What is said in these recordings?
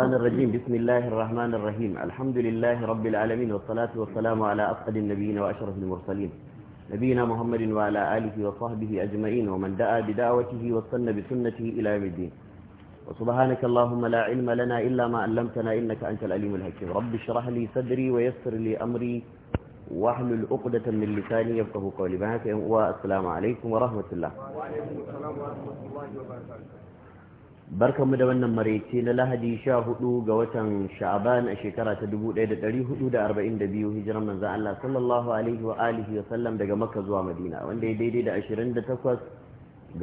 الرحمن الرجيم بسم الله الرحمن الرحيم الحمد لله رب العالمين والصلاة والسلام على أفقد النبيين وأشرف المرسلين نبينا محمد وعلى آله وصحبه أجمعين ومن دعا بدعوته وصن بسنته إلى يوم الدين وسبحانك اللهم لا علم لنا إلا ما علمتنا إنك أنت الأليم الحكيم رب اشرح لي صدري ويسر لي أمري واحلل عقدة من لساني يفقه قولي بها والسلام عليكم ورحمة الله وعليكم السلام ورحمة الله وبركاته barka mu da wannan maraice na lahadi sha hudu ga watan sha'aban a shekara ta dubu ɗaya da ɗari hudu da arba'in da biyu hijiran manzo Allah sallallahu alaihi wa alihi wa sallam daga makka zuwa madina wanda ya daidai da ashirin da takwas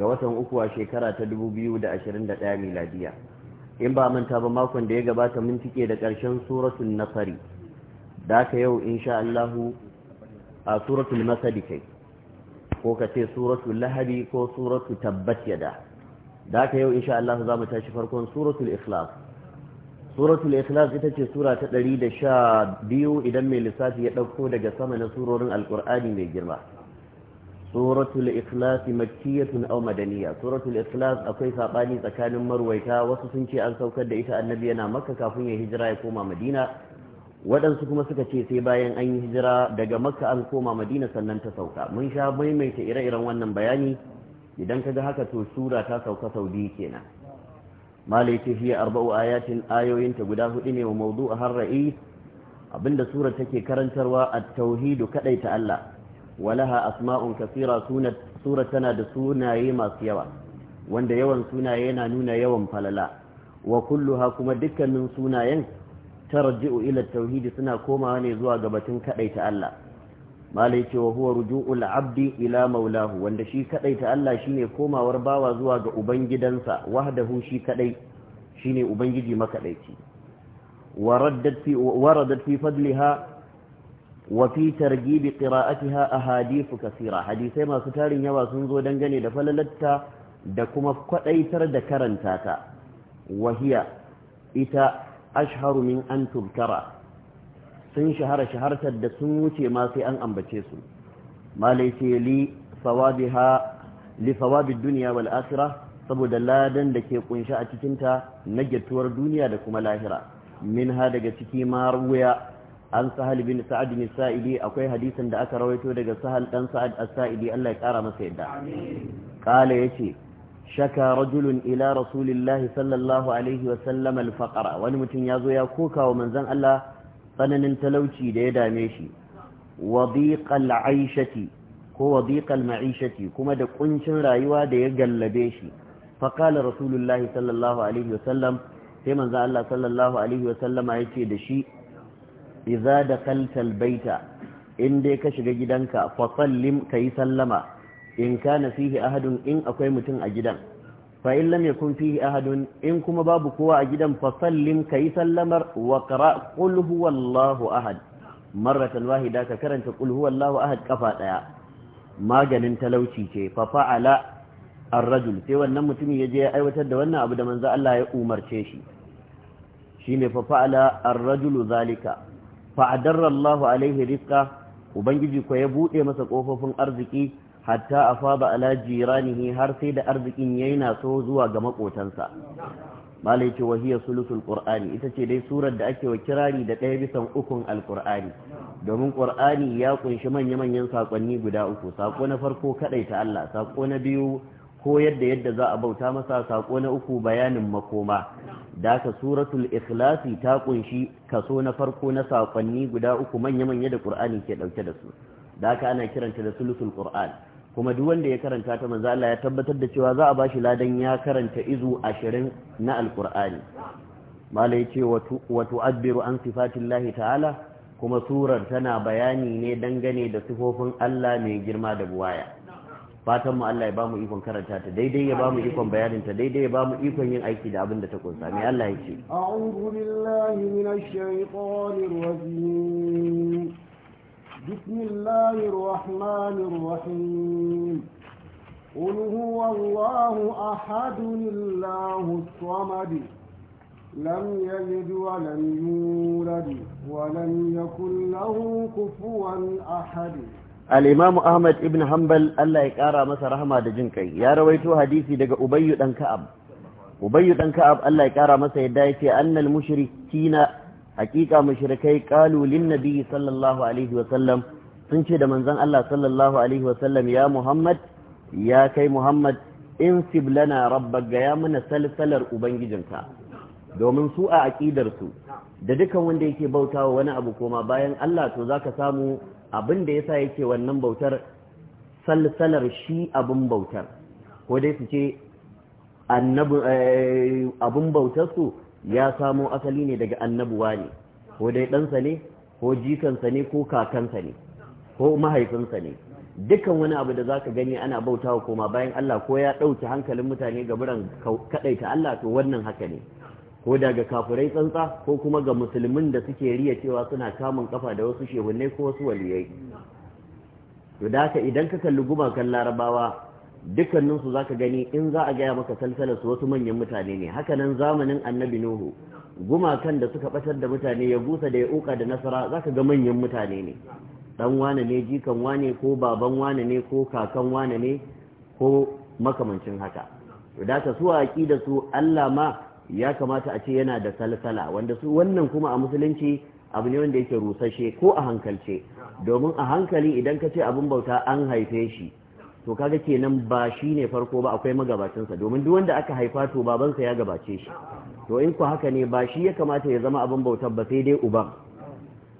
ga watan uku a shekara ta dubu biyu da ashirin da ɗaya miladiya in ba manta ba makon da ya gabata mun tike da ƙarshen suratul nasari da aka yau insha Allahu a suratul masadi kai ko ka ce suratul lahadi ko suratul tabbat yada da haka yau insha Allah za mu tashi farkon suratul ikhlas suratul ikhlas ita ce sura ta 112 idan mai lissafi ya dauko daga sama na surorin alqur'ani mai girma suratul ikhlas makkiyatun aw madaniyya suratul ikhlas akwai sabani tsakanin marwaita wasu sun ce an saukar da ita annabi yana makka kafin ya hijira ya koma madina waɗansu kuma suka ce sai bayan an yi hijira daga makka an koma madina sannan ta sauka mun sha maimaita ire-iren wannan bayani idan ka kaga haka to sura ta sauka sau biyu kenan malai ce arba'u ayatin ayoyinta guda hudu ne wa mawdu'a har ra'i abinda sura take karantarwa at-tauhid ta Allah walaha asma'un kasira sunat sura tana da sunaye masu yawa wanda yawan sunaye yana nuna yawan falala wa kulluha kuma dukkanin sunayen tarji'u ila tauhidi suna komawa ne zuwa gabatin ta Allah malai ce wa huwa ruju'ul abdi ila maulahu wanda shi kadai ta Allah shine komawar bawa zuwa ga ubangidansa wahdahu shi kadai shine ubangiji makadaici waradat fi waradat fi fadliha wa fi targhib qira'atiha ahadith kaseera hadisai masu tarin yawa sun zo dangane da falalatta da kuma kwadaitar da karanta ta wahiya ita ashharu min an tubkara sun shahara shahartar da sun wuce ma sai an ambace su malai ce li sawabiha li sawabid dunya wal akhirah saboda ladan da ke kunshi a cikinta na gittuwar duniya da kuma lahira min ha daga ciki ma ruya an sahal bin sa'ad bin sa'idi akwai hadisin da aka rawaito daga sahal dan sa'ad as-sa'idi Allah ya kara masa yadda kala yace shaka rajulun ila rasulillahi sallallahu alaihi wa sallam al-faqra wani mutum yazo ya koka wa manzon Allah tsananin talauci da ya dame shi wa aishati ko wa ma'ishati kuma da ƙuncin rayuwa da ya gallabe shi fa qala rasulullahi sallallahu alaihi wasallam sai manzo Allah sallallahu alaihi wasallama yace da shi idza dakalta baita in dai ka shiga gidanka fa ka yi sallama in nasihi fihi ahadun in akwai mutum a gidan fa in lam yakun fihi ahadun in kuma babu kowa a gidan fa sallim kai sallamar wa qra qul huwallahu ahad marratan wahida ka karanta qul huwallahu ahad kafa daya maganin talauci ce fa fa'ala ar-rajul sai wannan mutumin ya je ya aiwatar da wannan abu da manzo Allah ya umarce shi shine fa fa'ala ar-rajulu zalika fa adarra Allahu alaihi rizqa ubangiji ko ya bude masa kofofin arziki hatta afada ala jiranihi har sai da arzikin yayi so zuwa ga makotansa malai ce wahiya sulusul qur'ani ita ce dai surar da ake wa kirari da ɗaya bisan ukun alqur'ani domin qur'ani ya kunshi manya-manyan sakonni guda uku sako na farko kadai ta Allah sako na biyu ko yadda yadda za a bauta masa sako na uku bayanin makoma da ka suratul ikhlasi ta kunshi kaso na farko na sakonni guda uku manya-manya da qur'ani ke dauke da su da ka ana kiranta da sulusul qur'an kuma duk wanda ya karanta ta manzo Allah ya tabbatar da cewa za a bashi ladan ya karanta izu 20 na alqur'ani malai ce wa tu'abbiru an sifatillahi ta'ala kuma surar tana bayani ne dangane da sifofin Allah mai girma da buwaya fatan mu Allah ya bamu ikon karanta ta daidai ya bamu ikon bayanin ta daidai ya bamu ikon yin aiki da abin da ta kunsa mai Allah ya ce a'udhu billahi minash shaitanir rajim بسم الله الرحمن الرحيم قل هو الله أحد الله الصمد لم يلد ولم يولد ولم يكن له كفوا أحد الإمام أحمد بن حنبل الله يقارى مسا رحمة جنكي يا رويتو حديثي دقى أبي بن كعب أبي بن كعب الله يقارى مسا يدايكي أن المشركين hakika mushrikai qalu lin nabi sallallahu alaihi wa sallam sun ce da manzon Allah sallallahu alaihi wa sallam ya Muhammad ya kai Muhammad in siblana rabbak ga ya mana salsalar ubangijinka domin su a aqidar su da dukan wanda yake bautawa wani abu koma bayan Allah to zaka samu abin da yasa yake wannan bautar salsalar shi abin bautar ko dai su ce eh, abin bautar su ya samo asali ne daga annabuwa ne ko dai ɗansa ne ko jikansa ne ko kakansa ne ko mahaifinsa ne dukkan wani abu da zaka gani ana bautawa koma bayan Allah ko ya ɗauki hankalin mutane ga buran kaɗaita Allah to wannan haka ne ko daga kafurai tsantsa ko kuma ga musulmin da suke riya cewa suna kamun kafa da wasu shehunne ko wasu waliyai to da haka idan ka kalli gumakan larabawa dukkaninsu za ka gani in za a gaya maka su wasu manyan mutane ne hakanan zamanin annabi nuhu gumakan da suka batar da mutane ya busa da ya uka da nasara za ka ga manyan mutane ne dan wane ne jikan wane ko baban wane ne ko kakan wane ne ko makamancin haka da ta su a su allah ma ya kamata a ce yana da salsala wanda su wannan kuma a musulunci abu ne wanda yake rusashe ko a hankalce domin a hankali idan ka ce abin bauta an haife shi to kaga kenan ba shi ne farko ba akwai sa domin duk wanda aka haifa to babansa ya gabace shi to in ku haka ne ba shi ya kamata ya zama abin bautar ba sai dai uban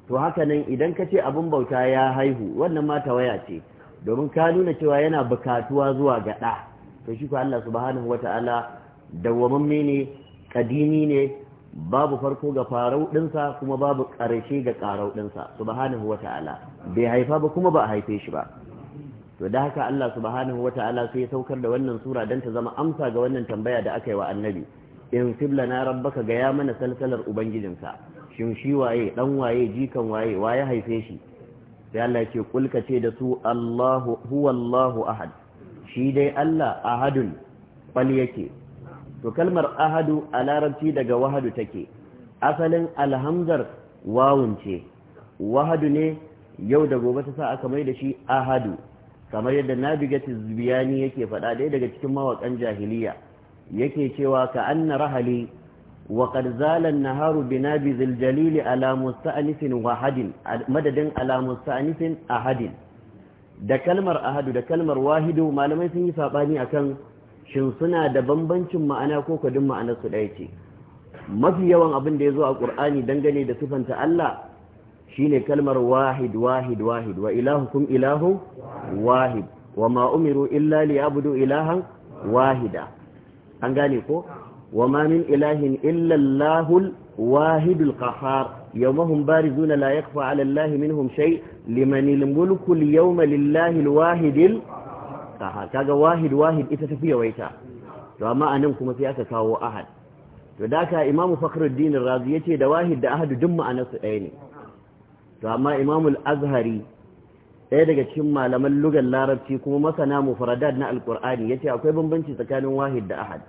to haka nan idan kace ce abin bauta ya haihu wannan ma tawaya ce domin ka nuna cewa yana bukatuwa zuwa ga da to shi ku Allah subhanahu wata'ala dawwamamme ne kadimi ne babu farko ga farau din sa kuma babu ƙarshe ga ƙarau sa subhanahu wata'ala bai haifa ba kuma ba a haife shi ba to da haka Allah subhanahu wata'ala sai ya saukar da wannan sura dan ta zama amsa ga wannan tambaya da aka yi wa annabi in na rabbaka ga ya mana salsalar ubangijinsa shin shi waye dan waye jikan waye waye haife shi sai Allah ya ce kulka ce da su Allahu huwa Allahu ahad shi dai Allah ahadun kwal yake to kalmar ahadu a larabci daga wahadu take asalin alhamzar wawun ce wahadu ne yau da gobe ta sa aka mai da shi ahadu kamar yadda nabigati zubiyani yake faɗa ɗaya daga cikin mawaƙan jahiliya yake cewa ka anna rahali wa qad zala haru naharu bi nabizil jalil ala musta'nifin wahadin madadin ala musta'nifin ahadin da kalmar ahadu da kalmar wahidu malamai sun yi sabani akan shin suna da bambancin ma'ana ko kadin ma'anar su ɗaya ce mafi yawan abin da ya zo a ƙur'ani dangane da sifanta Allah shine kalmar wahid wahid wahid wa ilahukum ilahu wahid wa ma umiru illa liyabudu ilahan wahida an gane ko wa ma min ilahin illa allahul wahidul qahar yawmahum barizuna la yakfa ala allahi minhum shay limanil mulku al yawma lillahi al wahidil qahar kaga wahid wahid ita tafiya waita to amma anan kuma sai aka kawo ahad to da ka imamu fakhruddin razi yace da wahid da ahad duk ma'anarsu ɗaya ne to amma imamul azhari ɗaya daga cikin malaman lugar larabci kuma masana mufradat na alkur'ani yace akwai bambanci tsakanin wahid da ahad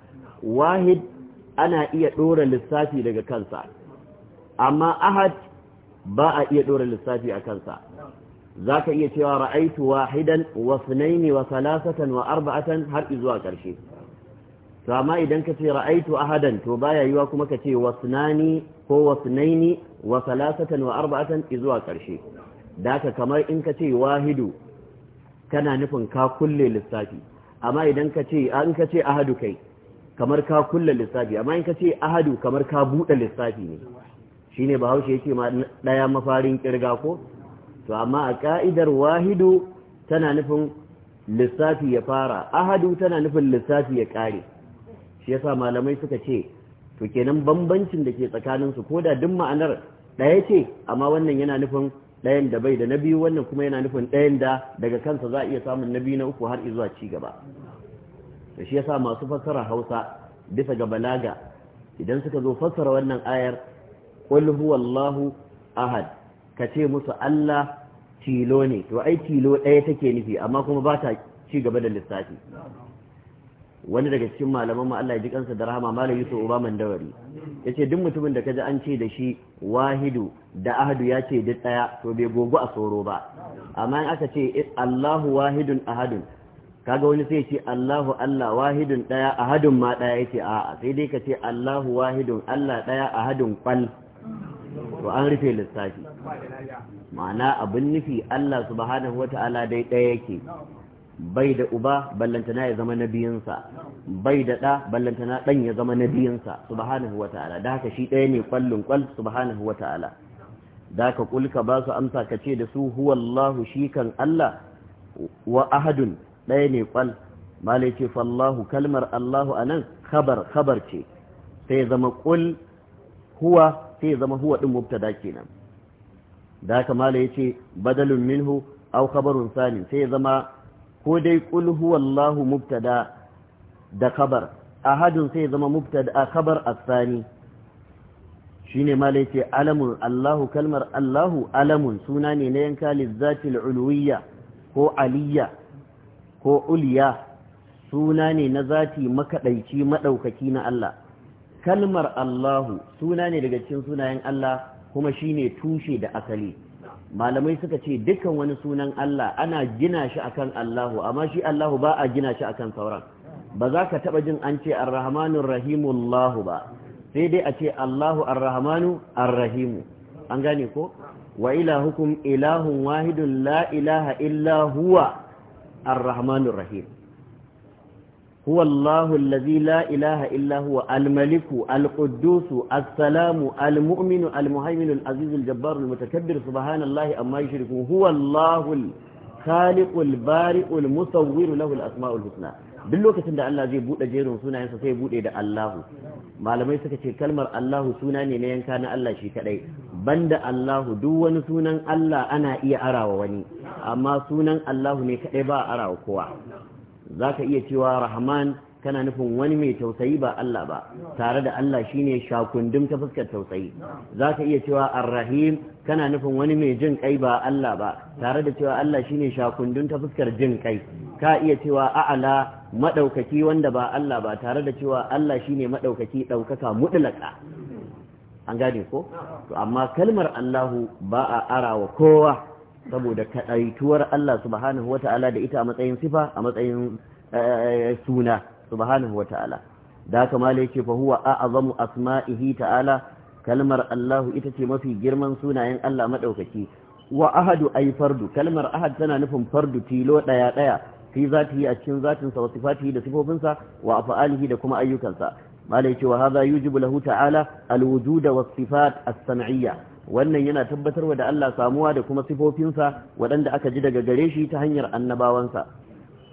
wahid ana iya ɗora lissafi daga kansa amma ahad ba a iya ɗora lissafi a kansa za ka iya cewa ra'aitu wahidan wa sunaini wa salasatan wa arba'atan har zuwa ƙarshe to amma idan ka ce ra'aitu ahadan to baya yiwa kuma ka ce wa sunani ko wasnaini wa salasatan wa arba'atan zuwa ƙarshe daka kamar in ka ce wahidu kana nufin ka kulle lissafi amma idan ka ce in ka ce ahadu kai kamar ka kulle lissafi amma in ka ce ahadu kamar ka buɗe lissafi ne shine bahaushe yake ma ɗaya mafarin kirga ko to amma a ka'idar wahidu tana nufin lissafi ya fara ahadu tana nufin lissafi ya ƙare shi yasa malamai suka ce to kenan bambancin da ke tsakanin su koda duk ma'anar ɗaya ce amma wannan yana nufin ɗayan da bai da na biyu wannan kuma yana nufin ɗayan da daga kansa za a iya samun na biyu na uku har zuwa ci gaba to shi yasa masu fassara Hausa bisa ga balaga idan suka zo fassara wannan ayar qul huwallahu ahad ce musu Allah tilo ne to ai tilo ɗaya take nufi amma kuma ba ta ci gaba da lissafi wani daga cikin malaman mu Allah ya ji kansa da rahama malam Yusuf Uba Mandawari yace duk mutumin da kaji an ce da shi wahidu da ahadu ya ce duk daya to bai gogo a soro ba amma in aka ce eh, Allahu wahidun ahadun kaga wani sai ce Allahu Allah wahidun daya ahadun ma daya yace a'a sai dai ka ce Allahu wahidun Allah daya ahadun kwal to an rufe lissafi ma'ana abin nufi Allah subhanahu wata'ala dai daya yake bai da uba ballantana ya zama nabiyinsa bai da ɗa ballantana ɗan ya zama nabiyinsa subhanahu wa ta'ala da haka shi ɗaya ne kwallon kwal subhanahu wa ta'ala da ka kulka ba su amsa ka ce da su huwallahu shi kan Allah wa ahadun ɗaya ne kwal malai ce fallahu kalmar Allahu anan khabar khabar ce sai zama kul huwa sai zama huwa ɗin mubtada kenan da haka malai ce badalun minhu aw khabarun sai zama ko dai qul huwallahu mubtada da khabar ahadun sai zama mubtada a khabar asani shine malai ce alamun allahu kalmar allahu alamun suna ne na yanka lizzatil uluwiyya ko aliyya ko uliya suna ne na zati makaɗaici maɗaukaki na Allah kalmar Allahu suna ne daga cikin sunayen Allah kuma shine tushe da asali malamai suka ce dukkan wani sunan Allah ana gina shi akan Allahu amma shi Allahu ba a gina shi akan sauran ba za ka taba jin an ce arrahmanur rahimullahu ba sai dai a ce Allahu arrahmanu arrahimu an gane ko wa ilahukum ilahun wahidun la ilaha illa huwa arrahmanur rahim هو الله الذي لا إله إلا هو الملك القدوس السلام المؤمن المهيمن العزيز الجبار المتكبر سبحان الله أما يشركون هو الله الخالق البارئ المصور له الأسماء الحسنى duk lokacin da Allah zai buɗe jerin sunayensa sai buɗe da Allahu malamai suka ce kalmar Allahu suna ne na yanka na Allah shi kadai banda Allahu duk wani sunan Allah ana iya arawa wani amma sunan Allahu ne kadai ba arawa kowa za ka iya cewa rahman kana nufin wani mai tausayi ba Allah ba tare da Allah shine shakundum ta fuskar tausayi za ka iya cewa arrahim kana nufin wani mai jin kai ba Allah ba tare da cewa Allah shine shakundum ta fuskar jin kai ka iya cewa a'ala madaukaki wanda ba Allah ba tare da cewa Allah shine madaukaki daukaka mutlaka an gane ko to amma kalmar Allahu ba a arawa kowa saboda kaɗaituwar Allah subhanahu wata'ala da ita a matsayin sifa a matsayin eh, suna subhanahu wata'ala da haka yake fa a a'zamu asma'ihi ta'ala kalmar allahu ita ce mafi girman sunayen Allah maɗaukaki wa ahadu yi fardu kalmar ahad tana nufin fardu tilo daya daya fi yi a cikin zatin sa da sifofinsa wa af'alihi da kuma ayyukansa mala yake wa yujibu lahu ta'ala alwujud was sifat as-sam'iyya wannan yana tabbatarwa da Allah samuwa da kuma sifofinsa waɗanda aka ji daga gare shi ta hanyar annabawansa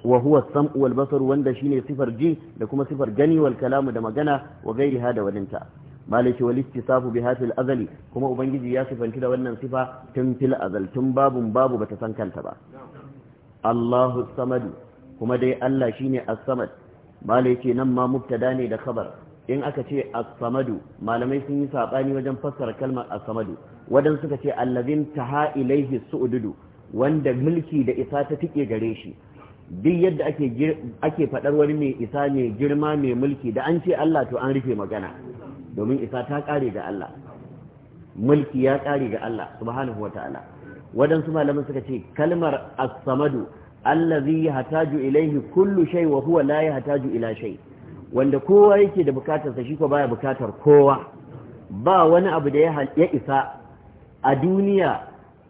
wa huwa sam'u wal basar wanda shine sifar ji da kuma sifar gani wal kalamu da magana wa gairi da wadinta malaki wal istisafu bi azali kuma ubangiji ya sifanci da wannan sifa tun fil azal tun babun babu bata san kanta ba Allahu samad kuma dai Allah shine as-samad malaki nan ma mubtada ne da khabar in aka ce as-samadu malamai sun yi sabani wajen fassara kalmar as-samadu wadan suka ce allazin taha ilaihi su'ududu wanda mulki da isa ta tike gare shi duk yadda ake ake fadar wani mai isa mai girma mai mulki da an ce Allah to an rufe magana domin isa ta kare ga Allah mulki ya kare ga Allah subhanahu wataala su malamai suka ce kalmar as-samadu allazi yahtaju ilaihi kullu shay wa huwa la yahtaju ila shay' wanda kowa yake da bukatarsa shi ko baya bukatar kowa ba wani abu da ya isa a duniya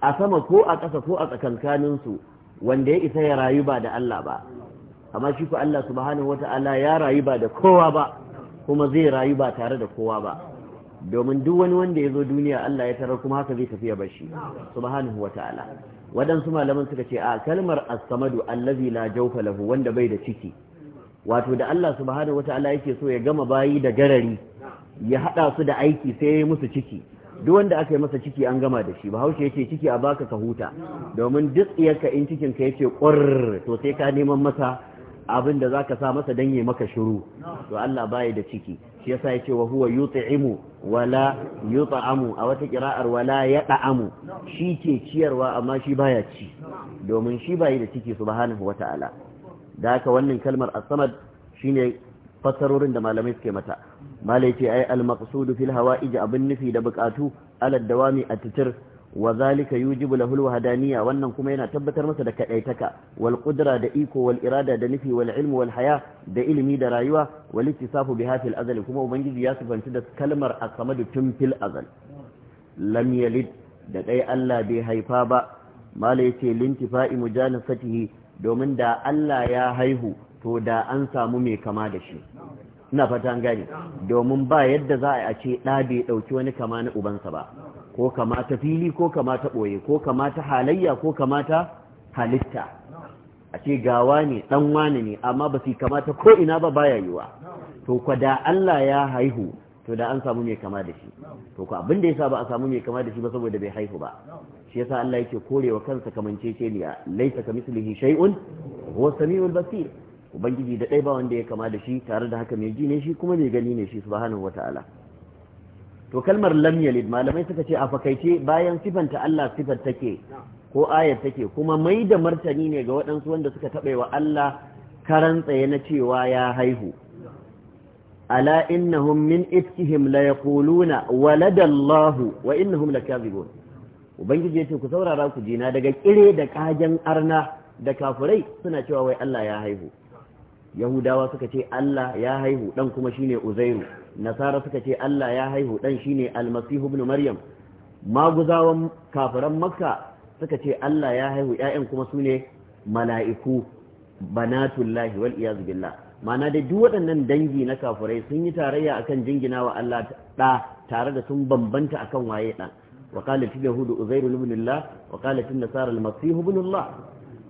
a sama ko a ƙasa ko a tsakankaninsu wanda ya isa ya rayu ba da Allah ba amma shi ko Allah subhanahu wata'ala ya rayu ba da kowa ba kuma zai rayu ba tare da kowa ba domin duk wani wanda ya zo duniya Allah ya tarar kuma haka zai tafiya bashi subhanahu wata'ala waɗansu malaman suka ce a kalmar as-samadu allazi la jawfa lahu wanda bai da ciki wato da Allah subhanahu wataala yake so ya gama bayi da garari ya hada su da aiki sai ya musu ciki duk wanda aka yi masa ciki an gama da shi bahaushe yake ciki a baka ka huta domin duk iyarka in cikin ka yace qurr to sai ka neman masa abin da zaka sa masa dan danye maka shiru to Allah baya da ciki shi yasa yace wa huwa yut'imu wala yut'amu a wata kira'ar wala yad'amu shi ke ciyarwa amma shi baya ci domin shi bai da ciki subhanahu wataala da haka wannan kalmar as shine fasarorin da malamai suke mata malai ce ai al-maqsudu fil hawa'ij abin nufi da bukatu alad dawami at titir wa zalika yujibu lahu al-wahdaniyya wannan kuma yana tabbatar masa da kadaitaka wal qudra da iko wal irada da nufi wal ilm wal haya da ilimi da rayuwa wal ittisafu biha fil azal kuma ubangiji ya sifanci da kalmar as-samad tun fil azal lam yalid da dai Allah bai haifa ba malai ce lintifa'i mujanasatihi domin da Allah ya haihu to da an samu mai kama da shi ina fata an domin ba yadda za a ce ɗa bai ɗauki wani kama na ubansa ba ko kama ta fili ko kama ta ɓoye ko kama ta halayya ko kama ta halitta a ce gawa ne ɗan wani ne amma ba su kama ta ko ina ba baya yiwa to kwa da Allah ya haihu to da an samu mai kama da shi to ko abin da yasa ba a samu mai kama da shi ba saboda bai haihu ba shi yasa Allah yake korewa kansa ne laisa kamislihi shay'un huwa samiul basir ubangiji da ɗaya ba wanda ya kama da shi tare da haka mai ji ne shi kuma mai gani ne shi subhanahu wata'ala to kalmar lam yalid malamai suka ce a fakaice bayan sifanta Allah sifar take ko ayar take kuma mai da martani ne ga waɗansu wanda suka taɓa wa Allah karan tsaye na cewa ya haihu ala innahum min ifkihim la yaquluna waladallahu wa innahum lakazibun ubangiji ce ku saurara ku jina daga kire da kajan arna da kafurai suna cewa wai Allah ya haihu yahudawa suka ce Allah ya haihu dan kuma shine uzairu nasara suka ce Allah ya haihu dan shine almasihu ibn maryam maguzawan kafuran makka suka ce Allah ya haihu 'ya'yan kuma sune mala'iku banatullahi wal iyaz mana da duk waɗannan dangi na kafurai sun yi tarayya akan jinginawa wa Allah ɗa tare da sun bambanta akan waye ɗan wa kala tun yahudu uzairu ibnullah wa kala tun nasara almasihu ibnullah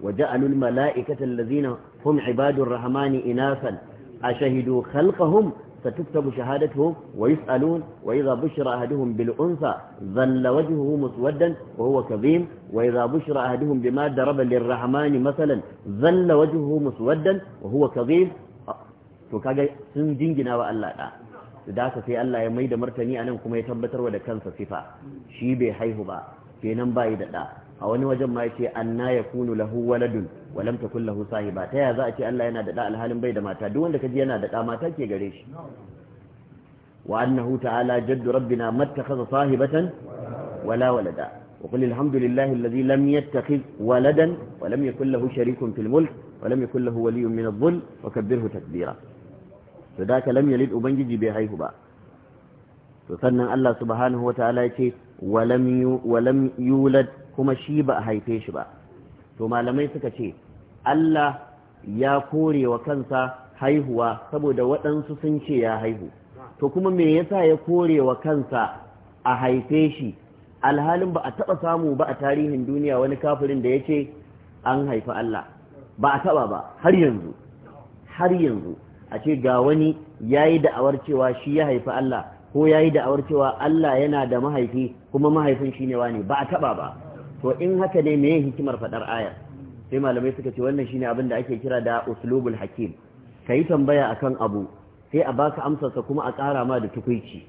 wa ja'alul mala'ikata allazina hum ibadur rahmani inasan ashahidu khalqahum satuktabu shahadatuhum wa yus'alun wa idha bushira ahaduhum bil unsa dhalla wajhuhu muswaddan wa huwa kadhim wa idha bushira ahaduhum bima daraba lirrahmani masalan dhalla wajhuhu muswaddan wa huwa kadhim to kaga sun dingina wa Allah da da ka sai Allah ya mai da martani anan kuma ya tabbatarwa da kansa sifa shi bai haihu ba kenan bai da da a wani wajen ma yace anna yakunu lahu waladun wa lam takul lahu sahiba ta ya za a ce Allah yana da da alhalin bai da mata duk wanda kaji yana da da mata ke gare shi wa annahu ta'ala jaddu rabbina mattakhadha sahibatan wala walada wa qul alhamdulillahi alladhi lam yattakhidh waladan wa lam yakul lahu sharikun fil walam wa lam yakul lahu waliyyun wa kabbirhu takbira to da ka lam yalid ubangiji bai haihu ba to sannan Allah subhanahu wataala ya ce walam yulad kuma shi ba a haife shi ba to malamai suka ce Allah ya kore wa kansa haihuwa saboda waɗansu sun ce ya haihu to kuma me yasa ya kore wa kansa a haife shi alhalin ba a taɓa samu ba a tarihin duniya wani kafirin da ya ce an haifi Allah ba a taɓa ba har yanzu har yanzu a ce ga wani yayi da'awar cewa shi ya haifi Allah ko yayi da'awar cewa Allah yana da mahaifi kuma mahaifin ne wani ba a taɓa ba to in haka ne meye hikimar faɗar ayar sai malamai suka ce wannan shine abin da ake kira da uslubul hakim Ka yi tambaya akan abu sai a baka amsarsa kuma a ƙara ma da tukuici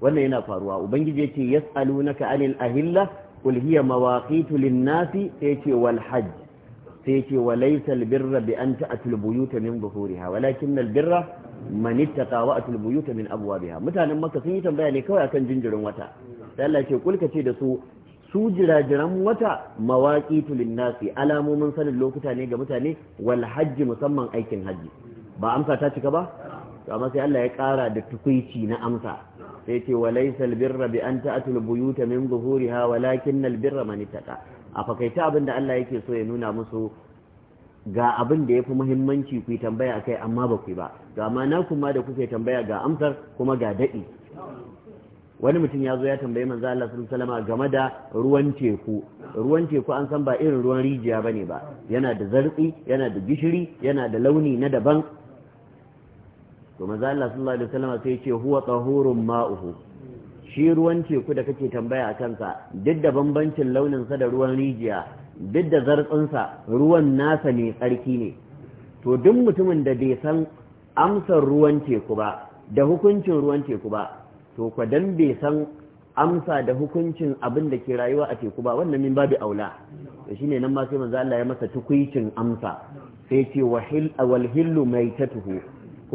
wannan yana faruwa ubangiji yace yas'alunaka anil ahilla qul hiya mawaqitu lin-nasi sai ce wal hajj sai ce wa laysal birra bi an ta'atul buyuta min zuhuriha walakin al birra man ittaqa wa atul buyuta min abwabiha mutanen makka sun yi tambaya ne kawai akan jinjirin wata sai Allah ce kulka ce da su su jirajiran wata mawaqitu linnasi alamomin sanin lokuta ne ga mutane wal musamman aikin hajji ba amsa ta cika ba to amma sai Allah ya ƙara da tukuici na amsa sai ce wa birra bi an ta'atul buyuta min zuhuriha walakin al birra man ittaqa a fakaita abinda Allah yake so ya nuna musu ga abin da ya fi muhimmanci ku tambaya a kai amma ba ku ba ga ma na kuma da kuke tambaya ga amsar kuma ga daɗi wani mutum ya zo ya tambayi manzo Allah sallallahu alaihi game da ruwan teku ruwan teku an san ba irin ruwan rijiya bane ba yana da zartsi yana da gishiri yana da launi na daban to manzo Allah sallallahu alaihi wasallam sai ya ce huwa tahurun ma'uhu shi ruwan teku da kake tambaya a kansa duk da bambancin launinsa da ruwan rijiya duk da zartsinsa ruwan nasa ne tsarki ne to duk mutumin da bai san amsar ruwan teku ba da hukuncin ruwan teku ba to kwadan bai san amsa da hukuncin abin da ke rayuwa a teku ba wannan min babu aula to shine nan ma sai manzo Allah ya masa tukuicin amsa sai ce wahil awal hillu maitatuhu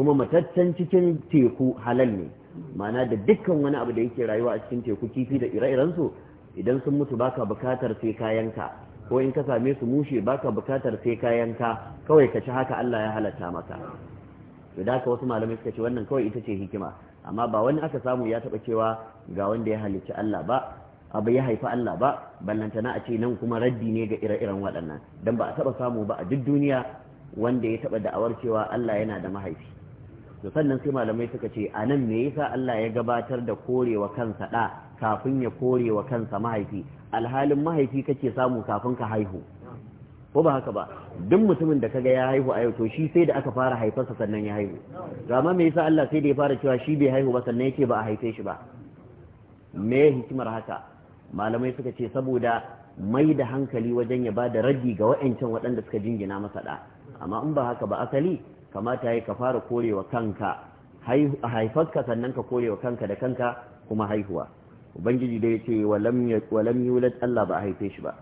kuma mataccen cikin teku halal ne ma'ana da dukkan wani abu da yake rayuwa a cikin teku kifi da ire-irensu idan sun mutu baka bukatar sai kayanka ko in ka same su mushe baka bukatar sai kayanka kawai ka ci haka Allah ya halatta maka to da wasu malamai suka ce wannan kawai ita ce hikima amma ba wani aka samu ya taba cewa ga wanda ya halicci Allah ba abu ya haifa Allah ba ballantana a ce nan kuma raddi ne ga ire-iren waɗannan don ba a taɓa samu ba a duk duniya wanda ya taɓa da'awar cewa Allah yana da mahaifi to sannan sai malamai suka ce a nan me yasa Allah ya gabatar da korewa kansa da kafin ya korewa kansa mahaifi alhalin mahaifi kake samu kafin ka haihu ko ba haka ba duk mutumin da kaga ya haihu a yau to shi sai da aka fara haifarsa sannan ya haihu amma me yasa Allah sai da ya fara cewa shi bai haihu ba sannan yake ba a haife shi ba me hikimar haka malamai suka ce saboda mai da hankali wajen ya ba da raddi ga wa'ancan waɗanda suka jingina masa da amma in ba haka ba asali kamata ya ka fara korewa kanka haifarka sannan ka korewa kanka da kanka kuma haihuwa ubangiji da ya ce walam yulad Allah ba a haife shi ba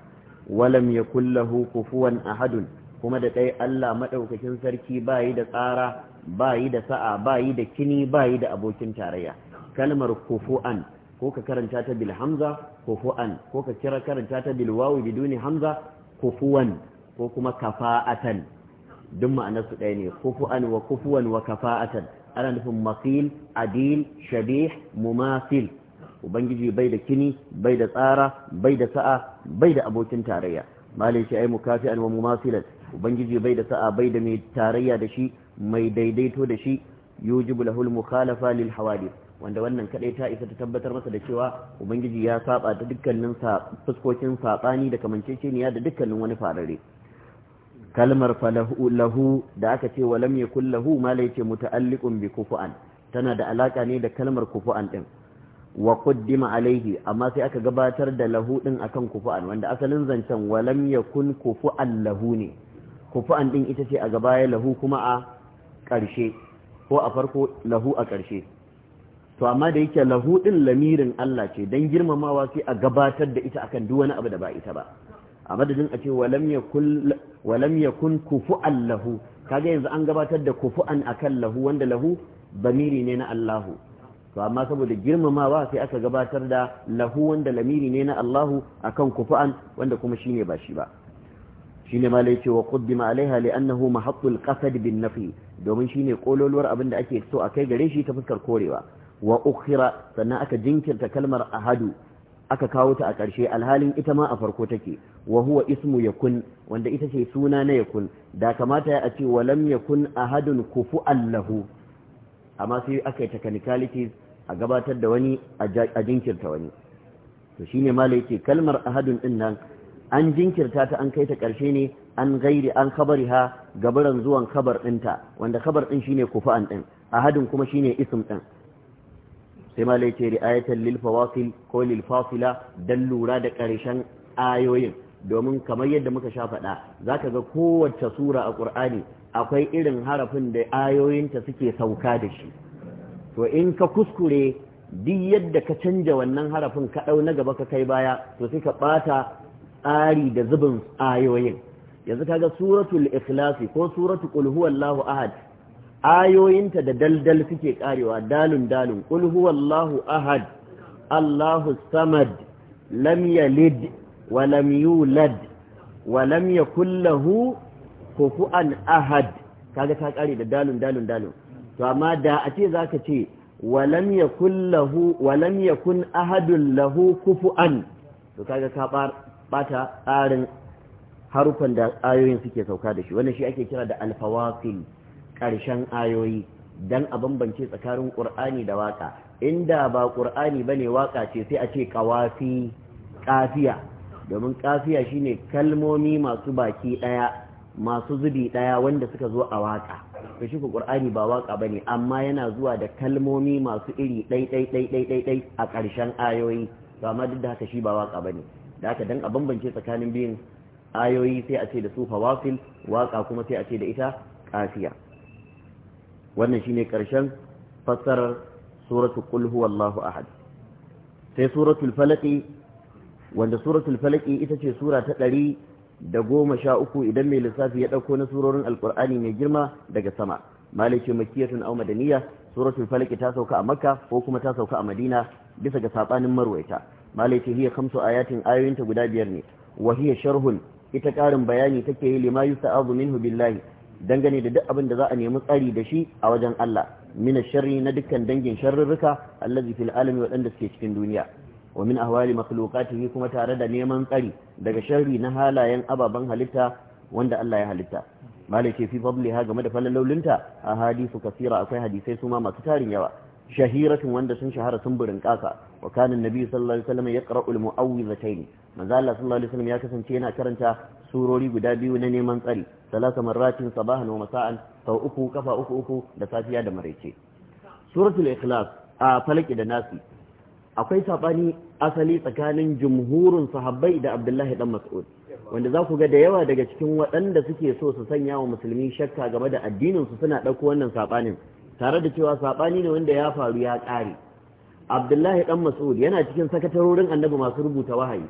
walam ya kullahu kufuwan ahadun kuma da ɗaya Allah maɗaukakin sarki ba yi da tsara ba yi da sa'a ba yi da kini ba yi da abokin tarayya kalmar kufu'an ko ka karanta ta bil hamza kufu'an ko ka kira karanta ta bil wawu biduni hamza kufuwan ko kuma kafa'atan duk ma'anar su ɗaya ne kufu'an wa kufuwan wa kafa'atan ana nufin mafil adil shabih mumasil ubangiji bai da kini bai da tsara bai da sa'a bai da abokin tarayya malai shi ai mukafi'an wa mumasilan ubangiji bai da sa'a bai da mai tarayya da shi mai daidaito da shi yujibu lahul mukhalafa lil hawadith wanda wannan kadai ta isa ta tabbatar masa da cewa ubangiji ya saba ta dukkanin fuskokin sabani da kamanceceniya da dukkanin wani farare kalmar falahu da aka ce walam yakul lahu mala yace muta'alliqun bi kufu'an tana da alaka ne da kalmar kufu'an din wa quddima alaihi amma sai aka gabatar da lahu din akan kufu'an wanda asalin zancen walam yakun kufu'an lahu ne kufu'an din ita ce a gaba ya lahu kuma a ƙarshe ko a farko lahu a ƙarshe to amma da yake lahu din lamirin Allah ce dan girmamawa sai a gabatar da ita akan duk wani abu da ba ita ba a madadin a ce walam yakun kufu'an lahu kaga yanzu an gabatar da kufu'an akan lahu wanda lahu bamiri ne na Allahu to amma saboda girmamawa sai aka gabatar da lahu wanda lamiri ne na Allahu akan kufu'an wanda kuma shine ba shi ba shine ma ce wa qaddima alaiha annahu mahattul qasad bin nafi domin shine kololuwar abin da ake so a kai gare shi ta fuskar korewa wa ukhira sannan aka jinkirta kalmar ahadu aka kawo ta a ƙarshe alhalin ita ma a farko take wa huwa ismu yakun wanda ita ce suna na yakun da kamata ya ce wa lam yakun ahadun kufu allahu amma sai aka yi technicalities a gabatar da wani a jinkirta wani to shine mala yake kalmar ahadun din nan an jinkirta ta an kai ta ƙarshe ne an gairi an ha gabaran zuwan khabar ɗinta wanda khabar ɗin shine kufa'an ɗin ahadun kuma shine ism ɗin sai ma laice ri'ayatan lil fawasil ko lil fasila dan lura da karshen ayoyin domin kamar yadda muka sha faɗa zaka ga kowace sura a Qur'ani akwai irin harafin da ayoyinta suke sauka da shi to in ka kuskure duk yadda ka canja wannan harafin ka dau na gaba ka kai baya to sai ka ɓata tsari da zubin ayoyin yanzu kaga suratul ikhlasi ko suratu qul huwallahu ahad ayoyinta da daldal suke karewa dalun dalun kul huwallahu ahad allahu samad lam yalid wa lam yulad wa lam yakul lahu kufuwan ahad kaga ta kare da dalun dalun dalun to amma da a ce zaka ce wa lam yakul lahu wa lam yakun ahadun lahu kufuwan to kaga ka bata tsarin harufan da ayoyin suke sauka da shi wannan shi ake kira da alfawasil ƙarshen ayoyi dan a bambance tsakanin ƙur'ani da waƙa inda ba ƙur'ani bane waƙa ce sai a ce ƙawafi kafiya domin kafiya shine kalmomi masu baki ɗaya masu zubi ɗaya wanda suka zo a waƙa ka shi ku ƙur'ani ba waka bane amma yana zuwa da kalmomi masu iri ɗai-ɗai-ɗai-ɗai a ƙarshen ayoyi ba ma duk da haka shi ba ba bane da haka dan a bambance tsakanin biyun ayoyi sai a ce da su fawafil waƙa kuma sai a ce da ita kafiya wannan shine karshen fassarar suratul qul huwallahu ahad sai suratul falaqi wanda suratul falaki ita ce sura ta ɗari da goma sha uku idan mai lissafi ya ɗauko na surorin alkur'ani mai girma daga sama malike makiyatun au madaniya suratul falaki ta sauka a makka ko kuma ta sauka a madina bisa ga sabanin marwaita malike hiya khamsu ayatin ayoyinta guda biyar ne wa hiya sharhun ita ƙarin bayani take yi lima yusta'azu minhu billahi dangane da duk abin da za a nemi tsari da shi a wajen Allah min sharri na dukkan dangin sharrurruka allazi fil alami waɗanda suke cikin duniya wa min ahwali makhluqatihi kuma tare da neman tsari daga sharri na halayen ababen halitta wanda Allah ya halitta malai ce fi fadliha game da falalolinta a hadisu kasira akwai hadisai su ma masu tarin yawa shahiratun wanda sun shahara sun burin kaka wa kana annabi sallallahu alaihi wasallam yaqra'u al-mu'awwidhatayn manzo Allah sallallahu alaihi wasallam ya kasance yana karanta surori guda biyu na neman tsari ثلاث مرات صباحا ومساء سو أكو كفا أكو safiya da maraice. سورة الإخلاص آه فلك إذا ناسي akwai saɓani asali tsakanin jumhurin sahabbai da abdullahi dan mas'ud wanda za ku ga da yawa daga cikin waɗanda suke so su sanya wa musulmi shakka game da addinin su suna ɗauko wannan saɓanin tare da cewa saɓani ne wanda ya faru ya ƙare abdullahi dan mas'ud yana cikin sakatarorin annabi masu rubuta wahayi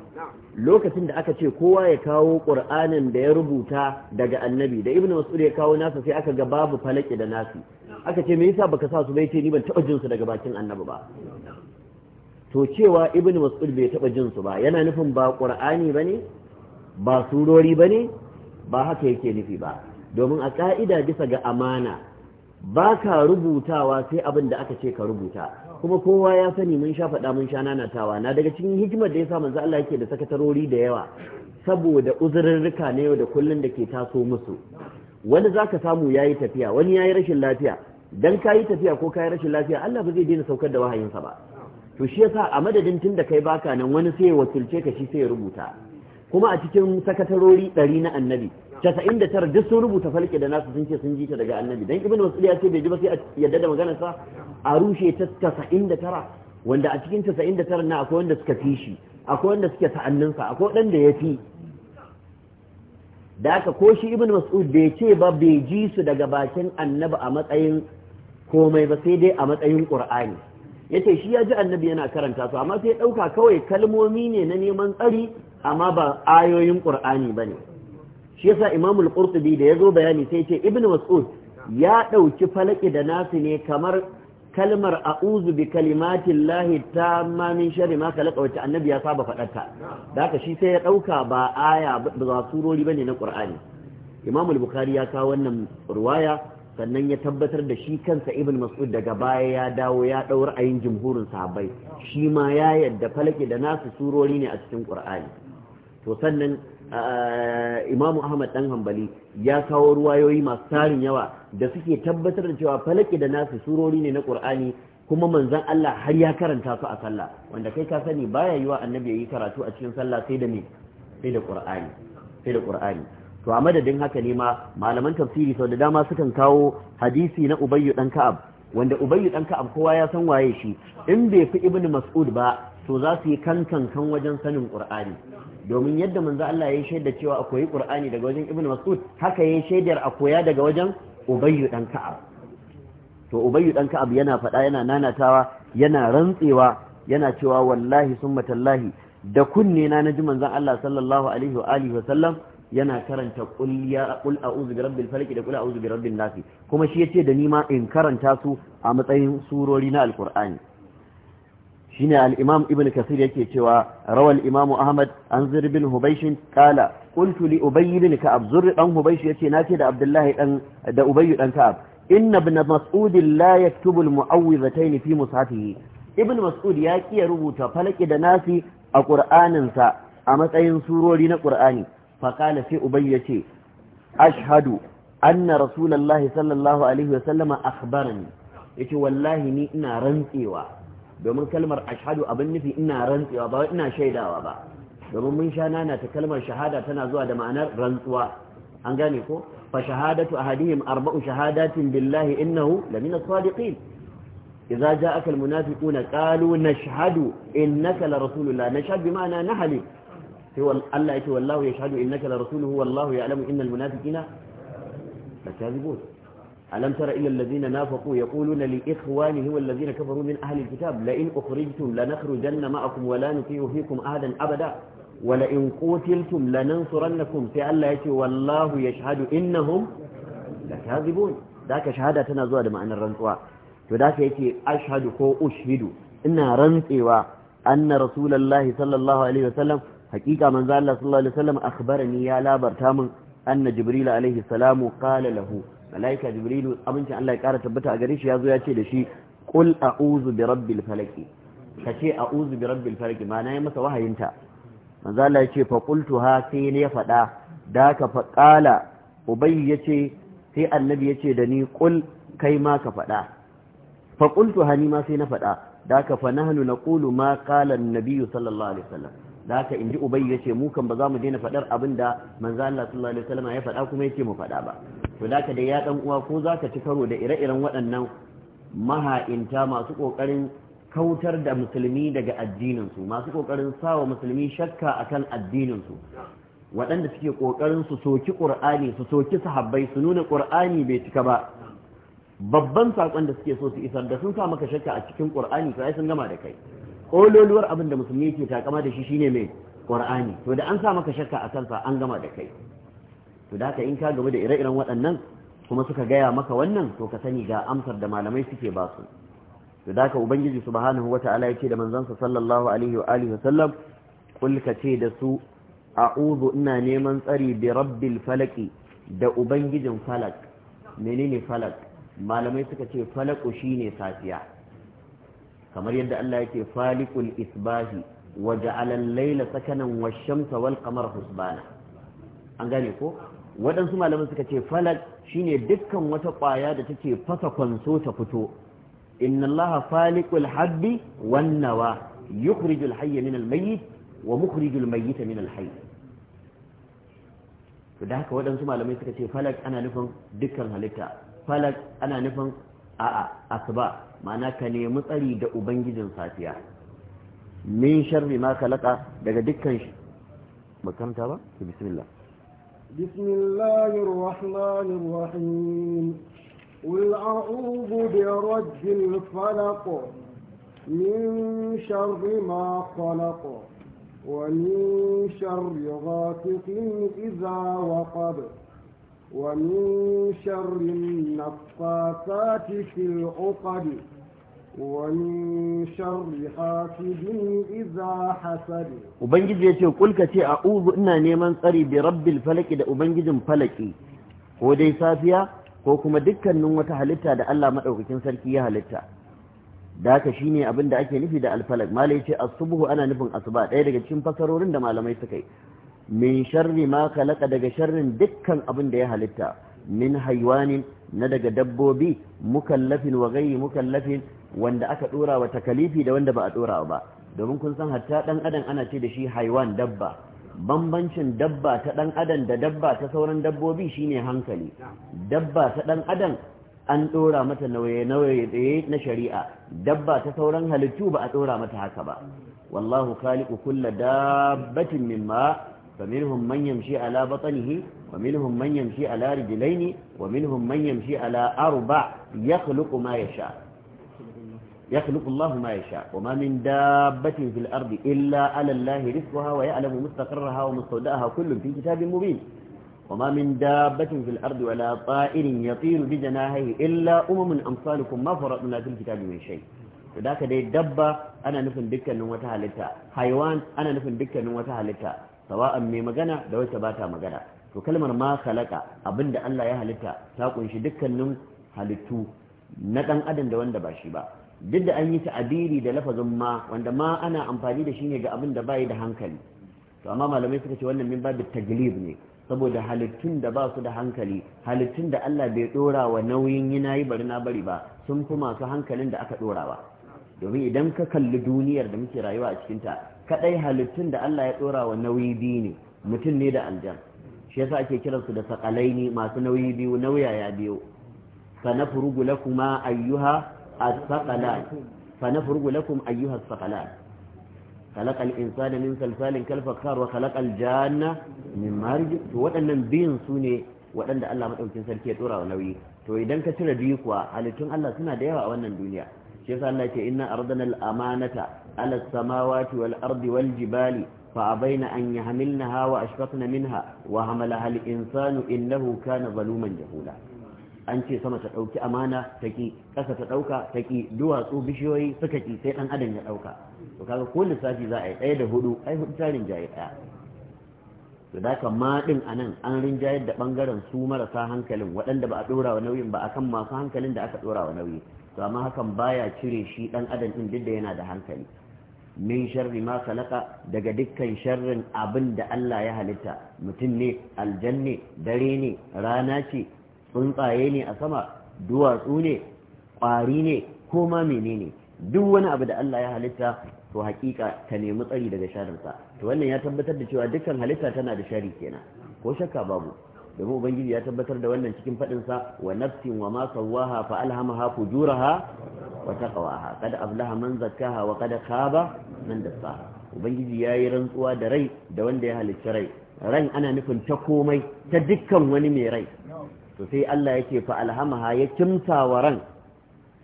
lokacin da aka ce kowa ya kawo qur'anin da ya rubuta daga annabi da ibnu mas'ud ya kawo nasa sai aka ga babu falaki da nasi aka ce me yasa baka sa su bai ni ban taba jin su daga bakin annabi ba to cewa ibnu mas'ud bai taba jin su ba yana nufin ba qur'ani bane ba surori bane ba haka yake nufi ba domin a ka'ida bisa ga amana ba ka rubutawa sai abin da aka ce ka rubuta kuma kowa ya sani mun sha faɗa mun sha nanatawa na daga cikin hikimar da ya sa manzo Allah yake da sakatarori da yawa saboda uzurrurruka na yau da kullun da ke taso musu wani zaka samu yayi tafiya wani yayi rashin lafiya dan kayi tafiya ko kayi rashin lafiya Allah ba zai daina saukar da wahayinsa ba to shi yasa a madadin tunda kai baka nan wani sai ya wakilce ka shi sai ya rubuta kuma a cikin sakatarori ɗari na annabi casa'in da tara duk sun rubuta falke da nasu sun ce sun ji ta daga annabi dan ibn mas'ud ya ce bai ji ba sai a yadda da maganarsa, sa a rushe ta casa'in da tara wanda a cikin casa'in da tara na akwai wanda suka fi shi akwai wanda suke sa'annin sa akwai wanda ya fi da aka ko shi ibn mas'ud bai ce ba bai ji su daga bakin annabi a matsayin komai ba sai dai a matsayin qur'ani yace shi ya ji annabi yana karanta su amma sai ya kawai kalmomi ne na neman tsari amma ba ayoyin qur'ani bane shi yasa imamul qurtubi da ya zo bayani sai ce Ibn mas'ud ya ɗauki falaki da nasu ne kamar kalmar a'udhu bi kalimatin lahi tamma min sharri ma kalaka wacce annabi ya saba fadarta da haka shi sai ya dauka ba aya ba surori bane na qur'ani imamul bukhari ya kawo wannan ruwaya sannan ya tabbatar da shi kansa ibn mas'ud daga baya ya dawo ya daura ayin jumhurin sahabbai shi ma ya yadda falaki da nasu surori ne a cikin qur'ani to sannan imamu ahmad dan hanbali ya kawo ruwayoyi masu tarin yawa da suke tabbatar da cewa falaki da nasu surori ne na qur'ani kuma manzon Allah har ya karanta su a sallah wanda kai ka sani baya yiwa annabi yayi karatu a cikin sallah sai da me sai da qur'ani sai da qur'ani to a madadin haka ne ma malaman tafsiri sau da dama sukan kawo hadisi na ubayyu dan ka'ab wanda ubayyu dan ka'ab kowa ya san waye shi in bai fi ibnu mas'ud ba to za su yi kankan kan wajen sanin qur'ani domin yadda manzo Allah ya shaida cewa a koyi Qur'ani daga wajen Ibn Mas'ud haka ya shaidar a koya daga wajen Ubayyu dan Ka'ab to Ubayyu dan Ka'ab yana faɗa yana nanatawa yana rantsewa yana cewa wallahi summa tallahi da kunne na naji manzon Allah sallallahu alaihi wa alihi wa sallam yana karanta qul ya qul a'udhu bi rabbil falaq da qul a'udhu bi rabbin nas kuma shi yace da ni ma in karanta su a matsayin surori na alqur'ani shine al-imam ibn kasir yake cewa rawar Imam ahmad an zir bin hubaysh qala qultu li ubay ibn ka'ab dan hubaysh yace nace da abdullahi da ubay dan ka'ab inna Bna mas'ud la yaktubu al-mu'awwidhatayn fi mushafihi ibn mas'ud ya kiya rubuta falaki da nasi a qur'anin a matsayin surori na qur'ani fa qala sai ubay yace ashhadu anna rasulullahi sallallahu alaihi wa sallama akhbarani yace wallahi ni ina rantsewa domin kalmar ashhadu abin nufi ina rantsewa ba ina shaidawa ba domin mun sha nana ta kalmar shahada tana zuwa da ma'anar rantsuwa an gane ko fa shahadatu ahadihim arba'u shahadatin billahi innahu lamina sadiqin idza ja'aka almunafiquna qalu nashhadu innaka larasulullah nashhadu bima'ana nahli sai Allah yake wallahu yashhadu innaka larasuluhu wallahu ya'lamu innal munafiqina lakazibun ألم تر إلى الذين نافقوا يقولون لإخوانهم والذين كفروا من أهل الكتاب لئن أخرجتم لنخرجن معكم ولا نطيع فيكم أحدا أبدا ولئن قتلتم لننصرنكم فألا يتي والله يشهد إنهم لكاذبون ذاك شهادة تنازوا دم أن الرنطوا فذاك يتي أشهد كو أشهد إن رنطوا أن رسول الله صلى الله عليه وسلم حقيقة من ذا الله صلى الله عليه وسلم أخبرني يا لابر تامن أن جبريل عليه السلام قال له malaika jibrilu amincin Allah ya kara tabbata a gare shi ya zo ya ce da shi qul a'udhu bi rabbil falaq ka ce a'udhu bi rabbil falaq ma'ana ya masa wahayinta manzo Allah ya ce fa ha sai ne ya fada da ka fa qala ya ce sai annabi ya ce da ni qul kai ma ka fada fa qultuha ni ma sai na fada da ka fa nahnu naqulu ma qala an-nabiy sallallahu alaihi wasallam da ka inji ya ce mu kan ba za mu daina fadar abinda manzo Allah sallallahu alaihi wasallam ya fada kuma yake mu fada ba to da ka dai ya dan uwa ko za ka ci karo da ire-iren waɗannan maha'inta masu ƙoƙarin kautar da musulmi daga addininsu masu ƙoƙarin sawa musulmi shakka akan addininsu waɗanda suke ƙoƙarin su soki ƙur'ani su soki sahabbai su nuna ƙur'ani bai cika ba babban saƙon da suke so su isar da sun sa maka shakka a cikin ƙur'ani to sun gama da kai ƙololuwar abin da musulmi yake takama da shi shine mai ƙur'ani to da an sa maka shakka a kansa an gama da kai to da haka in ka gaba da ire-iren waɗannan kuma suka gaya maka wannan to ka sani ga amsar da malamai suke ba su to da haka ubangiji subhanahu wata'ala ya ce da manzansa sallallahu alaihi wa alihi wasallam kul ka ce da su a'udhu ina neman tsari bi rabbil falaki da ubangijin falak menene falak malamai suka ce falaku shine safiya kamar yadda Allah yake falikul isbahi wa ja'ala al-layla sakanan wash-shamsa wal qamara husbana an gane ko waɗansu malamai suka ce falak shine dukkan wata ƙwaya da take fasa kwanso ta fito inna allaha faliqul habbi wan nawa yukhrijul hayya min al mayyit wa mukhrijul mayyita min al hayy to da haka waɗansu malamai suka ce falak ana nufin dukkan halitta falak ana nufin a'a asuba ma'ana ka nemi tsari da ubangijin safiya min sharri ma kalaka daga dukkan shi makanta ba bismillah بسم الله الرحمن الرحيم قل أعوذ برب الفلق من شر ما خلق ومن شر غاسق إذا وقب ومن شر النفاثات في العقد ومن شر حاسد إذا a وبنجد ubangiji yace kulka ce a نيمان قري برب الفلك دا وبنجد فلكي هو دي ko kuma dukkanin wata halitta da Allah madaukakin sarki ya halitta da ka shine abin da ake nufi da alfalak mala yace as-subhu ana nufin asuba ɗaya daga cikin fasarorin da malamai suka yi min sharri ma khalaqa daga sharrin dukkan abin da ya halitta min haywanin na daga dabbobi mukallafin wa ghayri mukallafin wanda aka dora wa takalifi da wanda ba a dora ba domin kun san hatta dan adam ana ce da shi haiwan dabba bambancin dabba ta dan adam da dabba ta sauran dabbobi shine hankali dabba ta dan adam an dora mata nauye-nauye na shari'a dabba ta sauran halittu ba a dora mata haka ba wallahu khaliqu kulla dabbatin mimma فمنهم من يمشي على بطنه ومنهم من يمشي على رجلين ومنهم من يمشي على أربع يخلق ما يشاء يخلق الله ما يشاء وما من دابة في الأرض إلا على الله رزقها ويعلم مستقرها ومستودعها كل في كتاب مبين وما من دابة في الأرض ولا طائر يطير بجناهيه إلا أمم أمثالكم ما فرطنا في الكتاب من شيء فذاك دي دبة أنا نفن دكا نوتها لتا حيوان أنا نفن دكا نوتها لتا سواء مي مغنى دو باتا مغنى فكلمة ما خلق أبند أن لا يهلتا تاقن شدكا نم هلتو نتن أدن دوان دباشي با duk da an yi ta'abiri da lafazin ma wanda ma ana amfani da shi ne ga abin da bai da hankali to amma malamai suka ce wannan min babu taglib ne saboda halittun da ba su da hankali halittun da Allah bai dora wa nauyin yi bari na bari ba sun fi masu hankalin da aka dora ba domin idan ka kalli duniyar da muke rayuwa a cikin ta kadai halittun da Allah ya dora wa nauyi biyu ne mutum ne da aljan shi yasa ake su da sakalai sakalaini masu nauyi biyu nauyaya biyu sanafrugu lakuma ayyuha الثقلان فنفرغ لكم أيها الثقلان خلق الإنسان من سلسال كالفخار وخلق الجان من مارج وأن بين سوني وأن الله مدعوكين سلكية أورا ونوي وإذن كتر ديكوا حالتون الله سنة ديوا وأن الدنيا شيخ الله إن أرضنا الأمانة على السماوات والأرض والجبال فأبين أن يحملنها وأشفقن منها وحملها الإنسان إنه كان ظلوما جهولا an ce sama ta ɗauki amana ta ƙi ƙasa ta ɗauka ta ƙi duwatsu bishiyoyi suka ƙi sai ɗan adam ya ɗauka to kaga ko lissafi za a yi ɗaya da hudu ai hudu ta rinjaye ɗaya to da ma ɗin a nan an rinjayar da ɓangaren su marasa hankalin waɗanda ba a ɗora wa nauyin ba akan masu hankalin da aka ɗora wa nauyi to amma hakan baya cire shi ɗan adam ɗin duk da yana da hankali min sharri ma salaka daga dukkan sharrin abin da Allah ya halitta mutum ne aljanne dare ne rana ce tsuntsaye ne a sama duwatsu ne ƙwari ne ko ma menene duk wani abu da Allah ya halitta to hakika ka nemi tsari daga sharrinsa to wannan ya tabbatar da cewa dukkan halitta tana da shari kenan ko shakka babu domin ubangiji ya tabbatar da wannan cikin faɗin sa wa nafsin wa ma sawaha fa alhamaha fujuraha wa taqwaha kada ablaha man zakkaha wa kada khaba man dassaha ubangiji yayi rantsuwa da rai da wanda ya halicci rai ran ana nufin ta komai ta dukkan wani mai rai to sai Allah yake fa alhamaha ya kimta wa ran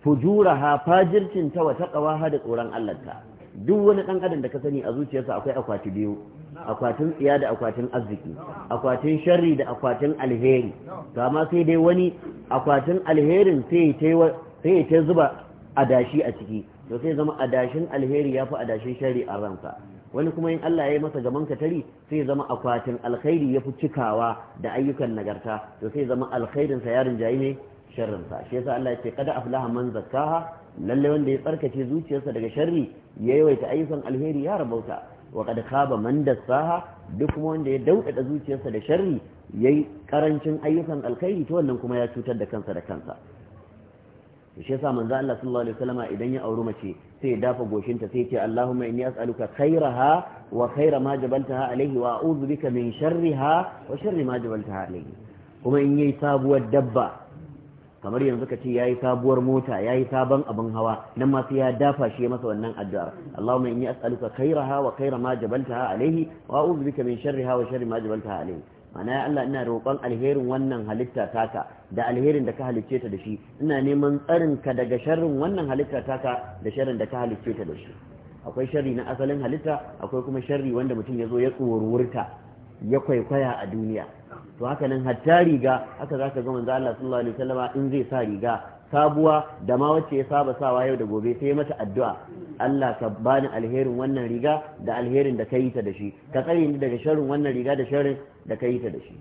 fujuraha fajircin ta wa taqwaha da tsoron Allah ta duk wani dan adam da ka sani a zuciyarsa akwai akwati biyu akwatin tsiya da akwatin arziki akwatin sharri da akwatin alheri to amma sai dai wani akwatin alherin sai ya sai ta zuba adashi a ciki to sai zama adashin alheri yafi adashin sharri a ransa wani kuma in Allah ya yi masa gaban katari sai zama akwatin alkhairi ya fi cikawa da ayyukan nagarta to sai zama alkhairin sa yarin jayi ne sharrin sa shi yasa Allah ya ce kada aflaha man zakkaha lalle wanda ya tsarkace zuciyarsa daga sharri ya yawaita ayyukan alkhairi ya rabauta wa kad khaba man dassaha duk kuma wanda ya daudada zuciyarsa da sharri yayi karancin ayyukan alkhairi to wannan kuma ya cutar da kansa da kansa shi yasa manzo Allah sallallahu alaihi wasallama idan ya auri mace sai dafa goshinta sai ce Allahumma inni as'aluka khairaha wa khaira ma jabaltaha alaihi wa a'udhu bika min sharriha wa sharri ma jabaltaha alaihi kuma in yayi sabuwar dabba kamar yanzu ka ce yayi sabuwar mota yayi sabon abin hawa nan ma sai ya dafa shi masa wannan addu'ar Allahumma inni as'aluka khairaha wa khaira ma jabaltaha alaihi wa a'udhu bika min sharriha wa sharri ma jabaltaha alaihi mana ya Allah ina roƙon alherin wannan halitta taka da alherin da ka halicce ta da shi ina neman tsarin ka daga sharrin wannan halitta taka da sharrin da ka halicce ta da shi akwai sharri na asalin halitta akwai kuma sharri wanda mutum ya zo ya tsoruwurta ya kwaikwaya a duniya to haka nan hatta riga haka zaka ga manzo Allah sallallahu alaihi wasallam in zai sa riga sabuwa da ma wacce ya saba sawa yau da gobe sai mata addu'a Allah ka bani alherin wannan riga da alherin da ka yi ta da shi ka tsare ni daga sharrin wannan riga da sharrin da ka yi ta da shi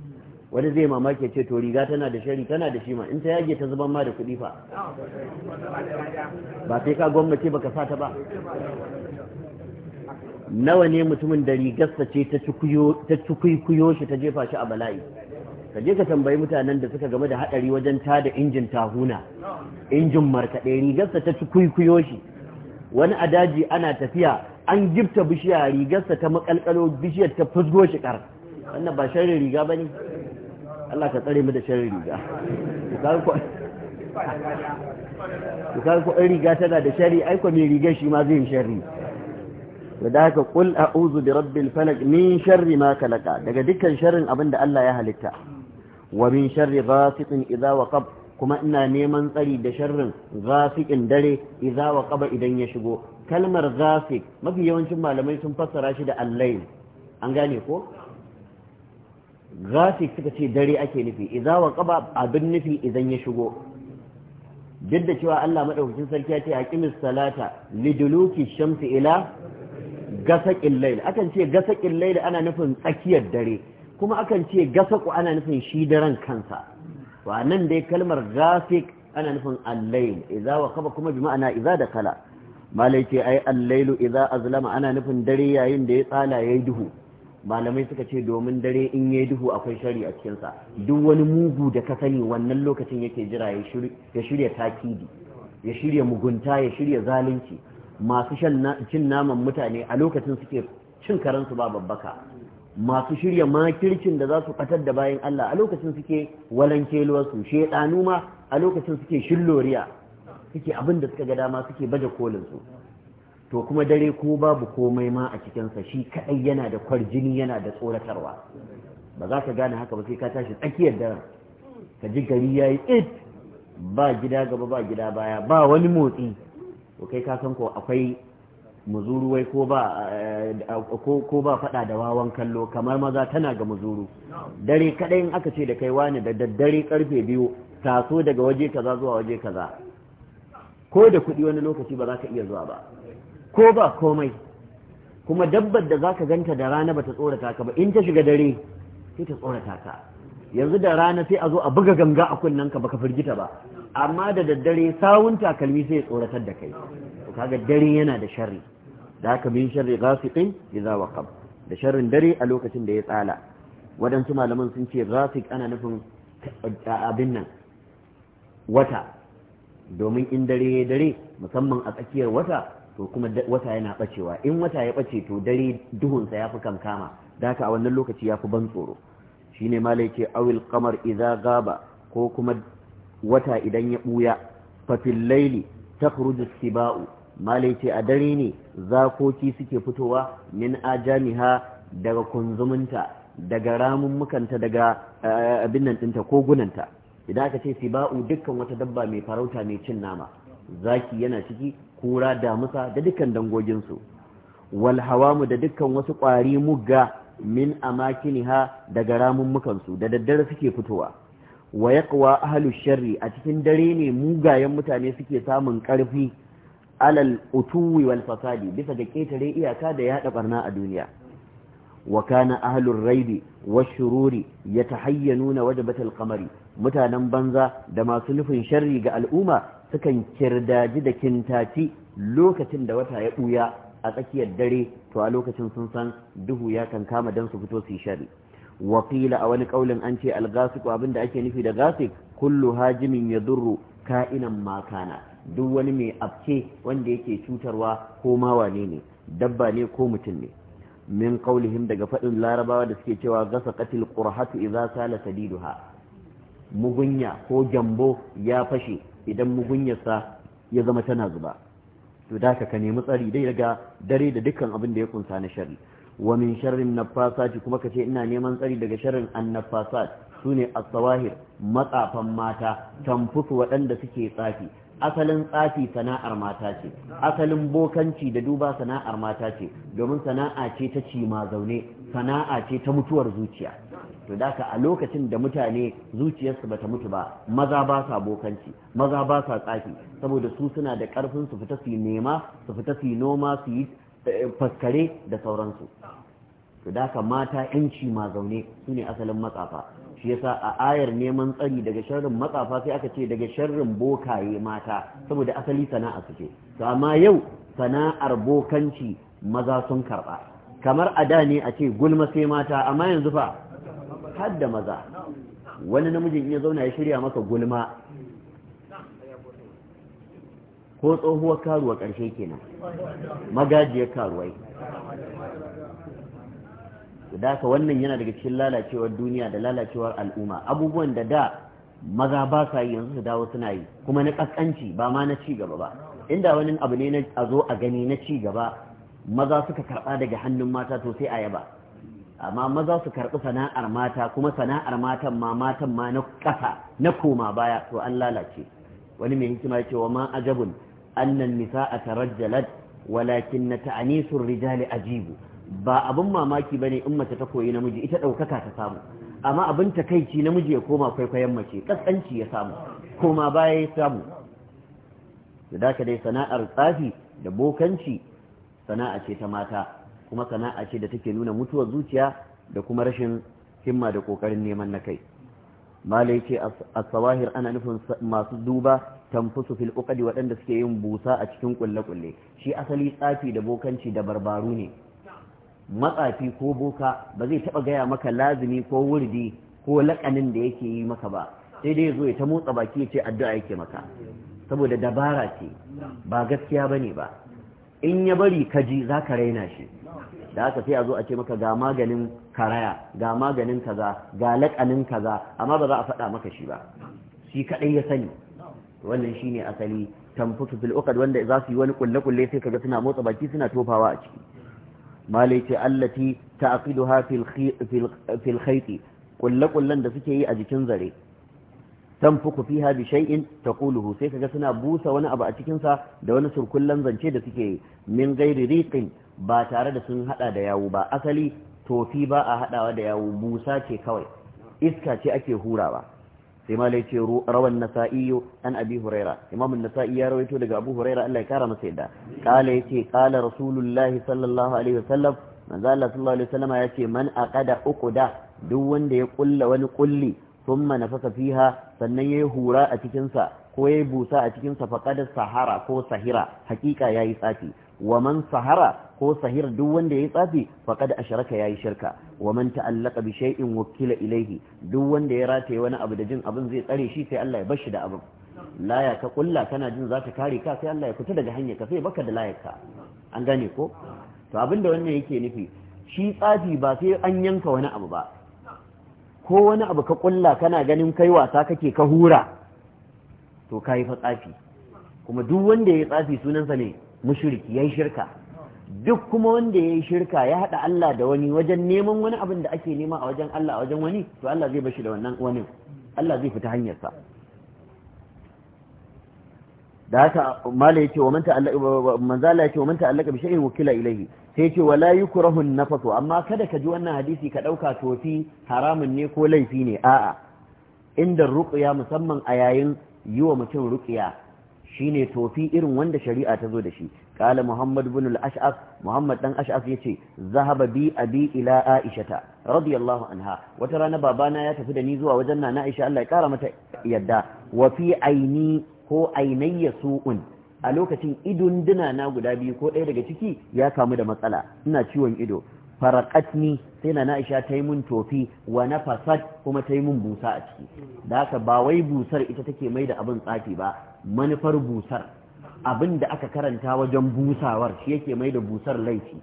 wani zai mamaki ce to riga tana da shari tana da shi ma in ta yage ta zuban ma da kuɗi fa ba sai ka gwamnati baka sa ta ba nawa ne mutumin da rigarsa ce ta cukuyo shi ta jefa shi a bala'i ka je ka tambayi mutanen da suka game da hadari wajen tada injin tahuna injin markaɗe rigarsa ta ci kuikuyo shi wani a daji ana tafiya an gifta bishiya rigarsa ta makalkalo bishiyar ta fusgo shi kar wannan ba shirin riga ba ne Allah ka tsare mu da shirin riga ku kaga ku in riga tana da shari ai ko mai riga shi ma zai yi sharri da haka qul a'udhu bi rabbil falaq min sharri ma kalaka daga dukkan sharrin abinda Allah ya halitta wa min sharri ghasiqin idza waqab kuma ina neman tsari da sharrin ghasiqin dare idza waqaba idan ya shigo kalmar ghasiq mafi yawancin malamai sun fassara shi da al an gane ko ghasiq suka ce dare ake nufi idza waqaba abin nufi idan ya shigo duk da cewa Allah madaukakin sarki ya ce aqimis salata liduluki shamsi ila gasaqil layl akan ce gasaqil layl ana nufin tsakiyar dare kuma akan ce gasaku ana nufin shi daren kansa wa nan dai kalmar gasik ana nufin al-layl idza wa khaba kuma bi ma'ana idza da kala malai ce ai al-laylu idza azlama ana nufin dare yayin da ya tsala yayi duhu malamai suka ce domin dare in yayi duhu akwai shari a cikin sa duk wani mugu da ka sani wannan lokacin yake jira ya shirya takidi ya shirya mugunta ya shirya zalunci masu cin naman mutane a lokacin suke cin karansu ba babbaka masu shirya makircin da za su fatar da bayan Allah a lokacin suke walance su shedanu ma a lokacin suke shilloriya suke abin da suka ga dama suke baje kolin su to kuma dare ko babu komai ma a cikinsa shi kadai yana da kwarjini yana da tsoratarwa ba za ka gane haka ba sai ka tashi tsakiyar da ka ji gari ya yi it ba gida gaba ba gida baya ba wani motsi to kai ka san ko akwai muzuru wai ko ba eh, ko fada da wawan kallo kamar maza tana ga muzuru dare kadai in aka ce da kai wani da daddare karfe biyu taso daga waje kaza zuwa waje kaza ko da kuɗi wani lokaci ba za ka iya zuwa ba ko ba komai kuma dabbar da za ka ganta da rana ba ta tsorata ka ba in ta shiga dare sai ta tsorata ka yanzu da rana sai a zo a buga ganga a kunnen ka baka firgita ba amma da daddare sawun takalmi sai ya tsoratar da kai kaga dare yana da sharri da aka min sharri ghasiqin idza waqab da sharrin dare a lokacin da ya tsala wadansu malaman sun ce ghasiq ana nufin abin nan wata domin in dare ya dare musamman a tsakiyar wata to kuma wata yana bacewa in wata ya bace to dare duhunsa ya fi kankama da haka a wannan lokaci ya fi ban tsoro shine malai ke awil qamar idza gaba ko kuma wata idan ya buya fa fil layli takhruju sibau malai ce a dare ne zakoki suke fitowa min ajamiha daga kunzuminta daga ramummukanta daga eh, eh, abin nan ɗinta ko gunanta idan aka ce siba'u dukkan wata dabba mai farauta mai cin nama zaki yana ciki kura damusa da dukkan dangoginsu wal hawamu da dukkan wasu ƙwari mugga min amakiniha daga ramummukansu da daddare suke fitowa wa yaqwa ahlu sharri a cikin dare ne mugayen mutane suke samun ƙarfi alal utuwi wal fasadi bisa ga ketare iyaka da yada barna a duniya wa kana ahlur raibi washururi yatahayyanuna batal qamari mutanen banza da masu nufin sharri ga al'umma sukan kirdaji da kintaci lokacin da wata ya buya a tsakiyar dare to a lokacin sun san duhu ya kan kama dan su fito su sharri wa qila a wani kaulin an ce al-gasiq abinda ake nufi da gasiq kullu hajimin yadurru ka'inan ma kana duk wani mai afke wanda yake cutarwa ko ma wane ne dabba ne ko mutum ne min qaulihim daga faɗin larabawa da suke cewa gasaqatil qurhatu idza sala sadiduha mugunya ko jambo ya fashe idan mugunyarsa ya zama tana zuba to da ka nemi tsari dai daga dare da dukkan abin da ya kunsa na sharri wa min sharrin nafasati kuma kace ina neman tsari daga sharrin annafasat sune as-sawahir matsafan mata tamfusu waɗanda suke tsafi asalin tsafi sana'ar mata ce asalin bokanci da duba sana'ar mata ce domin sana'a ce ta ma zaune sana'a ce ta mutuwar zuciya to daka a lokacin da mutane zuciyarsu bata mutu ba maza ba sa bokanci maza ba sa tsafi saboda su suna da karfin su fita su nema su fita su noma su yi eh, faskare da sauransu to daka mata yanci ma zaune su ne asalin matsafa shi yasa a ayar neman tsari daga sharrin matsafa sai aka ce daga sharrin bokaye mata saboda asali sana'a su ce to amma yau sana'ar bokanci maza sun karba kamar a da ne a ce gulma sai mata amma yanzu fa har da maza wani namijin ya zauna ya shirya maka gulma ko tsohuwar karuwa ƙarshe kenan magajiyar karuwai da haka wannan yana daga cikin lalacewar duniya da lalacewar al'umma abubuwan da da maza ba sa yi yanzu su dawo suna yi kuma na kaskanci ba ma na cigaba ba inda wani abu ne a zo a gani na cigaba maza suka karɓa daga hannun mata to sai a yaba amma maza su karɓi sana'ar mata kuma sana'ar matan ma matan ma na ƙasa na koma baya to an lalace wani mai hikima ce wa ma ajabun annan nisa'a tarajjalat walakin na ta'anisun rijali ajibu ba abin mamaki ba ne in mace ta koyi namiji ita ɗaukaka ta samu amma abin takaici namiji ya koma kwaikwayon mace ƙasƙanci ya samu koma baya ya samu da dace dai sana'ar tsafi da bokanci sana'a ce ta mata kuma sana'a ce da take nuna mutuwar zuciya da kuma rashin himma da kokarin neman na kai malai ce a sawahir ana nufin masu duba tamfusu fil uqadi waɗanda suke yin busa a cikin kulle-kulle shi asali tsafi da bokanci da barbaru ne matsafi ko boka ba zai taɓa gaya maka lazumi ko wurdi ko laƙanin da yake yi maka ba sai dai zo ya ta motsa baki ya ce addu'a yake maka saboda dabara ce ba gaskiya ba ne ba in ya bari kaji za ka raina shi da haka sai a zo a ce maka ga maganin karaya ga maganin kaza ga laƙanin kaza amma ba za a faɗa maka shi ba shi kaɗai ya sani wannan shine asali tamfutu fil uqad wanda za su yi wani kulle kulle sai kaga suna motsa baki suna tofawa a ciki malaiti allati ta'qiduha fil fil khayti kullu kullan da suke yi a jikin zare tanfuku fiha bi shay'in taquluhu sai kaga suna busa wani abu a cikin sa da wani surkullan zance da suke yi min ghairi riqin ba tare da sun hada da yawo ba asali tofi ba a hadawa da yawo busa ce kawai iska ce ake hurawa sai ma ce rawan nasa'i an abi huraira imamun nasai ya rawaito daga abu huraira Allah ya kara masa yadda kala yace kala rasulullahi sallallahu alaihi wasallam manzo Allah sallallahu alaihi wasallam yace man aqada uquda duk wanda ya kulla wani kulli thumma nafasa fiha sannan yayi hura a cikin sa ko yayi busa a cikin sa faqad sahara ko sahira hakika yayi tsafi wa man sahara ko sahir duk wanda yayi tsafi faqad asharaka yayi shirka wa man ta'allaqa bi shay'in wukila ilayhi duk wanda ya rataye wani abu da jin abin zai tsare shi sai Allah ya bashi da abin ya ka kulla kana jin zaka kare ka sai Allah ya fita daga hanya ka sai baka da layaka an gane ko to abinda wannan yake nufi shi tsafi ba sai an yanka wani abu ba ko wani abu ka kulla kana ganin kai wasa kake ka hura to kai fa tsafi kuma duk wanda ya tsafi sunansa ne mushriki yayi shirka duk kuma wanda yayi shirka ya hada Allah da wani wajen neman wani abin da ake nema a wajen Allah a wajen wani to Allah zai bashi da wannan wani Allah zai fita hanyar sa da haka mala yace wa man ta'allaka manzala yace wa man ta'allaka bi shay'in wukila ilayhi sai yace wala yukrahu an-nafsu amma kada ka ji wannan hadisi ka dauka tofi haramun ne ko laifi ne a'a inda ruqya musamman a yayin yi wa mutum ruqya shine tofi irin wanda shari'a ta zo da shi kala muhammad ibn al-ash'af muhammad dan ash'af yace zahaba bi abi ila aishata radiyallahu anha wata rana babana ya tafi da ni zuwa wajen nana aisha Allah ya kara mata yadda wa fi aini ko ainayya su'un a lokacin idon dina na guda biyu ko ɗaya daga ciki ya kamu da matsala ina ciwon ido farakatni sai na Aisha ta yi mun tofi wa na fasad kuma ta yi mun busa a ciki da haka ba wai busar ita take mai da abin tsafi ba manufar busar abin da aka karanta wajen busawar shi yake mai da busar laifi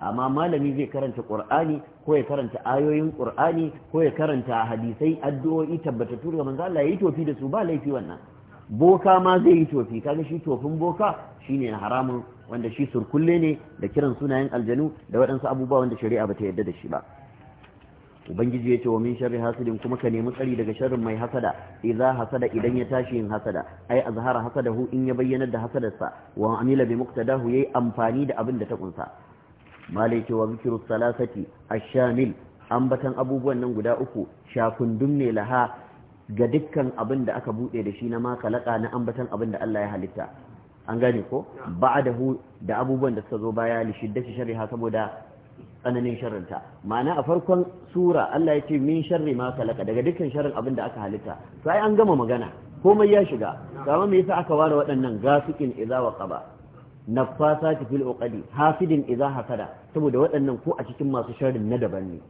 amma malami zai karanta qur'ani ko ya karanta ayoyin qur'ani ko ya karanta hadisai addu'o'i tabbatattu ga manzo Allah yayi tofi da su ba laifi wannan boka ma zai yi tofi kaga shi tofin boka shine haramun wanda shi surkulle ne da kiran sunayen aljanu da waɗansu abubuwa wanda shari'a bata yarda da shi ba ubangiji ya ce wa min sharri hasidin kuma ka nemi tsari daga sharrin mai hasada idza hasada idan ya tashi yin hasada ai azhara hasadahu in ya bayyana da hasadarsa wa amila bi muqtadahu yayi amfani da abin da ta kunsa malai ce wa zikru salasati ashamil ambatan abubuwan nan guda uku shakundun ne laha ga dukkan abin da aka bude da shi na ma kalaka na ambatan abin da Allah ya halitta an gane ko ba'dahu da abubuwan da suka zo baya li shiddati sharriha saboda tsananin sharrinta ma'ana a farkon sura Allah ya ce min sharri ma kalaka daga dukkan sharrin abin da aka halitta sai an gama magana komai ya shiga kama me yasa aka ware waɗannan gasikin idza wa qaba nafasati fil uqadi hafidin idza hakada saboda waɗannan ko a cikin masu sharrin na daban ne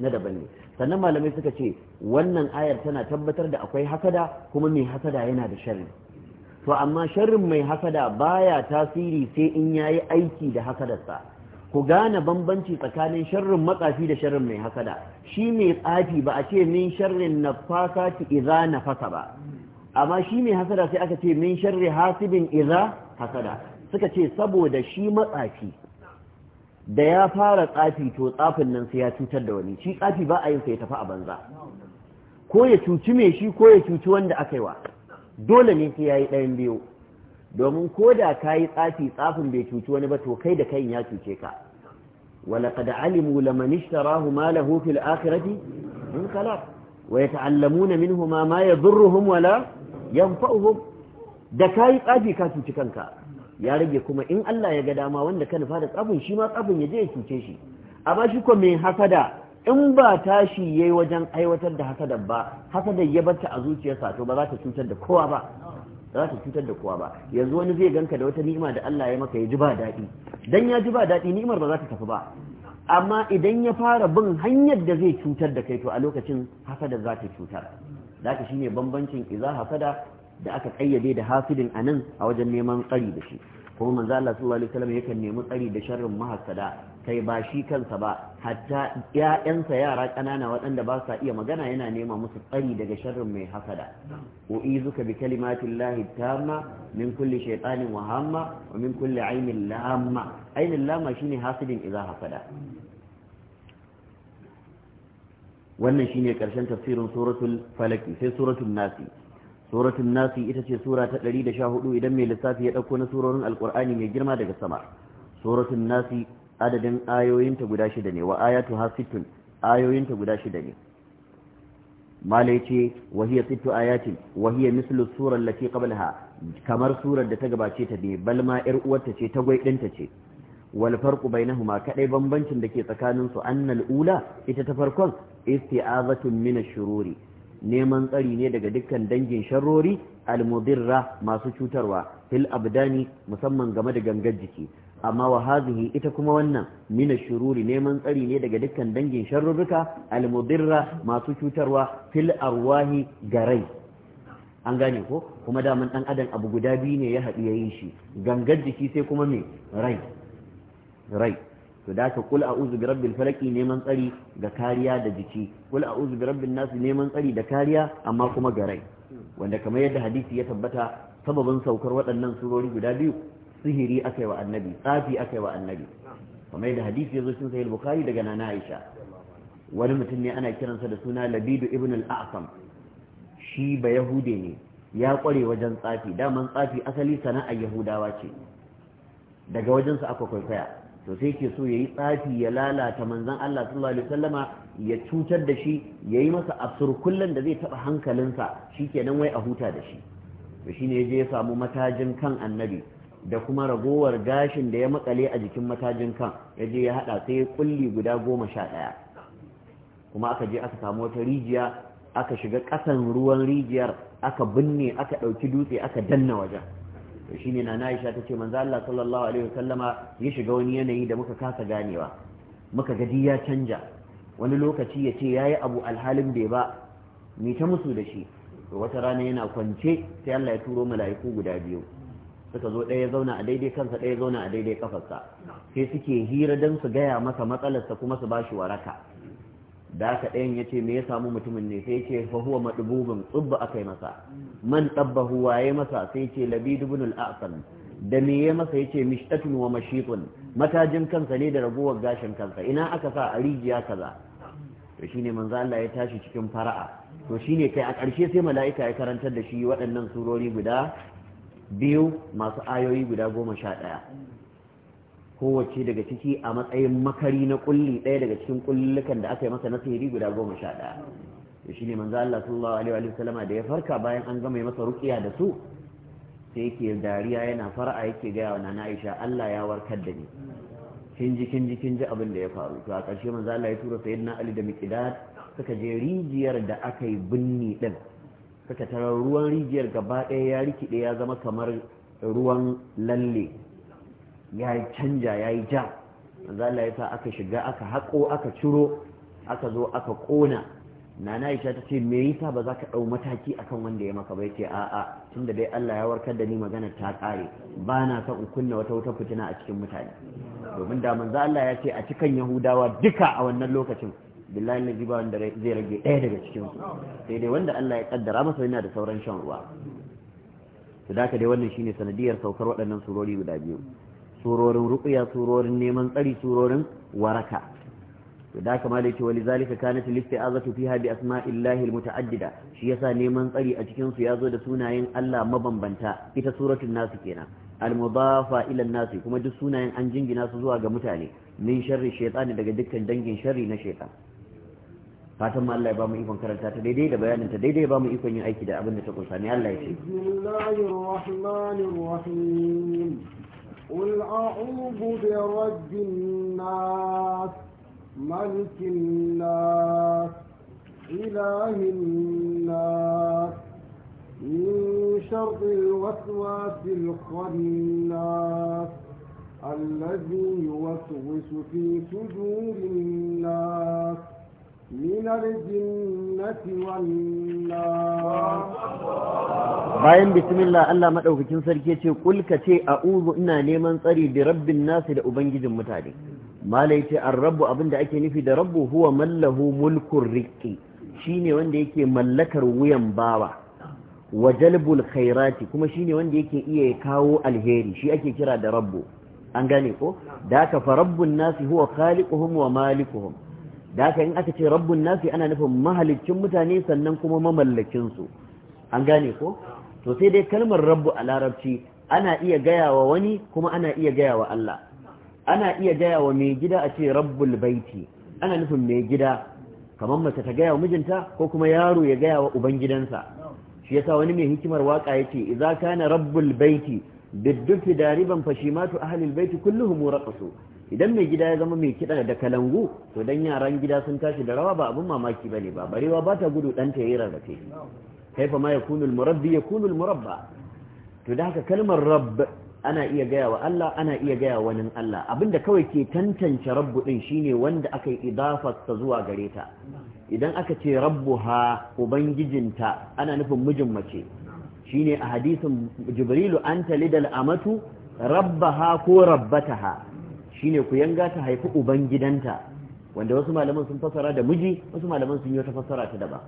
na daban ne sannan malamai suka ce wannan ayar tana tabbatar da akwai hasada kuma mai hasada yana da sharri to amma sharrin mai hasada baya tasiri sai in yayi aiki da hasadarsa ku gane bambanci tsakanin sharrin matsafi da sharrin mai hasada shi mai tsafi ba a ce min sharrin na fasa ki iza na fasa ba amma shi mai hasada sai aka ce min sharri hasibin iza hasada suka ce saboda shi matsafi da ya fara tsafi to tsafin nan sai ya cutar da wani shi tsafi ba a yin sai tafi a banza ko ya cuci mai shi ko ya cuci wanda aka yi wa dole ne sai ya yi ɗayan biyu domin ko da ka yi tsafi tsafin bai cuci wani ba to kai da kai ya cuce ka ولقد علموا لمن اشتراه ما له في الآخرة من خلاق ويتعلمون منهما ما يضرهم ولا ينفعهم da kayi tsafi ka cuci kanka ya rage kuma in Allah ya ga dama wanda ka nufa da tsafin shi ma tsafin ya je ya cuce shi amma shi ko mai hasada in ba tashi yayi wajen aiwatar da hasadar ba hasadar ya barta a zuciyarsa to ba za ta cutar da kowa ba za ta cutar da kowa ba yanzu wani zai ganka da wata ni'ima da Allah ya maka ya ji ba daɗi dan ya ji ba daɗi ni'imar ba za ta tafi ba amma idan ya fara bin hanyar da zai cutar da kai to a lokacin hasada za ta cutar da shine bambancin iza hasada da aka kayyade da hafidin anan a wajen neman tsari da shi kuma manzo Allah sallallahu alaihi wasallam yakan nemi tsari da sharrin mahassada kai ba shi kansa ba hatta ƴaƴansa yara ƙanana waɗanda ba sa iya magana yana nema musu tsari daga sharrin mai hasada u'izuka bi kalimatillahi tamma min kulli shaytanin wa hamma wa min kulli ainin lamma ainin lamma shine hasidin idza hasada wannan shine karshen tafsirin suratul falaki sai suratul nasi suratun nasi ita ce sura ta 114 idan mai lissafi ya ɗauko na surorin alkur'ani mai girma daga sama suratun nasi adadin ayoyinta guda shida ne wa ayatu hasittun ayoyinta guda shida ne malai ce wa hiya sittu ayatin wa mislu surar qablaha kamar surar da ta gabace ta ne bal ma yar uwarta ce ta gwai ce wal farqu bainahuma kadai bambancin da ke tsakanin su annal ula ita ta farkon isti'azatun min ash-shururi neman tsari ne daga dukkan dangin sharrori almudirra masu cutarwa fil abdani musamman game da gangar jiki amma wa hazihi ita kuma wannan mina shururi neman tsari ne daga dukkan dangin sharurruka almudirra masu cutarwa fil arwahi garai an gane ko kuma da daman dan adam abu guda biyu ne ya haɗu ya yi shi gangar jiki sai kuma me rai rai to da ka kul a'udhu bi rabbil falaqi neman tsari ga kariya da jiki kul a'udhu bi nas neman tsari da kariya amma kuma ga rai wanda kamar yadda hadisi ya tabbata sababin saukar waɗannan surori guda biyu sihiri akai wa annabi tsafi akai wa annabi kamar yadda hadisi ya zo cikin sahih bukhari daga nana aisha wani mutum ne ana kiransa da suna labidu ibn al-a'sam shi ba yahude ne ya kware wajen tsafi daman tsafi asali sana'ar yahudawa ce daga wajensa aka kwaikwaya to sai ke so ya yi tsafi ya lalata manzan Allah sallallahu alaihi wasallama ya cutar da shi ya yi masa asur kullun da zai taba hankalinsa shi nan wai a huta da shi to shi ne ya samu matajin kan annabi da kuma ragowar gashin da ya makale a jikin matajin kan ya je ya hada sai ya kulli guda goma sha ɗaya kuma aka je aka samu wata rijiya aka shiga ƙasan ruwan rijiyar aka binne aka ɗauki dutse aka danna wajen to shine na Aisha tace manzo Allah sallallahu alaihi wasallama ya shiga wani yanayi da muka kasa ganewa muka gadi ya canja wani lokaci ya ce yayi abu alhalin bai ba ni ta musu da shi to wata rana yana kwance sai Allah ya turo mala'iku guda biyu suka zo ɗaya zauna a daidai kansa ɗaya zauna a daidai kafarsa sai suke hira don su gaya masa matsalarsa kuma su bashi waraka da aka ɗayan ya ce me ya samu mutumin ne sai ce fa huwa madububun tsubba aka yi masa man ɗabba huwa ya masa sai ce labi dubunul a'sal da me ya masa ya ce mishtatun wa mashiqun matajin kansa ne da ragowar gashin kansa ina aka sa a rijiya kaza to shine manzo Allah ya tashi cikin fara'a to shine kai a ƙarshe sai mala'ika ya karantar da shi waɗannan surori guda biyu masu ayoyi guda goma sha ɗaya kowace daga ciki a matsayin makari na kulli ɗaya daga cikin kullukan da aka yi masa nasiri guda goma sha ɗaya shi ne manzo Allah sallallahu alaihi wa sallama da ya farka bayan an gama masa ruqiya da su sai yake dariya yana fara'a yake ga wa nana Aisha Allah ya warkar da ni kin ji kin ji kin ji abin da ya faru to a ƙarshe manzo Allah ya tura sayyidina Ali da Miqdad suka je rijiyar da aka yi binni din suka tarar ruwan rijiyar gaba ɗaya ya rikide ya zama kamar ruwan lalle ya canja ya yi ja manzala ya sa aka shiga aka haƙo aka ciro aka zo aka ƙona na aisha ta ce me yasa ba za ka ɗau mataki akan wanda ya maka bai ce a'a tunda dai Allah ya warkar da ni magana ta ƙare ba na son in kunna wata wata fitina a cikin mutane domin da manzo Allah ya ce a cikin Yahudawa duka a wannan lokacin billahi na ba wanda zai rage ɗaya daga cikin su sai dai wanda Allah ya kaddara masa yana da sauran shan ruwa to da dai wannan shine sanadiyar saukar waɗannan surori guda biyu surorin ruqya surorin neman tsari surorin waraka to da kama da wali zalika kanat al-isti'azatu fiha bi asma'illahi almutaaddida mutaaddida shi yasa neman tsari a cikin su yazo da sunayen Allah mabambanta ita suratul nas kenan almudafa ila an-nas kuma duk sunayen an jingina su zuwa ga mutane min sharri shaytani daga dukkan dangin sharri na shaytan fatan ma Allah ya ba mu ikon karanta ta daidai da bayanin ta daidai ya ba mu ikon yin aiki da abin da ta kusa ne Allah ya ce قل أعوذ برب الناس ملك الناس إله الناس من شر الوسواس الخناس الذي يوسوس في صدور الناس من الجنة والنار bayan bismillah Allah madaukakin sarki ce kul ka ce a'udhu ina neman tsari da rabbin nasu da ubangijin mutane malai ce ar-rabbu abinda ake nufi da rabbu huwa mallahu mulkur riqqi shine wanda yake mallakar wuyan bawa wa jalbul khairati kuma shine wanda yake iya kawo alheri shi ake kira da rabbu an gane ko da ka fa rabbun nasi huwa khaliquhum wa malikuhum da in aka ce rabbin nasi ana nufin mahalicin mutane sannan kuma mamallakin su an gane ko to sai dai kalmar rabbu a larabci ana iya gaya wa wani kuma ana iya gaya wa Allah ana iya gaya wa mai gida a ce rabbul baiti ana nufin mai gida kamar mace ta gaya wa mijinta ko kuma yaro ya gaya wa ubangidansa shi yasa wani mai hikimar waka yace idza kana rabbul baiti biddufi dariban fashimatu ahlil baiti kulluhum rakasu. idan mai gida ya zama mai kiɗa da kalangu to dan yaran gida sun tashi da rawa ba abin mamaki bane ba barewa ba ta gudu danta ya yi rarrafe kaifa ma yakunul murabbi yakunul murabba to da haka kalmar rabb ana iya gaya wa Allah ana iya gaya wa wani Allah abinda kawai ke tantance rabbu din shine wanda aka yi idafar ta zuwa gare ta idan aka ce rabbuha ubangijinta ana nufin mijin mace shine a hadisin jibrilu anta lidal amatu rabbaha ko rabbataha shine ku yanga ta haifi uban gidanta wanda wasu malaman sun fasara da miji wasu malaman sun yi wata fasara ta daba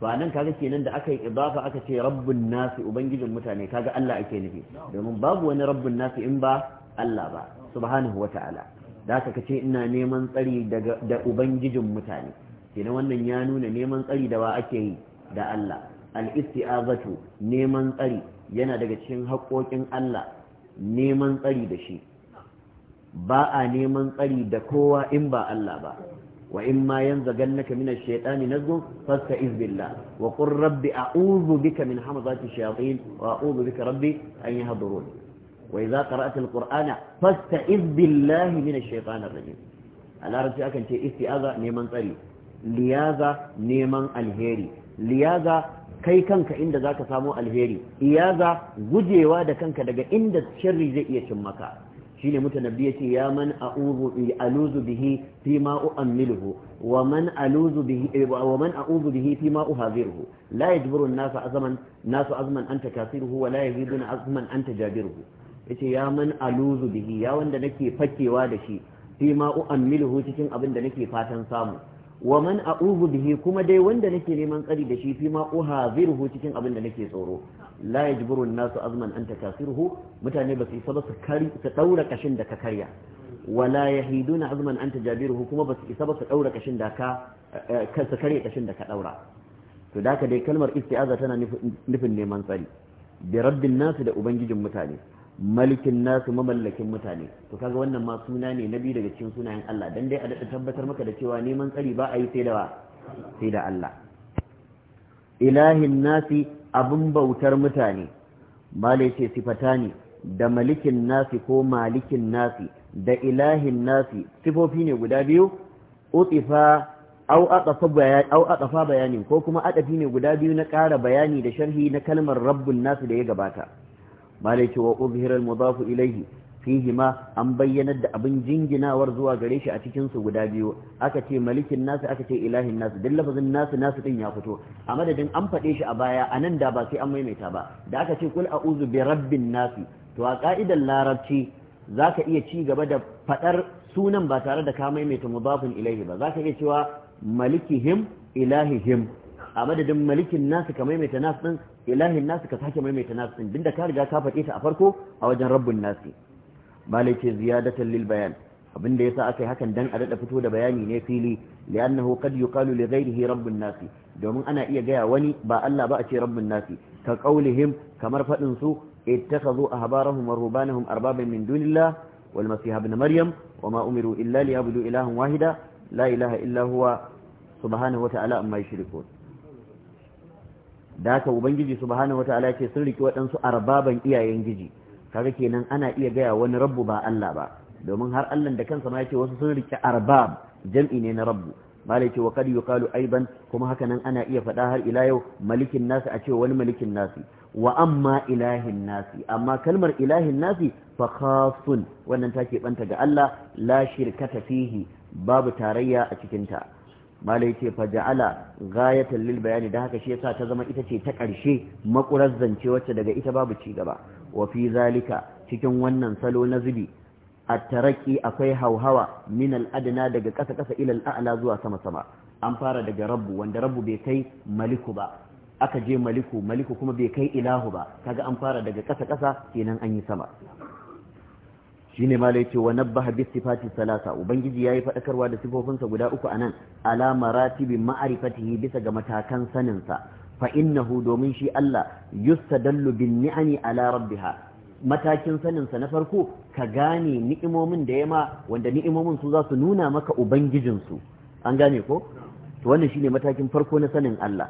to a nan kaga kenan da aka yi idafa aka ce rabbun nasi ubangijin mutane kaga Allah ake nufi domin babu wani rabbun nasi in ba Allah ba subhanahu wata'ala da aka kace ina neman tsari daga da ubangijin mutane kenan wannan ya nuna neman tsari da wa ake yi da Allah al-isti'azatu neman tsari yana daga cikin haƙoƙin Allah neman tsari da shi ba a neman tsari da kowa in ba Allah ba wa in ma yanzaganaka min ash-shaytani nazghun fasta'iz billah wa qur rabbi a'udhu bika min hamazati ash-shayatin wa a'udhu bika rabbi an yahdurun wa idza qara'ta al-qur'ana fasta'iz billahi min ash-shaytani ar-rajim al-arabi akan ce isti'aza neman tsari liyaza neman alheri liyaza kai kanka inda zaka samu alheri iyaza gujewa da kanka daga inda sharri zai iya cin maka shine mutanabbi yace ya man a'udhu bi aluzu bihi fi ma u'ammiluhu wa man aluzu bihi eh, wa man a'udhu bihi fi ma uhadiruhu la yajburu an-nasu azman nasu azman anta kasiruhu wa la yajiduna azman anta jabiruhu yace ya man aluzu bihi ya wanda nake fakewa da shi fi ma u'ammiluhu cikin abin da nake fatan samu wa man a'udhu bihi kuma dai wanda nake neman tsari da shi fi ma uhadhiruhu cikin abin da nake tsoro la yajburu an-nasu azman an takasiruhu mutane ba su isa ba su kari su daura kashin da ka karya wala yahiduna azman an tajabiruhu kuma ba su isa ba su daura kashin da ka eh, su karya kashin da ka daura to da ka dai kalmar isti'aza tana nufin neman tsari bi rabbin nasu da ubangijin mutane malikin nasu mamallakin mutane to kaga wannan ma suna ne na biyu daga cikin sunayen Allah dan dai a daɗa tabbatar maka da cewa neman tsari ba a yi sai da sai da Allah ilahin nasi abun bautar mutane mala ce sifata da malikin nasi ko malikin nasi da ilahin nasi sifofi ne guda biyu utifa au aqafa bayani ko kuma adafi ne guda biyu na ƙara bayani da sharhi na kalmar rabbun nasu da ya gabata malaki wa uzhira al ilaihi ilayhi fihi ma an bayyanar da abin jinginawar zuwa gare shi a cikin su guda biyu aka ce malikin nasu aka ce ilahin nasu duk lafazin nasu nasu din ya fito a madadin an faɗe shi a baya a nan da ba sai an maimaita ba da aka ce kul a'udhu bi rabbin nasi to a ka'idar larabci zaka iya ci gaba da faɗar sunan ba tare da ka maimaita mudafin ilaihi ba zaka iya cewa malikihim ilahihim a madadin malikin nasu ka maimaita nasu din ilahin nasu ka sake maimaita nasu din dinda ka riga ka faɗe ta a farko a wajen rabbun nasi malai ce ziyadatan lil bayan abin da yasa aka yi hakan dan a dada fito da bayani ne fili li'annahu qad yuqalu li ghayrihi rabbun nasi domin ana iya gaya wani ba Allah ba a ce rabbun nasi ka qaulihim kamar fadin su ittakhadhu ahbarahum wa rubanahum arbaban min dunillah wal masih ibn maryam ma umiru illa liyabudu ilahan wahida la ilaha illa huwa subhanahu wa ta'ala amma yushrikun da haka ubangiji wata ala ce sun riki waɗansu arbaban iyayen giji kaga kenan ana iya gaya wani rabbu ba Allah ba domin har Allah da kansa ma yace wasu sun riki arbab jam'i ne na rabbu malai ce wa kad yuqalu aiban kuma haka nan ana iya faɗa har ila yau malikin nasi a ce wani malikin nasi wa amma ilahin nasi amma kalmar ilahin nasi fa khasun wannan take banta ga Allah la shirkata fihi babu tarayya a cikinta malai ce faja'ala ghayatan lil bayani da haka shi yasa ta zama ita ce ta ƙarshe makurar zance wacce daga ita babu ci gaba wa fi zalika cikin wannan salo na zubi at taraki akwai hauhawa min al-adna daga ƙasa ƙasa ila al-a'la zuwa sama sama an fara daga rabbu wanda rabbu bai kai maliku ba aka je maliku maliku kuma bai kai ilahu ba kaga an fara daga ƙasa ƙasa kenan an yi sama shine ma wa nabbaha bi sifati salasa ubangiji yayi fadakarwa da sifofinsa guda uku anan ala maratibi ma'rifatihi bisa ga matakan saninsa sa fa innahu domin shi Allah yustadallu bin ni'ani ala rabbiha matakin saninsa na farko ka gane ni'imomin da yama wanda ni'imomin su za su nuna maka ubangijinsu an gane ko to wannan shine matakin farko na sanin Allah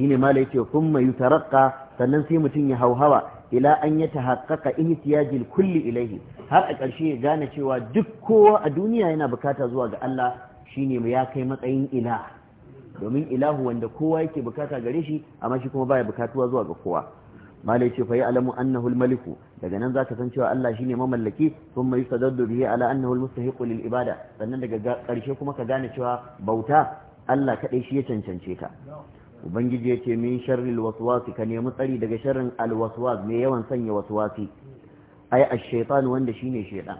shine ma da yake kuma yutaraqqa sannan sai mutum ya hauhawa ila an ya tahaqqaqa ihtiyajil kulli ilaihi har a ƙarshe ya gane cewa duk kowa a duniya yana bukata zuwa ga Allah shine ya kai matsayin ila domin ilahu wanda kowa yake bukata gare shi amma shi kuma baya bukatuwa zuwa ga kowa malai ce fa ya'lamu annahu al-maliku daga nan zaka san cewa Allah shine mamallaki thumma yustadaddu bihi ala annahu al-mustahiqu lil ibada sannan daga ƙarshe kuma ka gane cewa bauta Allah kaɗai shi ya cancance ka. ubangiji ya ce min sharril waswasi ka nemi tsari daga sharrin alwaswas mai yawan sanya waswasi ai ash-shaytan wanda shine shaytan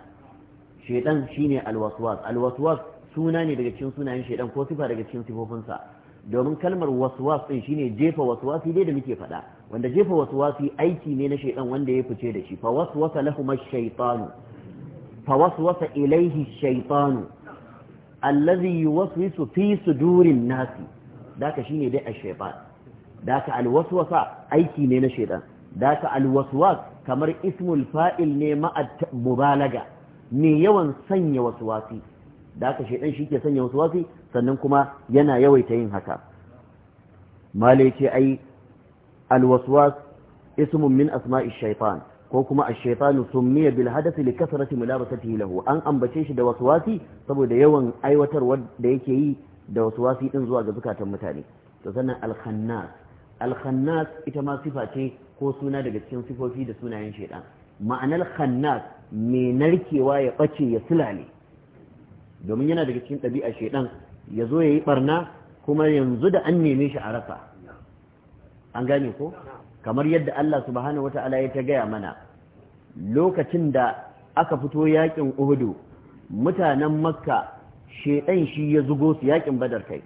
shaytan shine alwaswas alwaswas suna ne daga cikin sunayen shaytan ko sifa daga cikin sifofinsa domin kalmar waswas din shine jefa waswasi dai da muke faɗa wanda jefa waswasi aiki ne na shaytan wanda ya fice da shi fa waswasa lahum ash-shaytanu fa waswasa ilayhi ash-shaytanu alladhi yuwaswisu fi sudurin nasi daka shine dai ash-shaytan daka al-waswasa aiki ne na shaytan daka al-waswas kamar ismul fa'il ne mubalaga ne yawan sanya waswasi daka shaytan shike sanya waswasi sannan kuma yana yawaita yin haka malai ai al-waswas ismun min asma'i ash-shaytan ko kuma ash-shaytanu summiya bil hadath li kasrati mulabasatihi lahu an ambace shi da waswasi saboda yawan aiwatar da yake yi da wasu wasi din zuwa ga zukatan mutane to sannan al-khannas al-khannas ita ma sifa ce ko suna daga cikin sifofi da sunayen shaidan ma'anar khannas me narkewa ya bace ya sulale domin yana daga cikin ɗabi'a shaidan ya zo ya yi barna kuma yanzu da an neme shi a rasa an gane ko kamar yadda Allah subhanahu wata'ala ya ta gaya mana lokacin da aka fito yakin uhudu mutanen makka shedan shi ya zugo su yakin badar kai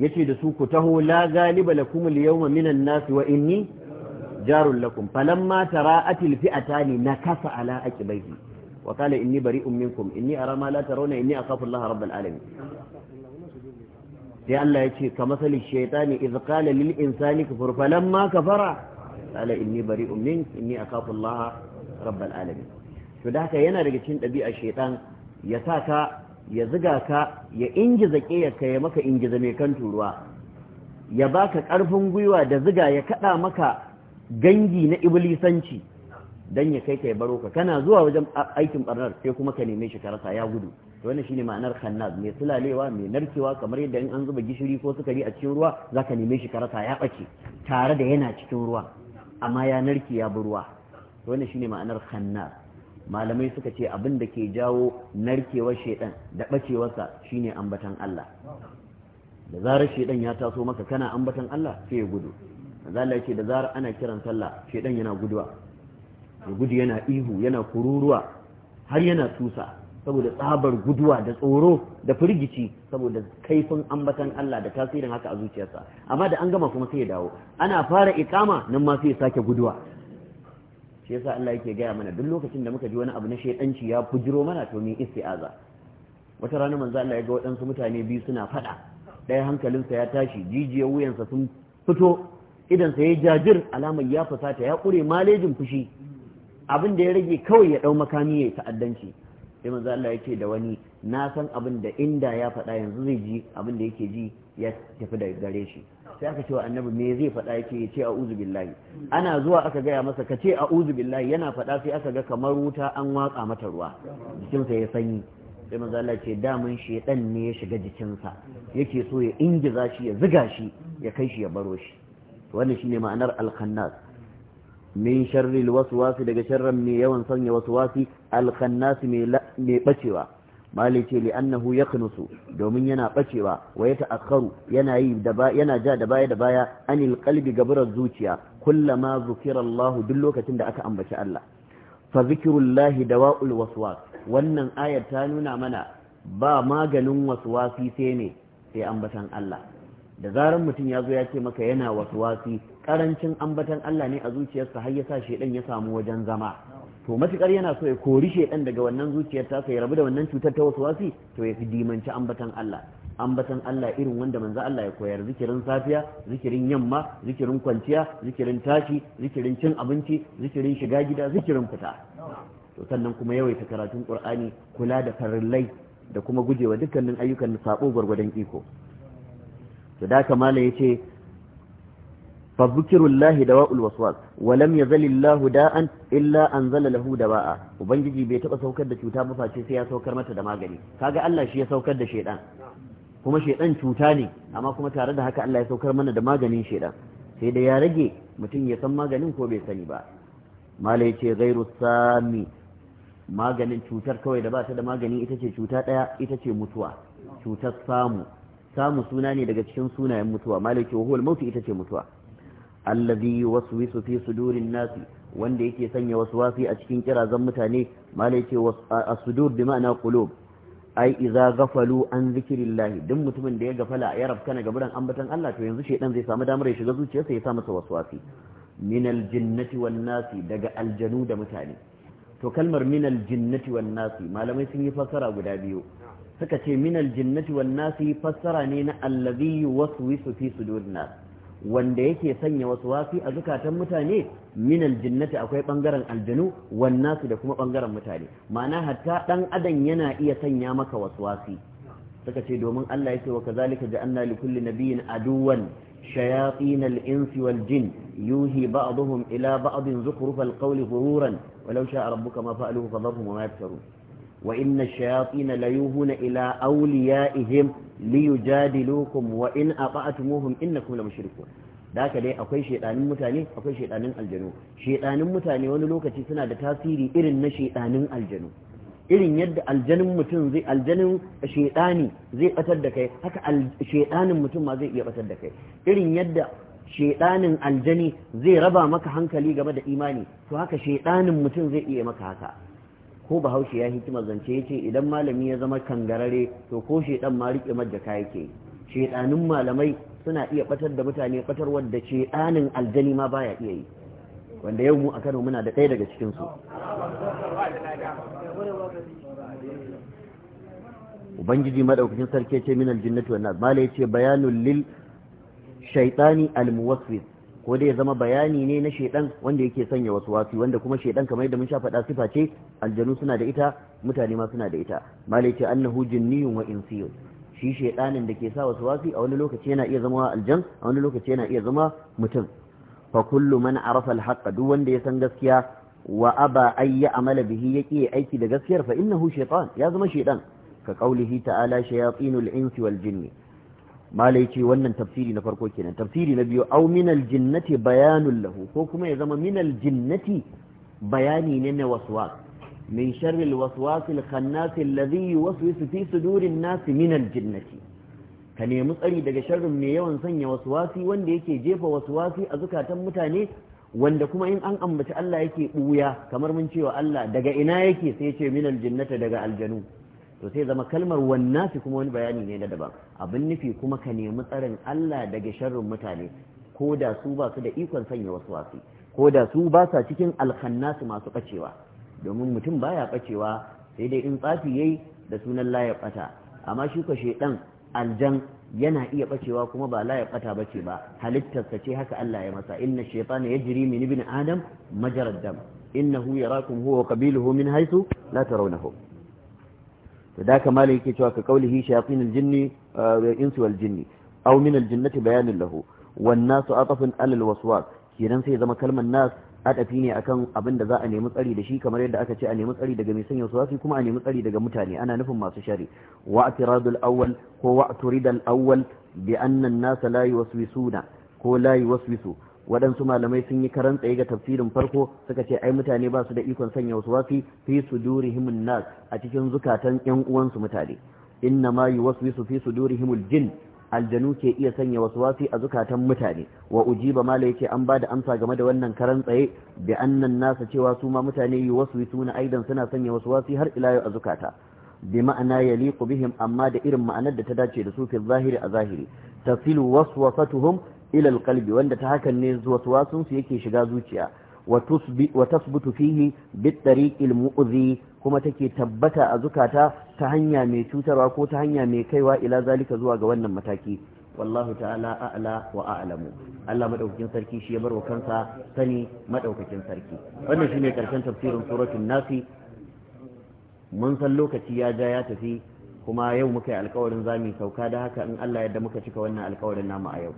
yace da su ku taho la galiba lakum al-yawma minan nas wa inni jarul lakum falamma tara'atil fi'atani nakasa ala aqibaihi wa qala inni bari'un minkum inni ara ma la tarawna inni akhafu Allah rabbal alamin sai Allah yace ka masalin shaytani idh qala lil insani kufur falamma kafara qala inni bari'un mink inni akhafu Allah rabbal alamin to da haka yana daga cikin dabi'a shaytan ya sa ka ya ziga ka ya ingiza ƙiyarka ya maka ingiza mai kan turuwa ya baka ƙarfin gwiwa da ziga ya kaɗa maka gangi na iblisanci don ya kai ka ya baro ka kana zuwa wajen aikin barnar sai kuma ka neme shi karasa ya gudu to wannan shine ma'anar khannaz mai sulalewa mai narkewa kamar yadda in an zuba gishiri ko sukari a cikin ruwa zaka neme shi karasa ya bace tare da yana cikin ruwa amma ya narke ya bi ruwa to wannan shine ma'anar khannaz malamai suka ce abin da ke jawo narkewar shaidan da bacewarsa shine ambatan Allah da zarar shaidan ya taso maka kana ambatan Allah sai ya gudu zalla ce da zarar ana kiran sallah shaidan yana guduwa ya gudu yana ihu yana kururuwa har yana tusa saboda tsabar guduwa da tsoro da firgici saboda kaifin ambatan Allah da tasirin haka a zuciyarsa amma da an gama kuma sai ya dawo ana fara ikama nan ma sai ya sake guduwa shi yasa Allah yake gaya mana duk lokacin da muka ji wani abu na shaidanci ya fujiro mana to mu isti'aza wata rana manzo Allah ya ga waɗansu mutane biyu suna faɗa ɗaya hankalinsa ya tashi jijiyar wuyansa sun fito idan sa ya jajir alamar ya fusata ya ƙure malejin fushi abin da ya rage kawai ya ɗau makami ya ta'addanci sai manzo Allah ya da wani na san abin da inda ya faɗa yanzu zai ji abin da yake ji ya tafi da gare shi sai aka cewa annabi me zai faɗa yake ce a billahi ana zuwa aka gaya masa ka ce a billahi yana faɗa sai aka ga kamar wuta an waka mata ruwa jikinsa ya sanyi sai maza Allah ce damun shedan ne ya shiga jikinsa yake so ya ingiza shi ya ziga shi ya kai shi ya baro shi wannan shine ma'anar al-khannas min sharri al-waswas daga sharran mai yawan sanya waswasi al-khannas mai bacewa mali ce li annahu domin yana bacewa wa ya ta'akkaru yana yi da yana ja da baya da baya anil qalbi gaburar zuciya kullama zukira Allah duk lokacin da aka ambaci Allah fa zikrullahi dawa'ul waswas wannan ayar ta nuna mana ba maganin waswasi sai ne sai ambatan Allah da zarar mutum ya zo ya ce maka yana waswasi karancin ambatan Allah ne a zuciyarsa har ya sa shedan ya samu wajen zama to matukar yana so ya kori shaidan daga wannan zuciyar ta ya rabu da wannan cutar ta wasu wasi to ya fi dimanci ambatan Allah ambatan Allah irin wanda manzo Allah ya koyar zikirin safiya zikirin yamma zikirin kwanciya zikirin tashi zikirin cin abinci zikirin shiga gida zikirin fita to sannan kuma yawaita karatun qur'ani kula da farillai da kuma gujewa dukkanin ayyukan sabo gwargwadon iko to da kamala yace فذكر الله دواء الوسواس ولم يزل الله داء الا انزل له دواء ubangiji bai taba saukar da cuta ba سي sai ya saukar mata da magani kaga Allah shi ya saukar da kuma shedan cuta ne amma kuma tare da haka Allah ya saukar mana da maganin shedan sai da ya rage mutum ya san maganin ko bai sani ba malai ce ghairu sami maganin cutar kawai da ba ta da magani ita ce cuta daya ita ce mutuwa cutar samu samu suna ne daga cikin sunayen mutuwa malai ce wahul mautu ita ce mutuwa alladhi yuwaswisu fi sudurin nasi wanda yake sanya waswasi a cikin kirazan mutane malai ce as-sudur bi ma'ana qulub ai idza ghafalu an zikirillahi. duk mutumin da ya gafala ya rabkana gaburan ambatan Allah to yanzu shedan zai samu damar ya shiga zuciyarsa ya sa masa waswasi min aljinnati wan nasi daga aljanu da mutane to kalmar min aljinnati wan nasi malamai sun yi fassara guda biyu suka ce min aljinnati wan nasi fassara ne na allazi yuwaswisu fi sudurin nasi wanda yake sanya wasu wafi a zukatan mutane minal jinnati akwai bangaren aljanu wan da kuma bangaren mutane ma'ana hatta dan adam yana iya sanya maka wasu wafi. suka ce domin Allah yake wa kazalika ja'alna li kulli nabiyyin aduwan shayatin al-insi wal jin yuhi ba'dhum ila ba'dhin zukhrufal qawli ghururan walau sha'a rabbuka ma fa'aluhu fadhahum wa ma yaftarun وإن الشياطين ليوهون إلى أوليائهم ليجادلوكم وإن أطعتموهم إنكم لمشركون daka dai akwai shedanin mutane akwai shedanin aljanu shedanin mutane wani lokaci suna da tasiri irin na shedanin aljanu irin yadda aljanin mutum zai batar da kai haka shedanin mutum zai iya batar da kai irin yadda shedanin aljani zai raba maka hankali game da imani to haka shedanin mutum zai iya maka haka ko bahaushe ya hikima zance ya ce idan malami ya zama kangarare to ko shaidan ma rike riƙe majjaka yake shaidanin malamai suna iya batar da mutane batar wadda shaidanin aljani ma baya iya yi wanda yau mu a kano muna da ɗaya daga cikinsu ubangiji madaukakin sarki ya ce min aljinnatu wannan nas ya ce bayanul lil shaytani al muwaswis ko dai ya zama bayani ne na shaiɗan wanda yake sanya wasu wasi wanda kuma shaiɗan kamar yadda mun sha faɗa sifa ce aljanu suna da ita mutane ma suna da ita malaka annahu jinniyun wa insiyun shi shedanin da ke sa wasu wasi a wani lokaci yana iya zama aljan a wani lokaci yana iya zama mutum fa kullu man arafa alhaqqa duk wanda ya san gaskiya wa aba ay amala bihi yaki aiki da gaskiyar fa innahu shaytan ya zama shaiɗan ka kaulihi ta'ala shayatinul insi wal jinni malai ce wannan tafsiri na farko kenan tafsiri na biyu au minal jinnati bayanun lahu ko kuma ya zama minal jinnati bayani ne na waswas min sharri alwaswas alkhannas alladhi yuwaswisu fi sudurin nas min jinnati ka nemi tsari daga sharrin mai yawan sanya waswasi wanda yake jefa waswasi a zukatan mutane wanda kuma in an ambaci Allah yake buya kamar mun cewa Allah daga ina yake sai ya ce minal aljinnata daga aljanu to sai zama kalmar fi kuma wani bayani ne na daban abin nufi kuma ka nemi tsarin Allah daga sharrin mutane ko da su ba su da ikon sanya wasu wasu ko da su ba sa cikin alkhannasu masu bacewa domin mutum baya bacewa sai dai in tsafi yayi da sunan la ya bata amma shi ko shedan aljan yana iya bacewa kuma ba la ya bata bace ba halittar ce haka Allah ya masa inna shaytana yajri min ibn adam majarad dam innahu yarakum huwa qabiluhu min haythu la tarawnahum da da kamar yake cewa ka kaulihi shayatin aljinni da eh, insi wal jinni aw min aljinnati bayanin lahu wan nasu atafun alal waswas kenan sai zama kalmar nas adafi ne akan abin da za a nemi tsari da shi kamar yadda aka ce a nemi tsari daga mai sanya waswasi kuma a nemi tsari daga mutane ana nufin masu shari wa atiradul awwal ko wa aturidal awwal bi anna an-nas la yuwaswisuna ko la yuwaswisu waɗansu malamai sun yi karan tsaye ga tafsirin farko suka ce ai mutane ba su da ikon sanya wasu wasi fi sudurihim nas a cikin zukatan ƴan uwansu mutane inna ma yuwaswisu fi sudurihimul jin aljanu ke iya sanya waswasi a zukatan mutane wa ujiba mala ce an bada amsa game da wannan karan tsaye bi annan nasa cewa su ma mutane yuwaswisuna aidan suna sanya wasu waswasi har ila yau a zukata bi ma'ana liku bihim amma da irin ma'anar da ta dace da su fi zahiri a zahiri tasilu waswasatuhum ila kalbi wanda ta hakan ne waswasun su yake shiga zuciya wa tasbutu fihi bit tariqil kuma take tabbata a zukata ta hanya mai cutarwa ko ta hanya mai kaiwa ila zalika zuwa ga wannan mataki wallahu ta'ala a'la wa a'lamu Allah madaukakin sarki shi ya bar kansa sani madaukakin sarki wannan shine karshen tafsirin suratul nasi mun san lokaci ya ja ya tafi kuma yau muka yi alkawarin zamu sauka da haka in Allah ya muka cika wannan alkawarin namu a yau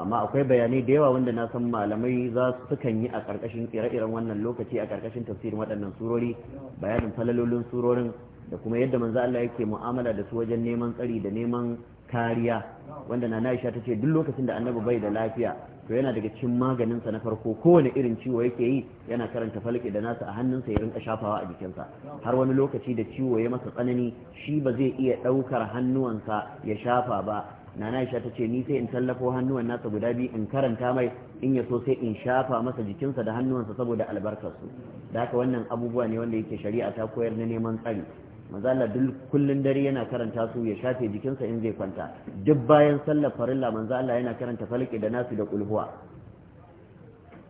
amma akwai bayanai da yawa wanda na san malamai za su yi a ƙarƙashin ire-iren wannan lokaci a ƙarƙashin tafsirin waɗannan surori bayanin falalolin surorin da kuma yadda manzo Allah yake mu'amala da su wajen neman tsari da neman kariya wanda na Aisha ta ce duk lokacin da annabi bai da lafiya to yana daga cikin maganin sa na farko kowane irin ciwo yake yi yana karanta falake da nasa a hannunsa ya rinka shafawa a jikin sa har wani lokaci da ciwo ya masa tsanani shi ba zai iya ɗaukar hannuwansa ya shafa ba nana Aisha ta ce ni sai in tallafo hannuwan nasa guda biyu in karanta mai in ya so sai in shafa masa jikinsa da hannuwansa saboda albarkarsu da haka wannan abubuwa ne wanda yake shari'a ta koyar na neman tsari manzala duk kullun dare yana karanta su ya shafe jikinsa in zai kwanta duk bayan sallar farilla manzala yana karanta falke da nasu da kulhuwa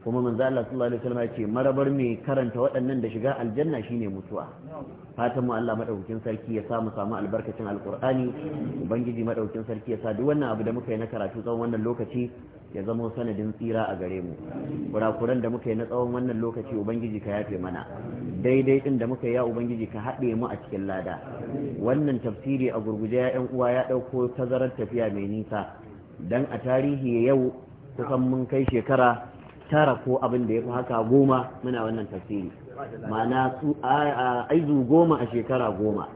kuma manzo Allah sallallahu alaihi wasallam yace marabar mai karanta waɗannan da shiga aljanna shine mutuwa fatan mu Allah madaukakin sarki ya samu samu albarkacin alqur'ani ubangiji madaukakin sarki ya sa duk wannan abu da muka yi na karatu tsawon wannan lokaci ya zama sanadin tsira a gare mu kurakuran da muka yi na tsawon wannan lokaci ubangiji ka yafe mana daidai din da muka yi ya ubangiji ka haɗe mu a cikin lada wannan tafsiri a gurguje ya uwa ya ɗauko tazarar tafiya mai nisa dan a tarihi yau kusan mun kai shekara tara ko abin da ya fi haka goma muna wannan tafsiri ma'ana su aizu goma a shekara goma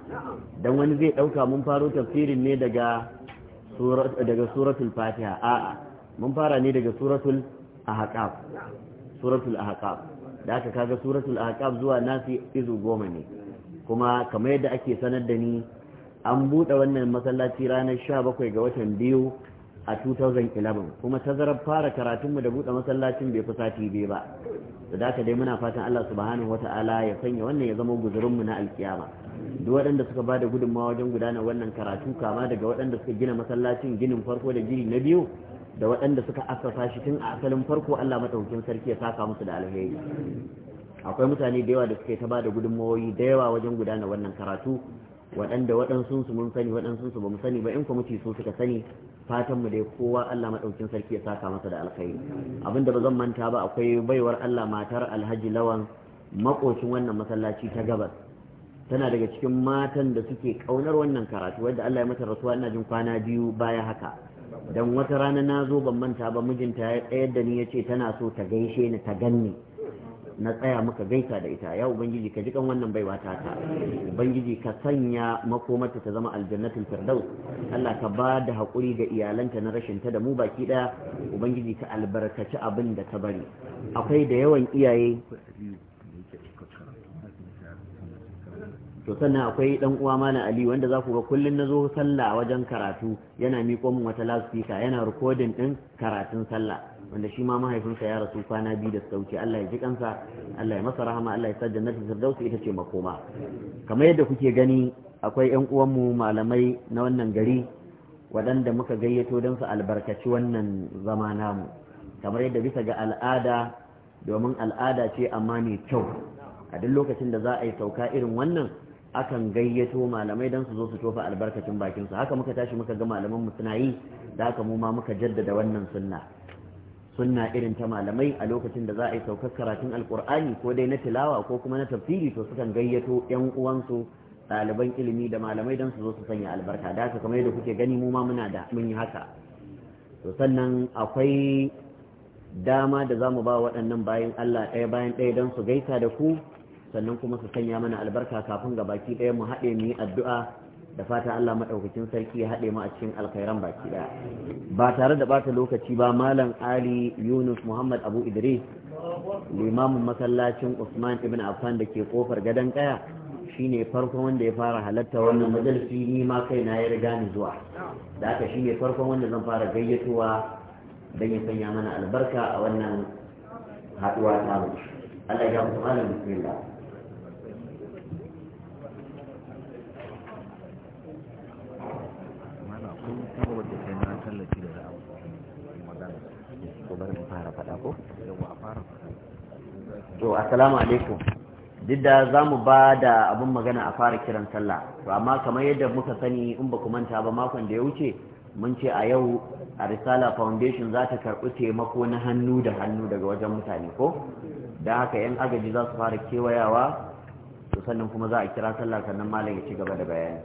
don wani zai ɗauka mun faro tafsirin ne daga suratul fatiha a'a mun fara ne daga suratul ahqaf suratul ahqaf da aka kaga suratul ahqaf zuwa nasi izu goma ne kuma kamar yadda ake sanar da ni an buɗe wannan masallaci ranar 17 ga watan biyu a 2011 kuma tazarar fara karatunmu da buɗe masallacin bai fi sati biyu ba da ka dai muna fatan Allah subhanahu wata'ala ya sanya wannan ya zama guzurinmu na alkiyama duk waɗanda suka bada gudunmawa wajen gudanar wannan karatu kama daga waɗanda suka gina masallacin ginin farko da gini na biyu da waɗanda suka asasa shi tun a asalin farko Allah madaukakin sarki ya saka musu da alheri akwai mutane da yawa da suke ta bada gudunmawoyi da yawa wajen gudanar wannan karatu waɗanda waɗansu su mun sani waɗansu su mu sani ba in kwamiti su suka sani fatan mu dai kowa Allah madaukin sarki ya saka masa da alkhairi abinda ba zan manta ba akwai baiwar Allah matar Alhaji Lawan makocin wannan masallaci ta gabas tana daga cikin matan da suke kaunar wannan karatu wadda Allah ya mata rasuwa ina jin kwana biyu baya haka dan wata rana na zo ban manta ba mijinta ya tsayar da ni yace tana so ta gaishe ni ta ganni na tsaya muka gaita da ita ya ubangiji ka ji kan wannan baiwa ta ta ubangiji ka sanya makomarta ta zama aljannatul firdaus Allah ka ba da hakuri ga iyalanta na rashin ta da mu baki ɗaya ubangiji ka albarkaci abin da ta bari akwai da yawan iyaye to sannan akwai dan uwa mana Ali wanda za ku ga kullun nazo sallah wajen karatu yana miƙo min wata loudspeaker yana recording din karatun sallah wanda shi ma mahaifinsa ya rasu kwana biyu da sauki Allah ya ji kansa Allah ya masa rahama Allah ya sa jannatin firdausi ita ce makoma kamar yadda kuke gani akwai ƴan uwanmu malamai na wannan gari waɗanda muka gayyato don su albarkaci wannan zama namu kamar yadda bisa ga al'ada domin al'ada ce amma ne kyau a duk lokacin da za a yi sauka irin wannan akan gayyato malamai don su zo su tofa albarkacin bakinsu haka muka tashi muka ga malaman mu suna yi da haka mu ma muka jaddada wannan sunna sunna irin ta malamai a lokacin da za a yi saukar karatun alkur'ani ko dai na tilawa ko kuma na tafsiri to sukan gayyato yan uwansu ɗaliban ilimi da malamai don su zo su sanya albarka da haka kamar yadda kuke gani mu ma muna da mun yi haka to sannan akwai dama da za mu ba waɗannan bayan Allah ɗaya bayan ɗaya don su gaisa da ku sannan kuma su sanya mana albarka kafin ga baki ɗaya mu haɗe mu yi addu'a da fata Allah maɗaukacin sarki ya haɗe mu a cikin alkhairan baki ɗaya ba tare da bata lokaci ba malam Ali Yunus Muhammad Abu Idris limamin masallacin Usman ibn Affan da ke kofar gadon kaya shine farkon wanda ya fara halatta wannan majalisi ni ma kai na ya riga ni zuwa da haka shine farkon wanda zan fara gayyatowa dan ya sanya mana albarka a wannan haɗuwa ta mu Allah ya ga mu malam bismillah to assalamu alaikum duk da za mu ba da abin magana a fara kiran sallah to amma kamar yadda muka sani in ba ku manta ba makon da ya wuce mun ce a yau a risala foundation za ta karɓi taimako na hannu da hannu daga wajen mutane ko don haka 'yan agaji za su fara kewayawa to sannan kuma za a kira sallah sannan malam ya ci gaba da bayani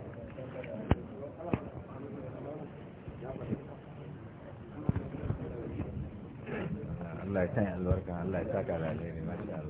Allah ya sanya albarka Allah ya saka da alheri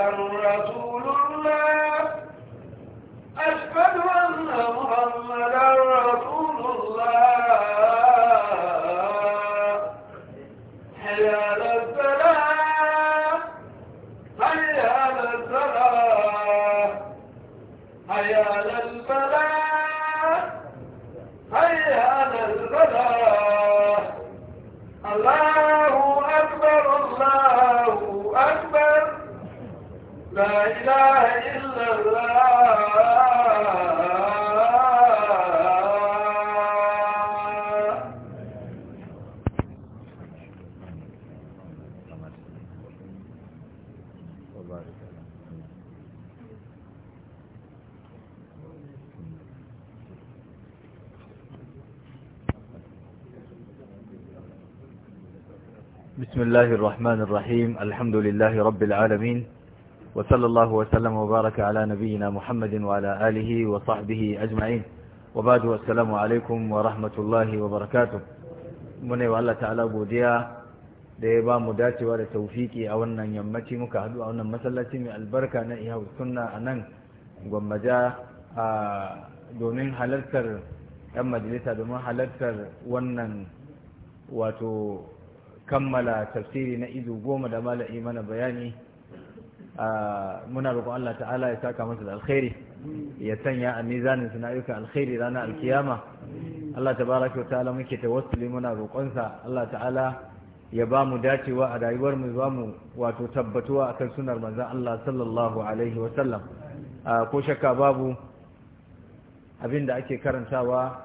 رسول الله أشهد أن محمدا رسول الله حي على السلام حي على السلام حي على الله لا إله إلا الله بسم الله الرحمن الرحيم الحمد لله رب العالمين وصلى الله وسلم وبارك على نبينا محمد وعلى آله وصحبه أجمعين وبعد السلام عليكم ورحمة الله وبركاته من والله تعالى بوديا da ya ba mu dacewa da taufiki a wannan yammaci muka hadu a wannan masallaci mai albarka na iya sunna a nan gwammaja domin halartar 'yan majalisa domin halartar wannan wato kammala tafsiri na izu goma da mala'i mana bayani muna roƙon Allah ta'ala ya saka masa da alkhairi ya sanya a mizanin suna ayyuka alkhairi ranar alkiyama Allah ta baraka wa ta'ala muke wasuli muna roƙonsa Allah ta'ala ya ba mu dacewa a rayuwar mu ba mu wato tabbatuwa akan sunar manzon Allah sallallahu alaihi wa sallam ko shakka babu abin da ake karantawa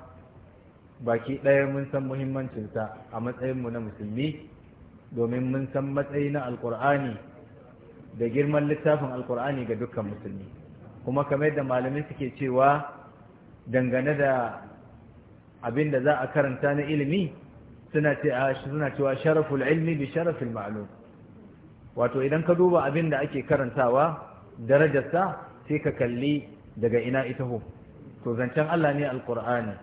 baki ɗaya mun san muhimmancinsa a matsayinmu na musulmi domin mun san matsayi na alkur'ani da girman littafin alkur'ani ga dukkan musulmi kuma kamar yadda malamai suke cewa dangane da abin da za a karanta na ilimi suna cewa sharaful ilmi bi sharaful ma'alu wato idan ka duba abin da ake karantawa darajarsa sai ka kalli daga ina ita ho to zancen Allah ne alkur'ani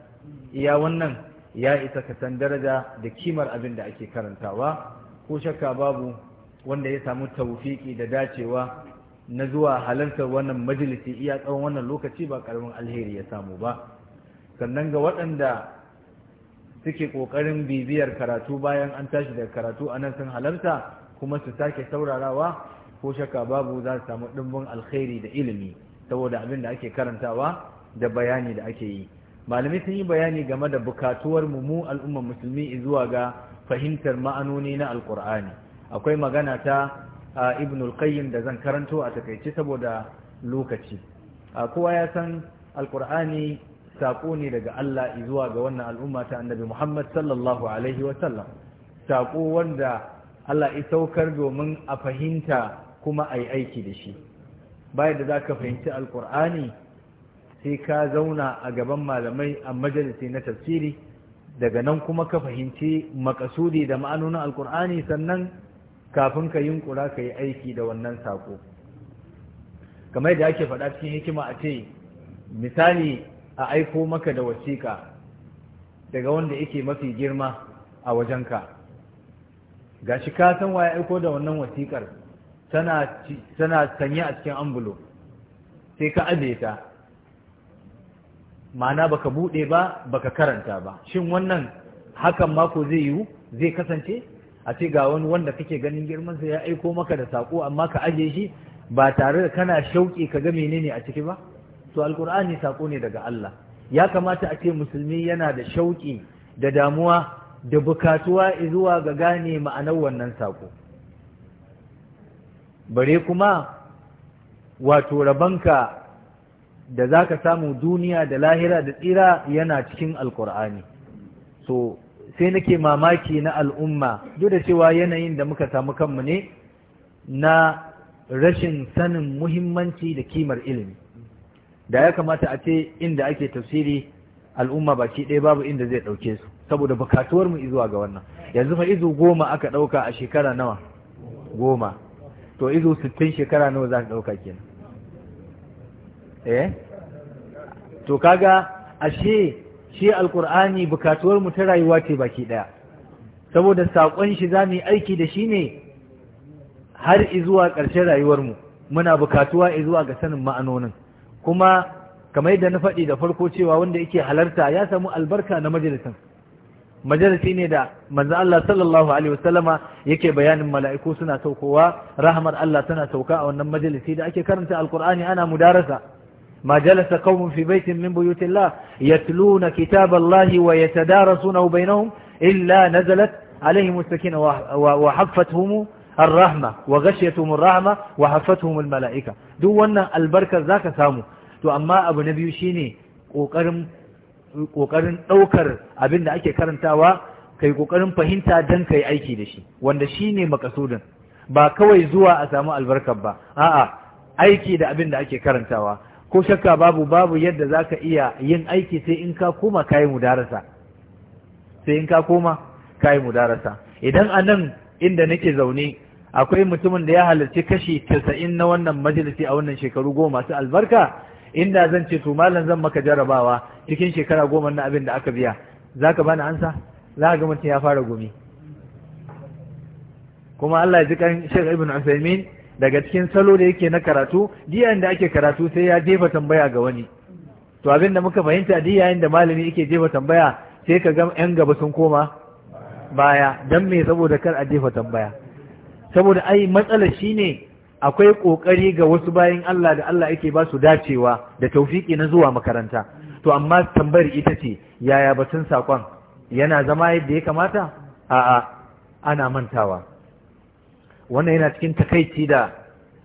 iya wannan ya isa ka san daraja da kimar abin da ake karantawa ko shakka babu wanda ya samu tawfiki da dacewa na zuwa halartar wannan majalisi iya tsawon wannan lokaci ba karamin alheri ya samu ba sannan ga waɗanda suke ƙoƙarin bibiyar karatu bayan an tashi daga karatu a nan sun halarta kuma su sake saurarawa ko shakka babu za su samu ɗimbin alheri da ilimi saboda abin da ake karantawa da bayani da ake yi malamai sun yi bayani game da bukatuwar mu mu al'ummar musulmi zuwa ga fahimtar ma'anoni na alkur'ani akwai magana ta ibn al-qayyim da zan karanto a takaice saboda lokaci kowa ya san alkur'ani sako ne daga Allah zuwa ga wannan al'umma ta annabi Muhammad sallallahu alaihi wa sallam sako wanda Allah ya saukar domin a fahimta kuma a yi aiki da shi bayan da za ka fahimci alkur'ani sai ka zauna a gaban malamai a majalisi na tafsiri daga nan kuma ka fahimci makasudi da ma'anonin alkur'ani sannan kafin ka yunkura ka yi aiki da wannan sako kamar da ake faɗa cikin hikima a ce misali a aiko maka da wasiƙa daga wanda yake mafi girma a wajenka ga shi ka san waye aiko da wannan wasiƙar tana sanye a cikin ambulo sai ka ajiye ta ma'ana baka buɗe ba baka karanta ba shin wannan hakan mako zai yiwu zai kasance a ce ga wani wanda kake ganin girmansa ya aiko maka da sako amma ka aje shi ba tare da kana shauƙi ka ga menene a ciki ba to alƙur'ani sako ne daga Allah ya kamata a ce musulmi yana da shauƙi da damuwa da bukatuwa zuwa ga gane ma'anar wannan sako. bare kuma wato rabanka da zaka samu duniya da lahira da tsira yana cikin alkur'ani so sai nake mamaki na al'umma duk da cewa yanayin da muka samu kanmu ne na rashin sanin muhimmanci da kimar ilimi da ya kamata a ce inda ake tafsiri al'umma baki ɗaya babu inda zai ɗauke su saboda bukatuwar mu izuwa ga wannan yanzu fa izu goma aka ɗauka a shekara nawa goma to izu sittin shekara nawa za ka ɗauka kenan eh to kaga ashe shi alkur'ani bukatuwar mu ta rayuwa ce baki ɗaya saboda saƙon shi za mu yi aiki da shi ne har izuwa ƙarshen mu muna bukatuwa izuwa ga sanin ma'anonin kuma kamar yadda na faɗi da farko cewa wanda yake halarta ya samu albarka na majalisin majalisi ne da manzo Allah sallallahu alaihi wasallama yake bayanin mala'iku suna saukowa rahmar Allah tana sauka a wannan majalisi da ake karanta alkur'ani ana mudarasa ما جلس قوم في بيت من بيوت الله يتلون كتاب الله ويتدارسونه بينهم إلا نزلت عليهم السكينة وحفتهم الرحمة وغشيتهم الرحمة وحفتهم الملائكة دو وانا البركة ذاك سامو تو أما أبو نبي شيني وقرم kokarin ɗaukar abin da ake karantawa kai kokarin fahimta don kai aiki da shi wanda shi ne makasudin ba kawai zuwa a samu albarkar ba a'a aiki da abin da ake karantawa ko shakka babu babu yadda za ka iya yin aiki sai in ka koma ka yi mudarasa sai in ka koma ka yi mudarasa idan a nan inda nake zaune akwai mutumin da ya halarci kashi tasa'in na wannan majalisi a wannan shekaru goma masu albarka inda zan ce to malam zan maka jarabawa cikin shekara goma na abin da aka biya za ka bani ansa za ga mutum ya fara gumi kuma Allah ya ji kan Sheikh Ibn Uthaymeen daga cikin salo da yake na karatu diyayen da ake karatu sai ya jefa tambaya ga wani to abin da muka fahimta diyayen da malami yake jefa tambaya sai ka ga yan gaba sun koma baya dan me saboda kar a jefa tambaya saboda ai matsalar shine akwai kokari ga wasu bayan Allah da Allah yake ba su dacewa da taufiki na zuwa makaranta to amma tambayar ita ce yaya batun sakon yana zama yadda ya kamata a'a ana mantawa wannan yana cikin takaici da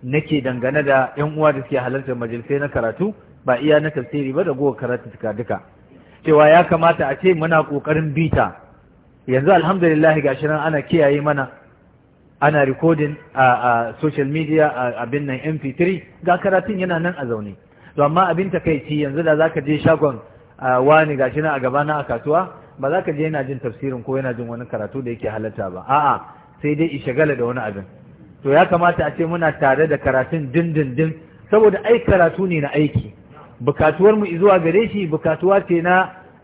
nake dangane da yan uwa da suke halartar majalisai na karatu ba iya na tafsiri ba da gowa karatu duka cewa ya kamata a ce muna kokarin bita yanzu alhamdulillah gashi nan ana kiyaye mana ana rikodin a social media a abin nan mp3 ga karatun yana nan a zaune to amma abin takaici yanzu da zaka je shagon wani gashi nan a gabana a kasuwa ba za ka je yana jin tafsirin ko yana jin wani karatu da yake halarta ba a'a sai dai ishagala da wani abin to ya kamata a ce muna tare da karatun dindindin saboda ai karatu ne na aiki bukatuwar mu zuwa gare shi bukatuwa ce na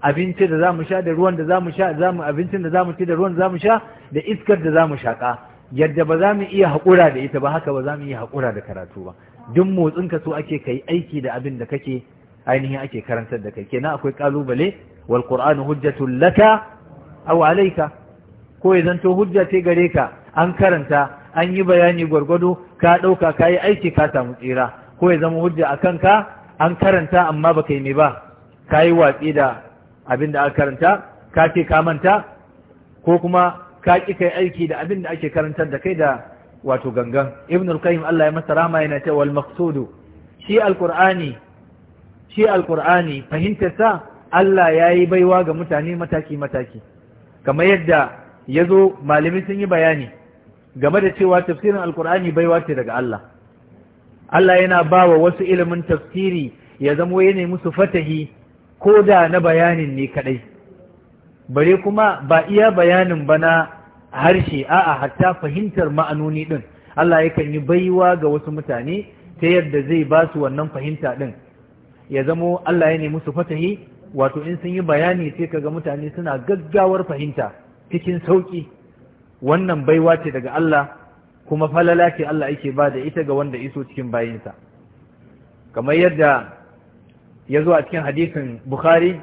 abinci da zamu sha da ruwan da zamu sha zamu abincin da zamu ci da ruwan da zamu sha da iskar da zamu shaka yadda ba za mu iya haƙura da ita ba haka ba za mu iya haƙura da karatu ba duk motsin ka so ake kai aiki da abin da kake ainihin ake karantar da kai kenan akwai ƙalubale wal qur'anu hujjatul laka aw alayka ko ya zanto hujja ce gare ka an karanta an yi bayani gwargwado ka ɗauka ka yi aiki ka samu tsira ko ya zama hujja a kanka an karanta amma ba ka yi mai ba ka yi watsi da abin da aka karanta ka ce ka manta ko kuma ka ƙi kai aiki da abin da ake karantar da kai da wato gangan ibnul qayyim Allah ya masa Rahma yana cewa wal maqsudu shi alqur'ani shi alqur'ani fahimtar sa Allah yayi baiwa ga mutane mataki mataki kamar yadda ya zo malami sun yi bayani game da cewa tafsirin alkur'ani baiwa ce daga Allah Allah yana ba wa wasu ilimin tafsiri ya zama ya nemi su fatahi ko da na bayanin ne kadai bare kuma ba iya bayanin ba na harshe a'a hatta fahimtar ma'anoni din Allah yakan yi baiwa ga wasu mutane ta yadda zai ba su wannan fahimta din ya zamo Allah ya nemi su fatahi wato in sun yi bayani sai kaga mutane suna gaggawar fahimta cikin sauƙi wannan baiwa ce daga Allah kuma falala ce Allah yake ba da ita ga wanda iso cikin bayinsa kamar yadda ya zo a cikin hadisin Bukhari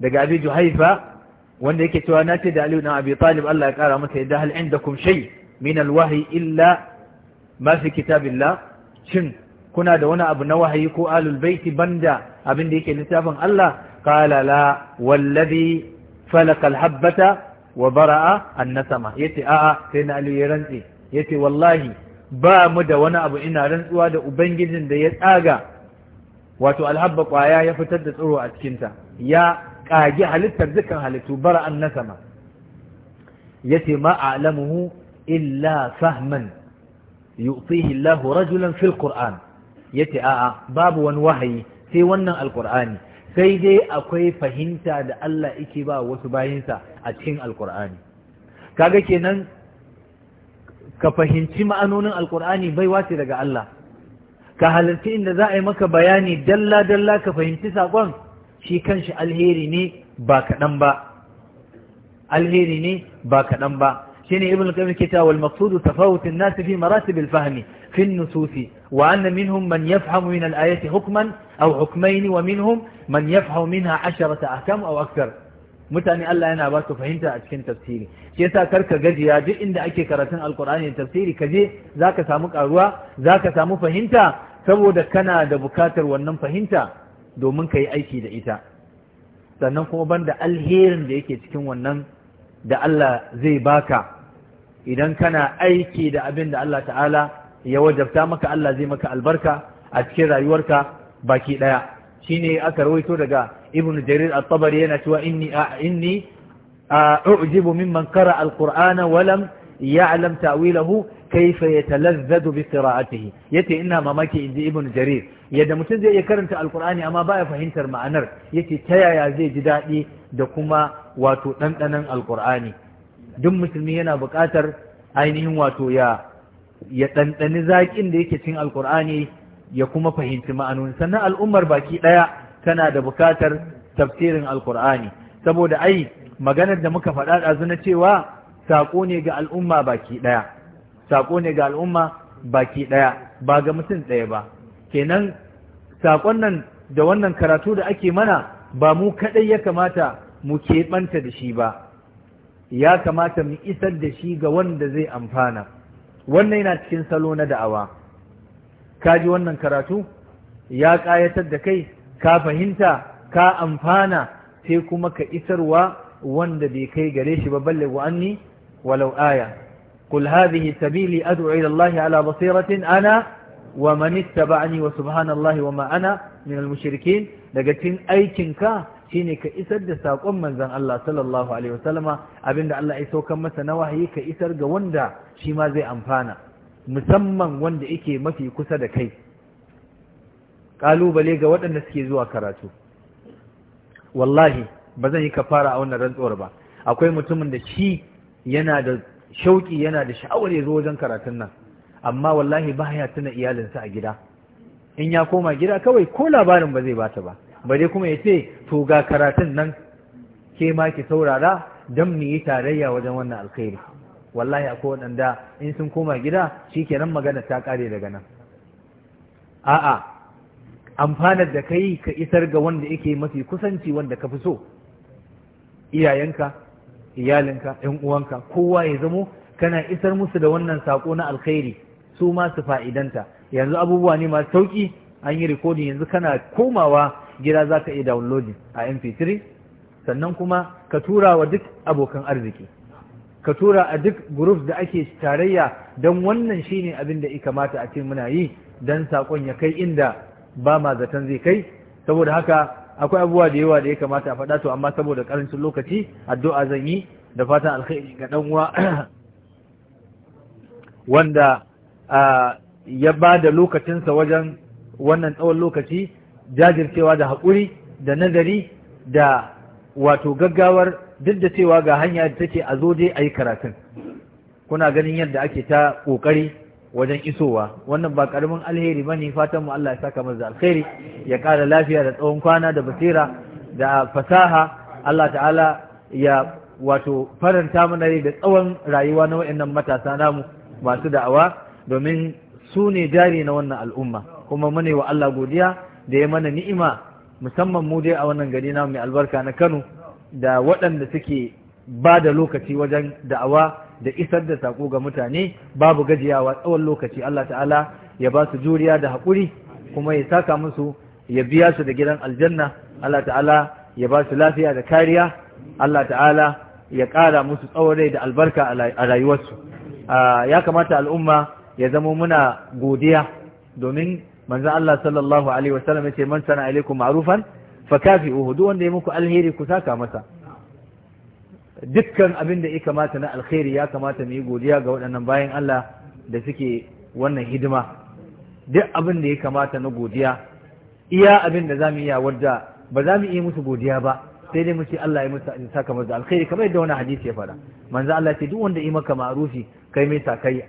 daga Abi Juhaifa wanda yake cewa na ce da Aliyu na Abi Talib Allah ya kara masa yadda hal indakum shay min alwahyi illa ma fi kitabillah shin kuna da wani abu na wahayi ko alul baiti banda abin da yake littafin Allah qala la wallazi falaka alhabbata wa bara'a annasama yace a'a sai na ali ya rantse yace wallahi ba mu da wani abu ina rantsuwa da ubangijin da ya tsaga wato alhabba kwaya ya fitar da tsiro a cikinta ya kage halittar dukkan halittu bara an nasama yace ma a'lamuhu illa fahman yu'tihi Allahu rajulan fil Qur'an yace a'a babu wani wahayi sai wannan alqur'ani sai dai akwai fahimta da Allah yake ba wasu bayinsa a cikin alkur'ani kaga kenan ka fahimci ma'anonin alkur'ani bai wace daga Allah ka halarci inda za a yi maka bayani dalla-dalla ka fahimci saƙon shi kanshi alheri ne ba kaɗan ba alheri ne ba kaɗan ba shi ne ibn al-qayyim ke cewa wal maqsudu fi في النصوص وأن منهم من يفهم من الآية حكما أو حكمين ومنهم من يفهم منها عشرة أحكام أو أكثر mutane Allah yana ba su fahimta a cikin tafsiri shi yasa karka gajiya duk inda ake karatun alkur'ani da tafsiri ka je ka samu karuwa za ka samu fahimta saboda kana da bukatar wannan fahimta domin ka yi aiki da ita sannan kuma banda alherin da yake cikin wannan da Allah zai baka idan kana aiki da abinda Allah ta'ala ya wajabta maka Allah zai maka albarka a cikin rayuwarka baki daya shine aka rawaito daga ibn jarir al tabari yana cewa inni inni u'jibu mimman qara al-qur'ana wa lam ya'lam ta'wilahu kayfa yatalazzadu bi qira'atihi yace ina mamaki inji ibn jarir yadda mutum zai iya karanta alkur'ani amma baya fahimtar ma'anar yace ta yaya zai ji dadi da kuma wato dandanan alkur'ani duk musulmi yana buƙatar ainihin wato ya ya ɗanɗani zaƙin da yake cin Alƙur'ani ya kuma fahimci ma'anoni sannan al'ummar baki ɗaya tana da buƙatar tafsirin Alƙur'ani. saboda ai maganar da muka faɗa ɗazu na cewa saƙo ne ga al'umma baki ɗaya saƙo ne ga al'umma baki ɗaya ba ga mutum ɗaya ba kenan saƙon nan da wannan karatu da ake mana ba mu kaɗai ya kamata mu keɓanta da shi ba ya kamata mu isar da shi ga wanda zai amfana wannan yana cikin salo na da'awa Ka ji wannan karatu ya ƙayatar da kai ka fahimta ka amfana sai kuma ka isarwa wanda bai kai gare shi ba balle wa anni walau aya kul hadhihi sabili ad'u ila Allah ala basiratin ana wa man ittaba'ani wa subhanallahi wa ma'ana. ana min al daga cikin aikin ka shine ka isar da sakon manzon Allah sallallahu alaihi wasallama abinda Allah ya saukan masa na wahayi ka isar ga wanda shi ma zai amfana musamman wanda yake mafi kusa da kai kalubale ga waɗanda suke zuwa karatu wallahi ba zan yi kafara a wannan rantsuwar ba akwai mutumin da shi yana da shauki yana da sha'awar ya zo wajen karatun nan amma wallahi baya tuna iyalinsa a gida in ya koma gida kawai ko labarin ba zai bata ba bare kuma ya ce to ga karatun nan ke ma ki saurara don mu yi tarayya wajen wannan alkhairi wallahi akwai waɗanda in sun koma gida shi ke nan magana ta ƙare daga nan a'a amfanar da kai ka isar ga wanda yake mafi kusanci wanda ka fi so iyayenka iyalinka yan uwanka kowa ya zamo kana isar musu da wannan sako na alkhairi su ma su fa'idanta yanzu abubuwa ne masu sauƙi an yi rikodin yanzu kana komawa gida za ka iya downloading a mp3 sannan kuma ka tura wa duk abokan arziki ka tura a duk group da ake tarayya don wannan shine abin da ya kamata a ce muna yi don sakon ya kai inda ba ma zaton zai kai saboda haka akwai abubuwa da yawa da ya kamata a faɗa to amma saboda ƙarancin lokaci addu'a zan yi da fatan alkhairi ga ɗan uwa wanda ah, ya ba da lokacinsa wajen wannan tsawon lokaci jajircewa da haƙuri da nazari da wato gaggawar duk da cewa ga hanya da take a zo dai a yi karatun kuna ganin yadda ake ta ƙoƙari wajen isowa wannan ba ƙaramin alheri ba ne fatan mu Allah ya saka masa alheri ya ƙara lafiya da tsawon kwana da basira da fasaha Allah ta'ala ya wato faranta mana rai da tsawon rayuwa na wayannan matasa namu masu da'awa domin su ne jari na wannan al'umma kuma mune wa Allah godiya da ya mana ni'ima musamman mu dai a wannan gari na mai albarka na Kano da waɗanda suke ba da lokaci wajen da'awa da isar da sako ga mutane babu gajiyawa tsawon lokaci Allah ta'ala ya ba su juriya da haƙuri kuma ya saka musu ya biya su da gidan aljanna Allah ta'ala ya ba su lafiya da kariya Allah ta'ala ya ƙara musu tsawon rai da albarka a rayuwarsu ah, ya kamata al'umma ya zama muna godiya domin من Allah sallallahu alaihi الله عليه man sana من ma'rufan fakafi. duk wanda ya muku alheri ku saka masa dukkan abin دي ya kamata na alkhairi ya kamata mu yi godiya ga waɗannan bayan Allah da suke wannan hidima duk abin da ya kamata na godiya iya abin da zamu iya wadda ba za mu iya musu godiya ba sai dai mu ce Allah ya musu saka masa alkhairi kamar yadda wani hadisi ya faɗa manzo Allah ce duk wanda ya maka ma'rufi kai mai kai.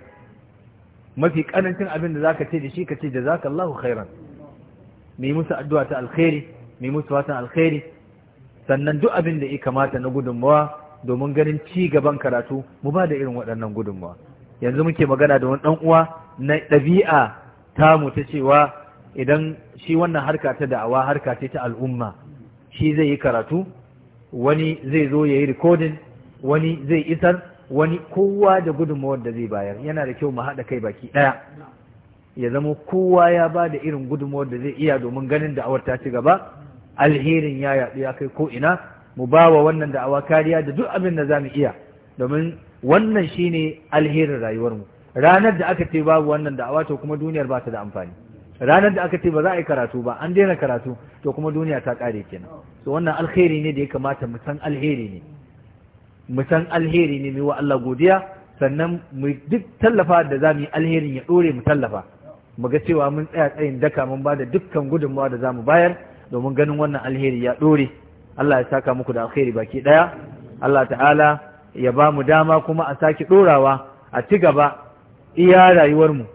mafi karancin abin da zaka ce da shi ka ce jazakallahu khairan mai musu addu'a ta alkhairi mai musu watan alkhairi sannan duk abin da ya kamata na gudunmawa domin ganin ci gaban karatu mu ba da irin waɗannan gudunmawa yanzu muke magana da wani ɗan uwa na ɗabi'a tamu ta cewa idan shi wannan harka ta da'awa harka ce ta al'umma shi zai yi karatu wani zai zo ya yi rikodin wani zai isar wani kowa da gudunmawar da zai bayar yana da kyau mu haɗa kai baki ɗaya ya zama kowa ya ba da irin gudunmawar da zai iya domin ganin da'awar ta ci gaba alherin ya yaɗu ya kai ko mu ba wa wannan da'awa kariya da duk abin da za mu iya domin wannan shi ne alherin rayuwarmu ranar da aka ce babu wannan da'awa to kuma duniyar ba ta da amfani ranar da aka ce ba za a yi karatu ba an daina karatu to kuma duniya ta kare kenan so wannan alheri ne da ya kamata mu san alheri ne mu san alheri ne mu wa Allah godiya sannan mu duk tallafa da za mu yi alherin ya dore mu tallafa mu ga cewa mun tsaya tsayin daka mun bada dukkan gudunmawa da za mu bayar domin ganin wannan alheri ya ɗore Allah ya saka muku da alheri baki ɗaya Allah ta'ala ya ba mu dama kuma a sake ɗorawa a ci gaba iya rayuwarmu mu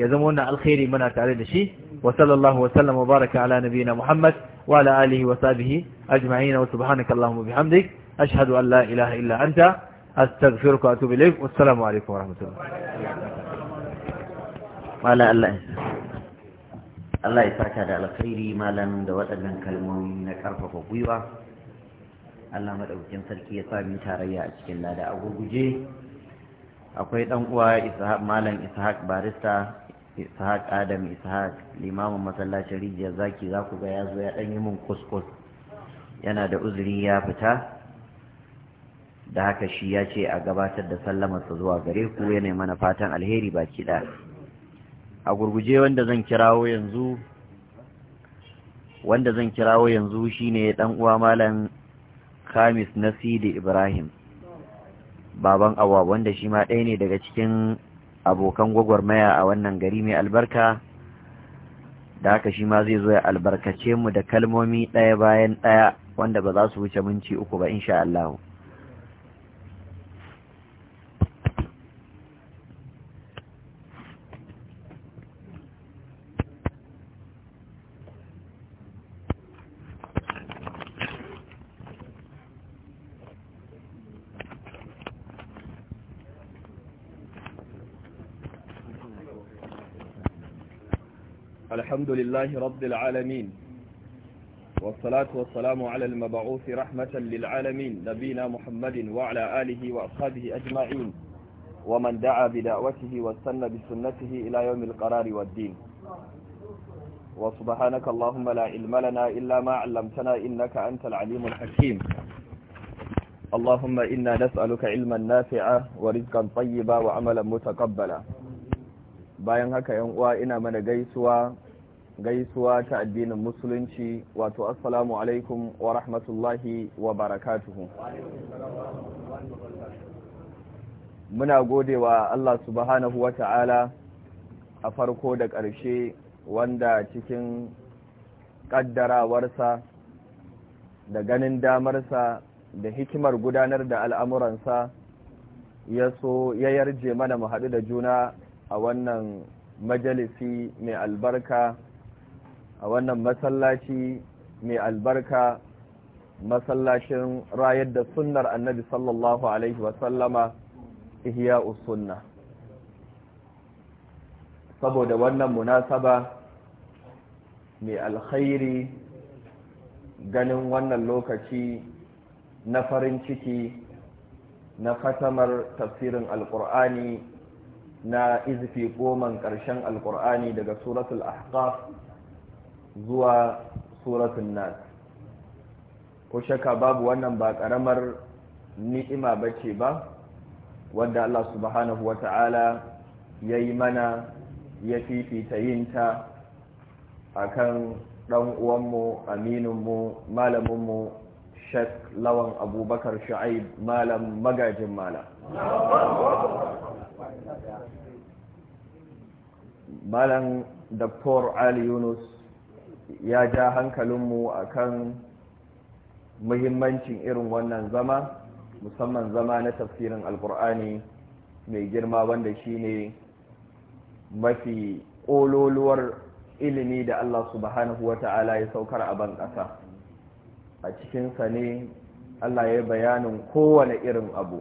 ya zama wannan alheri muna tare da shi wa sallallahu wa sallam wa baraka ala nabiyina Muhammad wa ala alihi wa sahbihi ajma'ina wa subhanakallahumma bihamdika ashhadu an la ilaha illa anta astaghfiruka wa atubu ilayk wassalamu alaikum wa rahmatullah mala Allah Allah ya saka da alkhairi malam da waɗannan kalmomi na ƙarfafa gwiwa Allah madaukakin sarki ya sami tarayya a cikin lada a gurguje akwai ɗan uwa Ishaq malam Isahak barista Isahak adam Isahak limamin masallacin rijiyar zaki za ku ga ya zo ya ɗanyi mun kuskus yana da uzuri ya fita da haka shi ya ce a gabatar da sallamarsa zuwa gare ku yana mana fatan alheri baki ɗaya a gurguje wanda zan kirawo yanzu wanda zan kirawo yanzu shine ɗan uwa malam na Sidi Ibrahim baban awa wanda shi ma ɗaya ne daga cikin abokan gwagwarmaya a wannan gari mai albarka da haka shi ma zai zo ya albarkace mu da kalmomi ɗaya bayan ɗaya wanda ba za su wuce minti uku ba insha Allah. لله رب العالمين والصلاة والسلام على المبعوث رحمة للعالمين نبينا محمد وعلى آله وأصحابه أجمعين ومن دعا بدعوته واستنى بسنته إلى يوم القرار والدين وسبحانك اللهم لا علم لنا إلا ما علمتنا إنك أنت العليم الحكيم اللهم إنا نسألك علما نافعا ورزقا طيبا وعملا متقبلا bayan haka yan uwa ina mana gaisuwa gaisuwa ta addinin musulunci wato assalamu alaikum wa rahmatullahi wa barakatuhu muna godewa Allah subhanahu wa ta'ala a farko da ƙarshe wanda cikin ƙaddarawarsa da ganin damarsa da hikimar gudanar da al'amuransa ya so ya yarje mana mu haɗu da juna a wannan majalisi mai albarka a wannan masallaci mai albarka masallacin rayar da sunnar annabi sallallahu alaihi wasallama ihya sunna saboda wannan munasaba mai alkhairi ganin wannan lokaci na farin ciki na fatamar tafsirin alkur'ani na izifi goman ƙarshen alkur'ani daga suratul ahqaf zuwa suratun nas ko shaka babu wannan ba karamar ni'ima ce ba wanda Allah subhanahu Ta'ala ya yi mana ya fifita yinta a kan ɗan'uwanmu amininmu malaminmu shek lawan abubakar sha'ib malam magajin malam malam daktor ali yunus ya ja hankalinmu a kan muhimmancin irin wannan zama musamman zama na tafsirin alkur'ani mai girma wanda shine mafi ƙololuwar ilimi da Allah subhanahu wa ta'ala ya saukar a ban ƙasa a cikinsa ne Allah ya bayanin kowane irin abu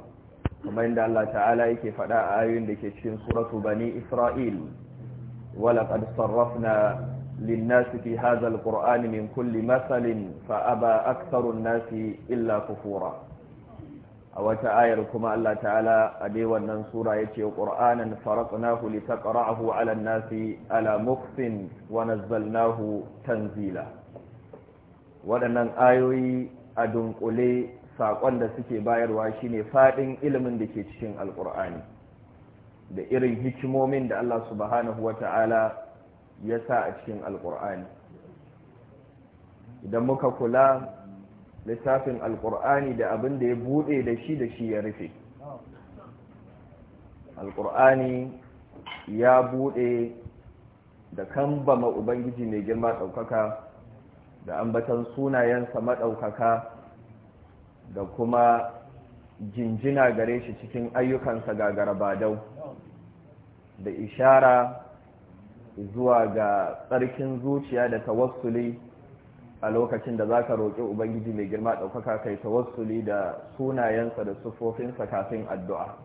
kamar yadda Allah ta'ala yake faɗa a ayoyin da ke cikin suratu bani isra'il wala qad sarrafna للناس في هذا القرآن من كل مثل فأبى أكثر الناس إلا كفورا أوتا آية كما الله تعالى أدي ونن سورة يتي قرآنا فرقناه لتقرأه على الناس على مكف ونزلناه تنزيلا ودنن آيوي أدنقلي saƙon da suke bayarwa shine faɗin ilimin da ke cikin alƙur'ani da irin hikimomin da Allah subhanahu wa ta'ala ya sa a cikin alkur'ani idan muka kula littafin alkur'ani da abin da ya buɗe da shi da shi ya rufe alkur'ani ya buɗe da kambama ubangiji mai girma ɗaukaka da ambatan sunayensa maɗaukaka da kuma jinjina gare shi cikin ayyukansa ga garbadau da ishara zuwa ga tsarkin zuciya da tawassuli a lokacin da za ka roƙi ubangiji mai girma ɗaukaka kai tawassuli da sunayensa da sufofinsa kafin addu'a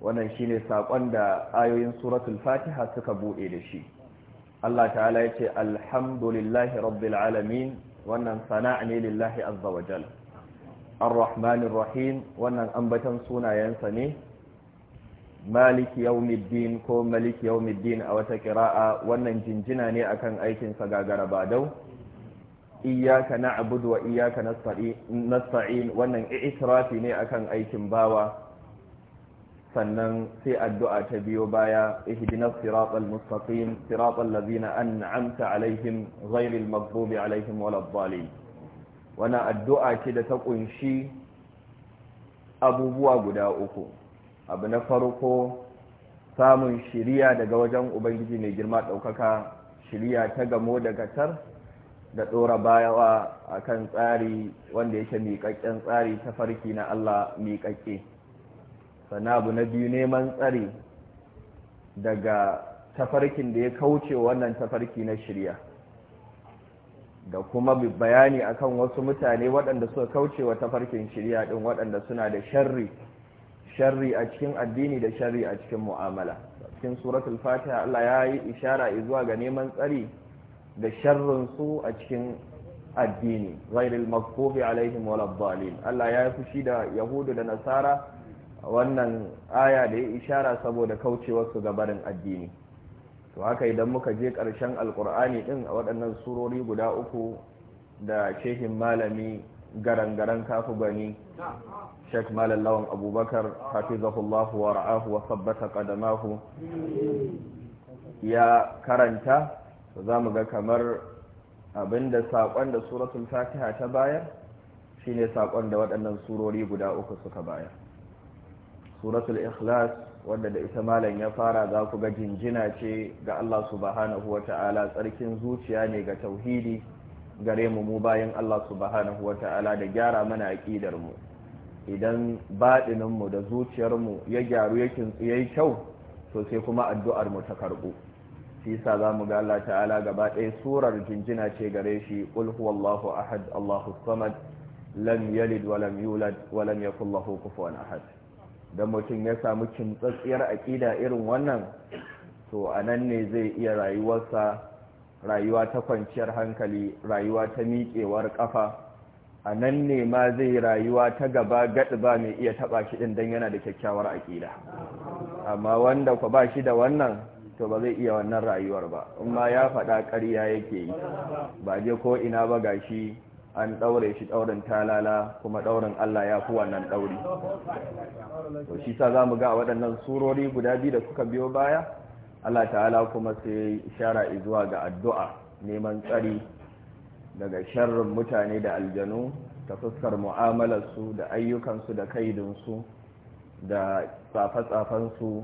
wannan shi ne saƙon da ayoyin suratul fatiha suka buɗe da shi Allah ta'ala ya ce alhamdulillahi rabbil alamin wannan sana'a ne lillahi azza wa jal ar-rahmanir rahim wannan ambatan sunayensa ne maliki yaumidin ko maliki yaumiddin a wata kira'a wannan jinjina ne akan aikinsa gagara ba dau iyaka na abudu wa iyaka nasta'in wannan itirafi ne akan aikin bawa sannan sai addu'a ta biyo baya ihdinas siratal mustaqim siratal ladzina an'amta alaihim ghairil maghdubi alaihim waladdallin wana addu'a ce da ta kunshi abubuwa guda uku abu na farko samun shiriya daga wajen ubangiji mai girma ɗaukaka shiriya ta gamo da gatar da ɗora bayawa a kan tsari wanda yake miƙaƙƙen tsari ta farki na Allah miƙaƙƙe sana abu na biyu neman tsari daga tafarkin da ya kauce wannan tafarki na shirya da kuma bayani akan wasu mutane waɗanda suka kauce wa tafarkin shirya ɗin waɗanda suna da sharri sharri a cikin addini da sharri a cikin mu'amala cikin suratul fatiha Allah ya yi ishara zuwa ga neman tsari da sharrin su a cikin addini ghairil maghdubi alaihim waladdallin Allah ya yi fushi da yahudu da nasara wannan aya da ya ishara saboda kaucewar su gabarin addini to haka idan muka je ƙarshen alkur'ani din a waɗannan surori guda uku da shehin malami garan-garan kafu gani sheik malallawan abubakar hafizahullahu wa ra'ahu wa sabbata qadamahu ya karanta za mu ga kamar abinda saƙon da suratul fatiha ta bayar shine saƙon da waɗannan surori guda uku suka bayar suratul ikhlas wanda da ita malam ya fara za ku ga jinjina ce ga Allah subhanahu wa ta'ala tsarkin zuciya ne ga tauhidi gare mu mu bayan Allah subhanahu wa ta'ala da gyara mana aqidar mu idan badinin mu da zuciyar mu ya gyaru ya yayi kyau to sai kuma addu'ar mu ta karbu shi yasa zamu ga Allah ta'ala gaba ɗaya surar jinjina ce gare shi qul huwallahu ahad Allahu samad lam yalid wa lam yulad wa lam yakul lahu kufuwan ahad dan mutum ya samu kintsatsiyar aqida irin wannan to anan ne zai iya rayuwarsa rayuwa ta kwanciyar hankali rayuwa ta miƙewar ƙafa a nan ne ma zai rayuwa ta gaba gaɗi ba mai iya taɓa shi ɗin don yana da kyakkyawar aƙida amma wanda ku ba shi da wannan to ba zai iya wannan rayuwar ba in ma ya faɗa ƙarya yake yi ba je ko ina ba ga shi an ɗaure shi ɗaurin talala kuma ɗaurin Allah ya fi wannan ɗauri to shi sa za mu ga waɗannan surori guda biyu da suka biyo baya Allah ta'ala kuma sai ishara zuwa ga addu'a neman tsari daga sharrin mutane da aljanu ta fuskar mu'amalarsu da ayyukansu da kaidinsu da tsafe-tsafensu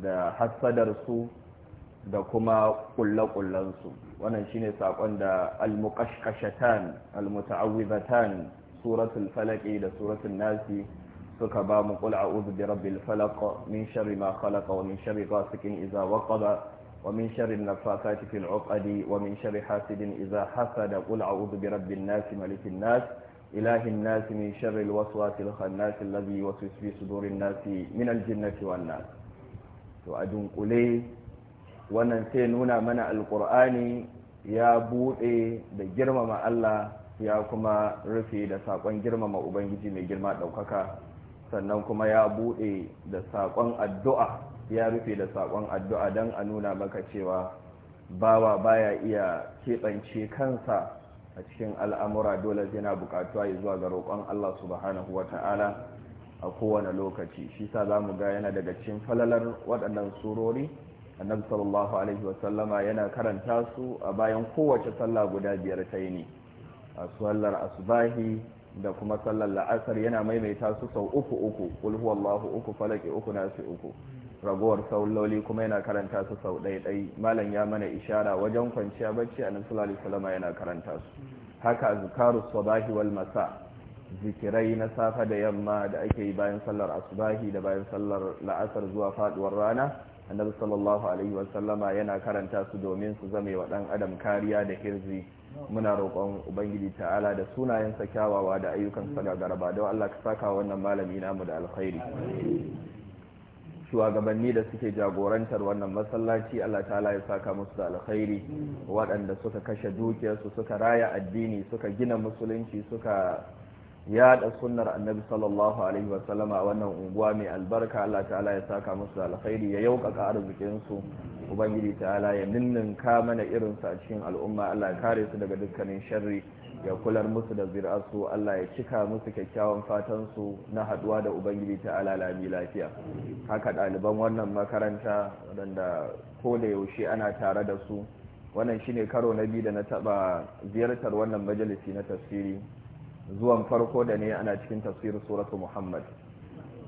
da su da kuma kulle su wannan shine saƙon da al almuta'awwizatan suratul falaqi da suratul nasi suka ba mu qul a'udhu bi rabbil falaq min sharri ma khalaq wa min sharri ghasiqin idza waqaba wa min sharri an-nafathati fil 'uqadi wa min sharri hasidin idza hasada qul a'udhu bi rabbin nas malikin nas ilahin nas min sharri al-waswas al-khannas alladhi yuwaswisu fi sudurin nas min al-jinnati wan nas to a dunkule wannan sai nuna mana alkur'ani ya bude da girmama Allah ya kuma rufe da sakon girmama Ubangiji mai girma ɗaukaka sannan kuma ya buɗe da saƙon addu'a ya rufe da saƙon addu'a don a nuna maka cewa bawa baya iya keɓance kansa a cikin al'amura dole yana buƙatuwa yi zuwa ga roƙon Allah subhanahu wa ta'ala a kowane lokaci shi sa za mu ga yana daga cikin falalar waɗannan surori annabi sallallahu alaihi wasallama yana karanta su a bayan kowace sallah guda biyar ta yi ne a sallar asubahi da kuma sallar la'asar yana maimaita su sau uku uku kul huwallahu uku falaki uku nasi uku ragowar sauloli kuma yana karanta su sau ɗaya ɗai malam ya mana ishara wajen kwanciya bacci a nan sulali salama yana karanta su haka zukaru sabahi wal masa zikirai na safa da yamma da ake yi bayan sallar asubahi da bayan sallar la'asar zuwa faduwar rana annabi sallallahu alaihi wasallama, yana karanta su domin su zame wa dan adam kariya da hirzi muna roƙon ubangiji ta'ala da sunayen sa kyawawa da ayyukan sa garba don allah ka saka wannan malami namu da alkhairi shugabanni da suke jagorantar wannan masallaci Allah ta'ala ya saka musu da alkhairi waɗanda suka kashe dukiyarsu suka raya addini suka gina musulunci suka ya da sunnar annabi sallallahu alaihi a wannan unguwa mai albarka Allah ta'ala ya saka musu da alkhairi ya yaukaka arzikin su ubangiji ta'ala ya ninnin ka mana irin su a cikin al'umma Allah ya kare su daga dukkanin sharri ya kular musu da zira'su Allah ya cika musu kyakkyawan fatan su na haduwa da ubangiji ta'ala lami lafiya haka ɗaliban wannan makaranta wadanda ko da yaushe ana tare da su wannan shine karo na biyu da na taba ziyartar wannan majalisi na tafsiri zuwan farko da ne ana cikin tafsir suratu muhammad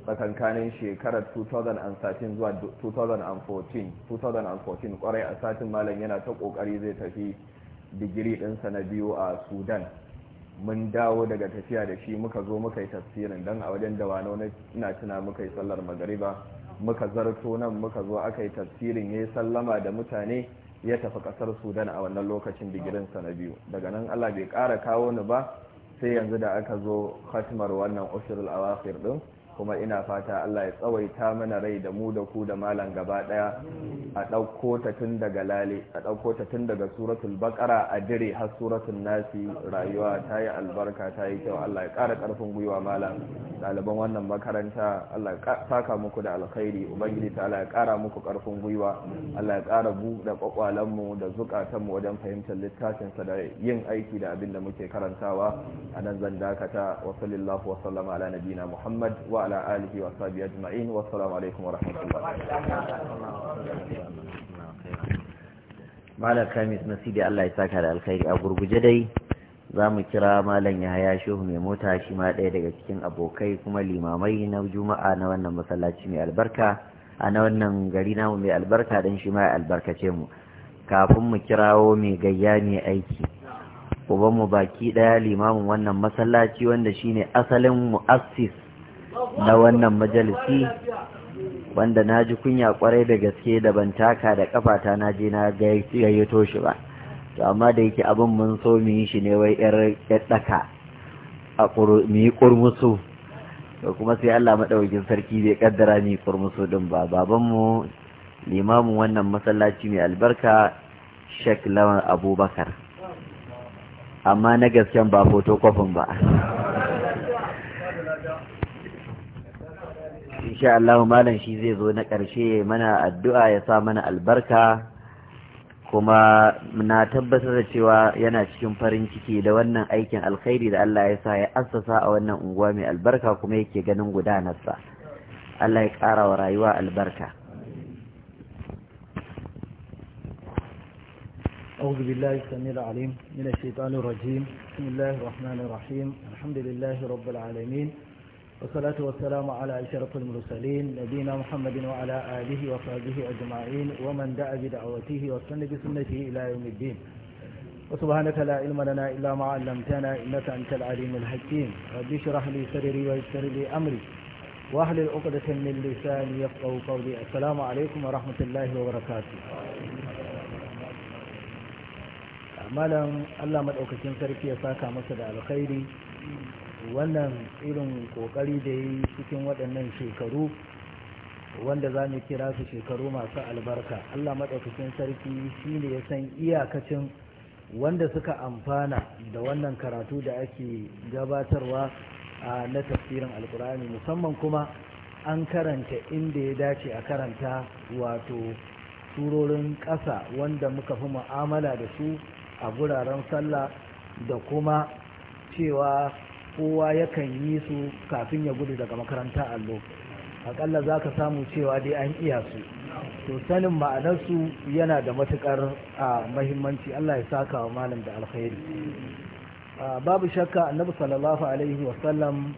tsakankanin shekarar 2013 zuwa 2014 kwarai a satin malam yana ta kokari zai tafi digiri ɗinsa na biyu a sudan mun dawo daga tafiya da shi muka zo muka yi tafsirin don a wajen dawano na tuna muka yi sallar magariba muka zarto nan muka zo aka yi tafsirin ya yi sallama da mutane ya tafi ƙasar sudan a wannan lokacin digirinsa na biyu daga nan allah bai kara kawo ni ba sai yanzu da aka zo khatimar wannan ushurul awakhir din kuma ina fata Allah ya tsawaita mana rai da mu da ku da malam gaba daya a ɗauko ta tun daga lale a ɗauko ta tun daga suratul baqara a dire har suratul nasi rayuwa ta yi albarka ta yi kyau Allah ya ƙara ƙarfin gwiwa malam Daliban wannan makaranta Allah ya saka muku da alkhairi ubangiji ta Allah ya ƙara muku ƙarfin gwiwa Allah ya ƙara buɗe kwakwalen mu da zukatan mu wajen fahimtar littafin sa da yin aiki da abin da muke karantawa a nan zan dakata wa sallallahu wa sallama ala Muhammad wa وعلى آله وصحبه أجمعين والسلام عليكم ورحمة الله Malam Kamis Nasidi Allah ya saka da alkhairi a gurguje dai za mu kira Malam Yahaya Shehu mai mota shi ma ɗaya daga cikin abokai kuma limamai na Juma'a na wannan masallaci mai albarka a na wannan gari namu mai albarka dan shi ma ya albarkace mu kafin mu kirawo mai gayya mai aiki uban mu baki ɗaya limamin wannan masallaci wanda shine asalin mu'assis na wannan majalisi wanda na ji kunya kwarai da gaske da ban taka da kafata na je na gayyato shi ba to amma da yake abin mun so mu yi shi ne wai yar daka a mu yi kurmusu to kuma sai Allah madaukin sarki bai kaddara ni kurmusu din ba babanmu limamin wannan masallaci mai albarka Sheikh Lawan Abubakar amma na gasken ba fotokofin ba insha Allah malam shi zai zo na ƙarshe mana addu'a ya sa mana albarka kuma na tabbatar da cewa yana cikin farin ciki da wannan aikin alkhairi da Allah ya sa ya assasa a wannan unguwa mai albarka kuma yake ganin gudanarsa Allah ya ƙara wa rayuwa albarka أعوذ بالله السميع العليم من الشيطان الرجيم بسم الله الرحمن الرحيم الحمد لله رب العالمين والصلاة والسلام على أشرف المرسلين نبينا محمد وعلى آله وصحبه أجمعين ومن دعا بدعوته وسن بسنته إلى يوم الدين وسبحانك لا علم لنا إلا ما علمتنا إنك أنت العليم الحكيم رب اشرح لي صدري ويسر لي أمري وأهل عقدة من لساني يفقهوا قولي السلام عليكم ورحمة الله وبركاته malam Allah maɗaukakin sarki ya saka masa da alkhairi wannan irin kokari da yi cikin waɗannan shekaru wanda za mu kira su shekaru masu albarka allah maɗaukakin sarki shi ne ya san iyakacin wanda suka amfana da wannan karatu da ake gabatarwa na tafsirin alkur'ani musamman kuma an karanta inda ya dace a karanta wato turorin ƙasa wanda muka fi mu'amala da su a guraren sallah da kuma cewa kowa yakan yi su kafin ya gudu daga makaranta allo akalla za ka samu cewa dai an iya su to sanin ma'anarsu yana da matukar a mahimmanci allah ya saka wa malam da alkhairi babu shakka annabi sallallahu alaihi wasallam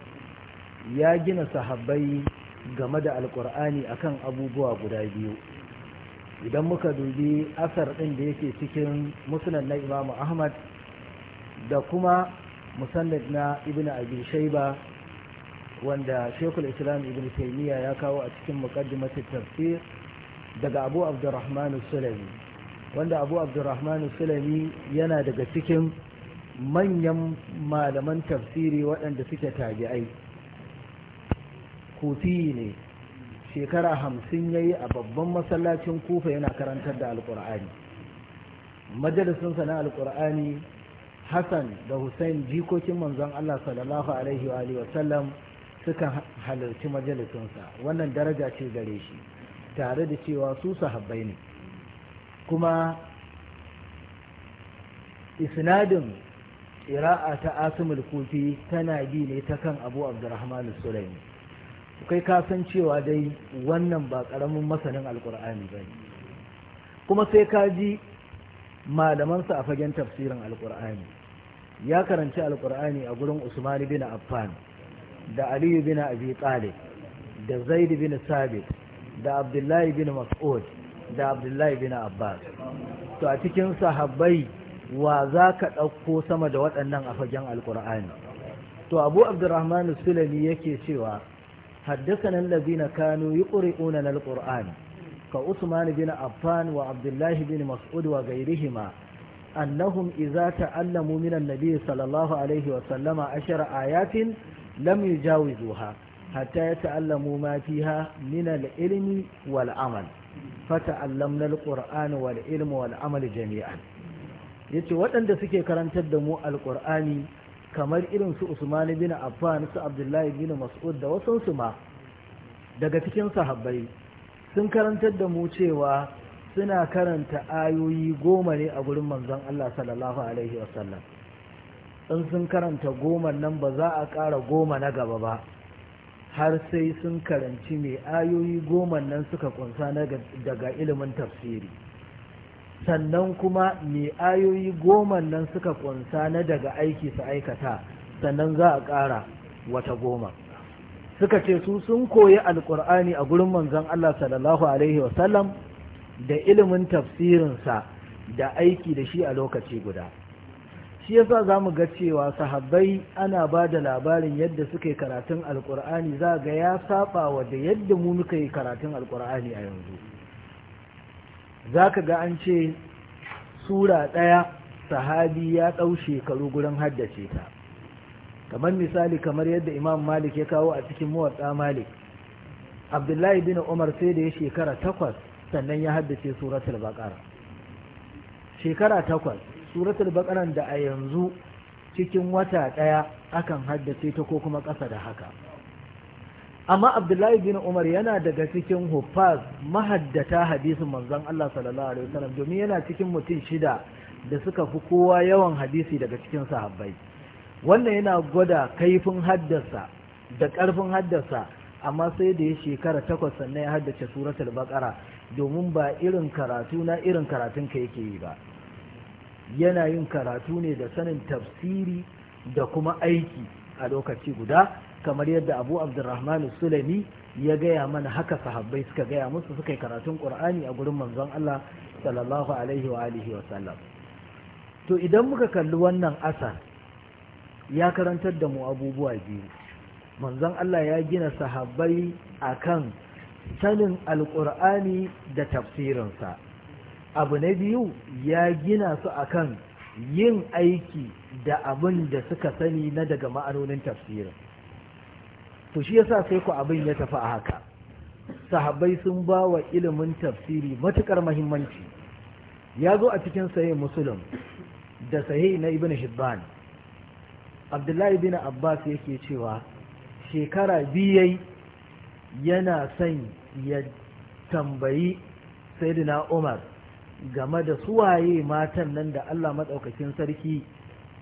ya gina sahabbai game da alkur'ani akan abubuwa guda biyu idan muka dubi asar ɗin da yake cikin musulun na imamu ahmad da kuma musannad na ibn abi shaiba wanda shekul islam ibn taymiya ya kawo a cikin muqaddimatu tafsir daga abu abdurrahman sulami wanda abu abdurrahman sulami yana daga cikin manyan malaman tafsiri waɗanda suke tabi'ai kufi ne shekara hamsin ya yi a babban masallacin kufa yana karantar da alƙur'ani majalisunsa na alƙur'ani hassan da hussein jikokin manzon allah sallallahu alaihi wa sallam suka halarci majalisunsa wannan daraja ce gare shi tare da cewa su sahabbai ne kuma isnadin Ira’a ta asimul kufi tana bi ne ta kan abu abdurrahman sulaimi kai ka san cewa dai wannan ba ƙaramin masanin alƙur'ani ba kuma sai ka ji malamansa a fagen tafsirin alƙur'ani ya karanci alkur'ani a gurin usman bin affan da aliyu bin abi talib da zaid bin sabit da abdullahi bin mas'ud da abdullahi bin abbas to a cikin sahabbai wa za ka ɗauko sama da waɗannan a fagen alkur'ani to abu abdurrahman sulami yake cewa haddasa nan Kano حدثنا الذين alkur'ani ka usman bin affan wa abdullahi bin mas'ud wa gairihima annahum iza ta'allamu min annabi sallallahu alaihi wa sallama ashara ayatin lam yujawizuha hatta yata'allamu ma fiha min al-ilmi wal amal fata'allamna al-qur'ana wal ilmi wal amal jami'an yace waɗanda suke karantar da mu alƙur'ani kamar irin su Usman bin Affan su Abdullahi bin Mas'ud da wasu su ma daga cikin sahabbai sun karantar da mu cewa suna karanta ayoyi goma ne a gurin manzon Allah sallallahu alaihi wasallam in sun karanta goma nan ba za a ƙara goma na gaba ba har sai sun karanci mai ayoyi goma nan suka kunsa daga ilimin tafsiri sannan kuma mai ayoyi goma nan suka kunsa na daga aiki su aikata sannan za a ƙara wata goma suka ce su sun koyi alkur'ani a gurin manzon Allah sallallahu alaihi wasallam da ilimin tafsirinsa da aiki da shi a lokaci guda shi yasa za mu ga cewa sahabbai ana ba da labarin yadda suke karatun alkur'ani za ga ya saba wa da yadda mu muka yi karatun alkur'ani a yanzu za ka ga an ce sura ɗaya sahabi ya ɗau shekaru gurin haddace ta kamar misali kamar yadda imam malik ya kawo a cikin muwatsa malik abdullahi bin umar sai da ya shekara takwas sannan ya haddace suratul baqara shekara takwas suratul baqara da a yanzu cikin wata ɗaya akan haddace ta ko kuma ƙasa da haka amma abdullahi bin umar yana daga cikin hufaz mahaddata hadisin manzon Allah sallallahu alaihi wasallam domin yana cikin mutum shida da suka fi kowa yawan hadisi daga cikin sahabbai wannan yana gwada kaifin haddasa da ƙarfin haddasa amma sai da ya shekara takwas sannan ya haddace suratul baqara domin ba irin karatu na irin karatun ka yake yi ba yana yin karatu ne da sanin tafsiri da kuma aiki a lokaci guda kamar yadda abu abdurrahman sulami ya gaya mana haka sahabbai suka gaya musu suka yi karatun qur'ani a gurin manzon Allah sallallahu alaihi wa alihi wa sallam to idan muka kalli wannan asar ya karantar da mu abubuwa biyu manzon Allah ya gina sahabbai akan sanin alƙur'ani da tafsirinsa abu na biyu ya gina su akan yin aiki da abin da suka sani na daga ma'anonin tafsirin to shi yasa sai ku abin ya tafi a haka sahabbai sun ba wa ilimin tafsiri matukar mahimmanci ya zo a cikin sahih musulun da sahi na ibn hibban abdullahi bin abbas yake cewa shekara biyai yana son ya tambayi saidina Umar game da suwaye matan nan da Allah maɗaukakin sarki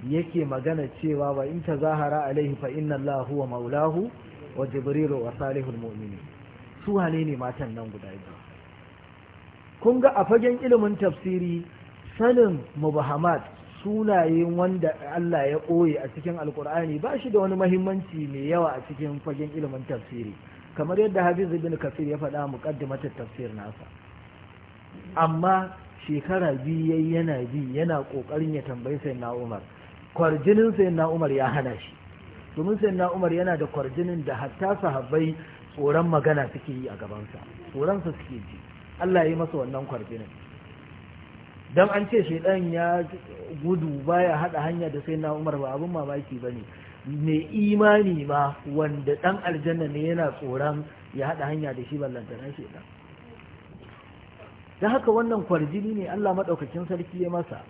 yake magana cewa wa in zahara alaihi fa inna Allahu wa maulahu wa jibrilu wa salihul su suwane ne matan nan guda biyu kun ga a fagen ilimin tafsiri sanin mubahamat sunayen wanda Allah ya ɓoye a cikin alkur'ani ba shi da wani mahimmanci mai yawa a cikin fagen ilimin tafsiri kamar yadda hafiz ibn kafir ya faɗa muqaddimatul tafsir nasa amma shekara biyu yayi yana bi yana kokarin ya tambayi na Umar kwarjinin na Umar ya hana shi domin na Umar yana da kwarjinin da hatta sahabbai tsoron magana suke yi a gabansa tsoron sa suke ji Allah ya yi masa wannan kwarjinin dan an ce shedan ya gudu baya hada hanya da na Umar ba abun mamaki bane mai imani ma wanda dan aljanna ne yana tsoron ya haɗa hanya da shi ballantana shi ɗan da haka wannan kwarjini ne Allah maɗaukakin sarki ya masa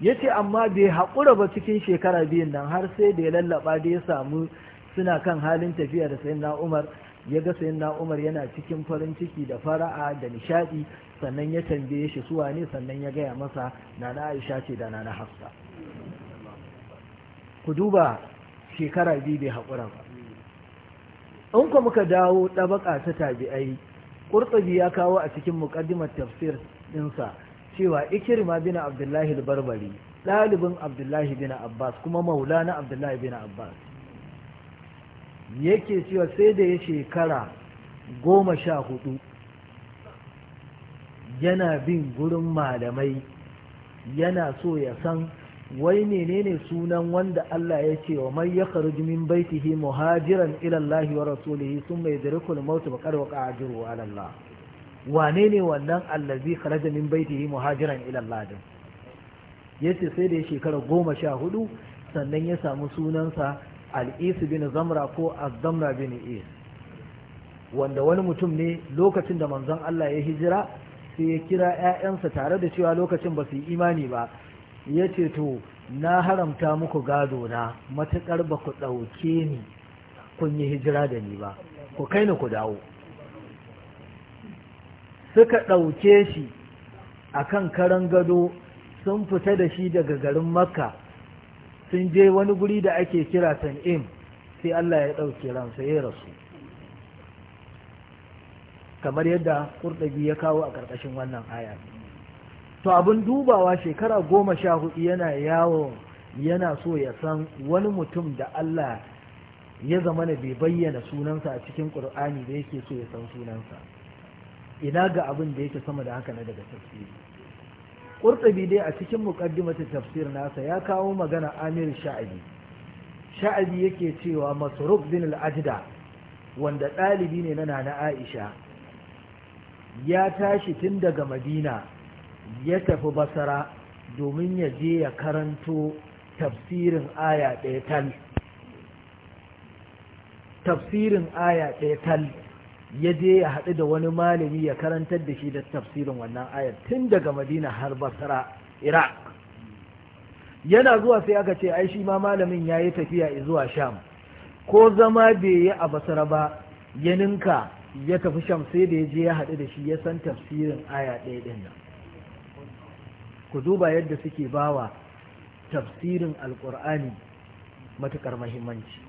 ya ce amma bai haƙura ba cikin shekara biyun nan har sai da ya lallaɓa da ya samu suna kan halin tafiya da sayin umar ya ga sayin umar yana cikin farin ciki da fara'a da nishaɗi sannan ya tambaye shi suwa ne sannan ya gaya masa nana aisha ce da nana hafsa ku duba shekara biyu bai haƙura ba in ku muka dawo ɗabaƙa ta tabi'ai ƙurtsabi ya kawo a cikin muƙaddimar tafsir ɗinsa cewa ikirma bin abdullahi barbari ɗalibin abdullahi bin abbas kuma maula na abdullahi bin abbas yake cewa sai da ya shekara goma sha hudu yana bin gurin malamai yana so ya san wai menene sunan wanda Allah ya ce wa mai ya kharuji min baitihi muhajiran ila Allah wa rasulihi thumma yadrikul maut wa qad waqa ajruhu ala Allah wane ne wannan allazi kharaja min baitihi muhajiran ila Allah din yace sai da shekara goma sha hudu sannan ya samu sunansa al-is bin zamra ko az-zamra bin is wanda wani mutum ne lokacin da manzon Allah ya hijira sai ya kira 'ya'yansa tare da cewa lokacin ba su yi imani ba ya ce to na haramta muku gado na matuƙar ba ku ɗauke ni kun yi hijira da ni ba ku kai ni ku dawo suka ɗauke shi a kan karan gado sun fita da shi daga garin makka sun je wani guri da ake kira im sai Allah ya ɗauke ransa ya rasu kamar yadda ƙurɗabi ya kawo a ƙarƙashin wannan aya to abin dubawa shekara goma sha hudu yana yawo yana so ya san wani mutum da Allah ya zama na bai bayyana sunansa a cikin ƙur'ani da yake so ya san sunansa ina ga abin da yake sama da haka na daga tafsiri ƙurtsabi dai a cikin muƙaddimata tafsir nasa ya kawo magana amir sha'abi sha'abi yake cewa masruk bin al-ajda wanda ɗalibi ne na nana aisha ya tashi tun daga madina ya tafi basara domin ya je ya karanto tafsirin aya ɗaya tal tafsirin aya ɗaya tal ya je ya haɗu da wani malami ya karantar da shi da tafsirin wannan ayar tun daga madina har basara iraq yana zuwa sai aka ce ai shi ma malamin ya yi tafiya zuwa sham ko zama bai yi a basara ba ya ninka ya tafi sham sai da ya je ya haɗu da shi ya san tafsirin aya ɗaya ɗin ku duba yadda suke bawa tafsirin alkur'ani matukar mahimmanci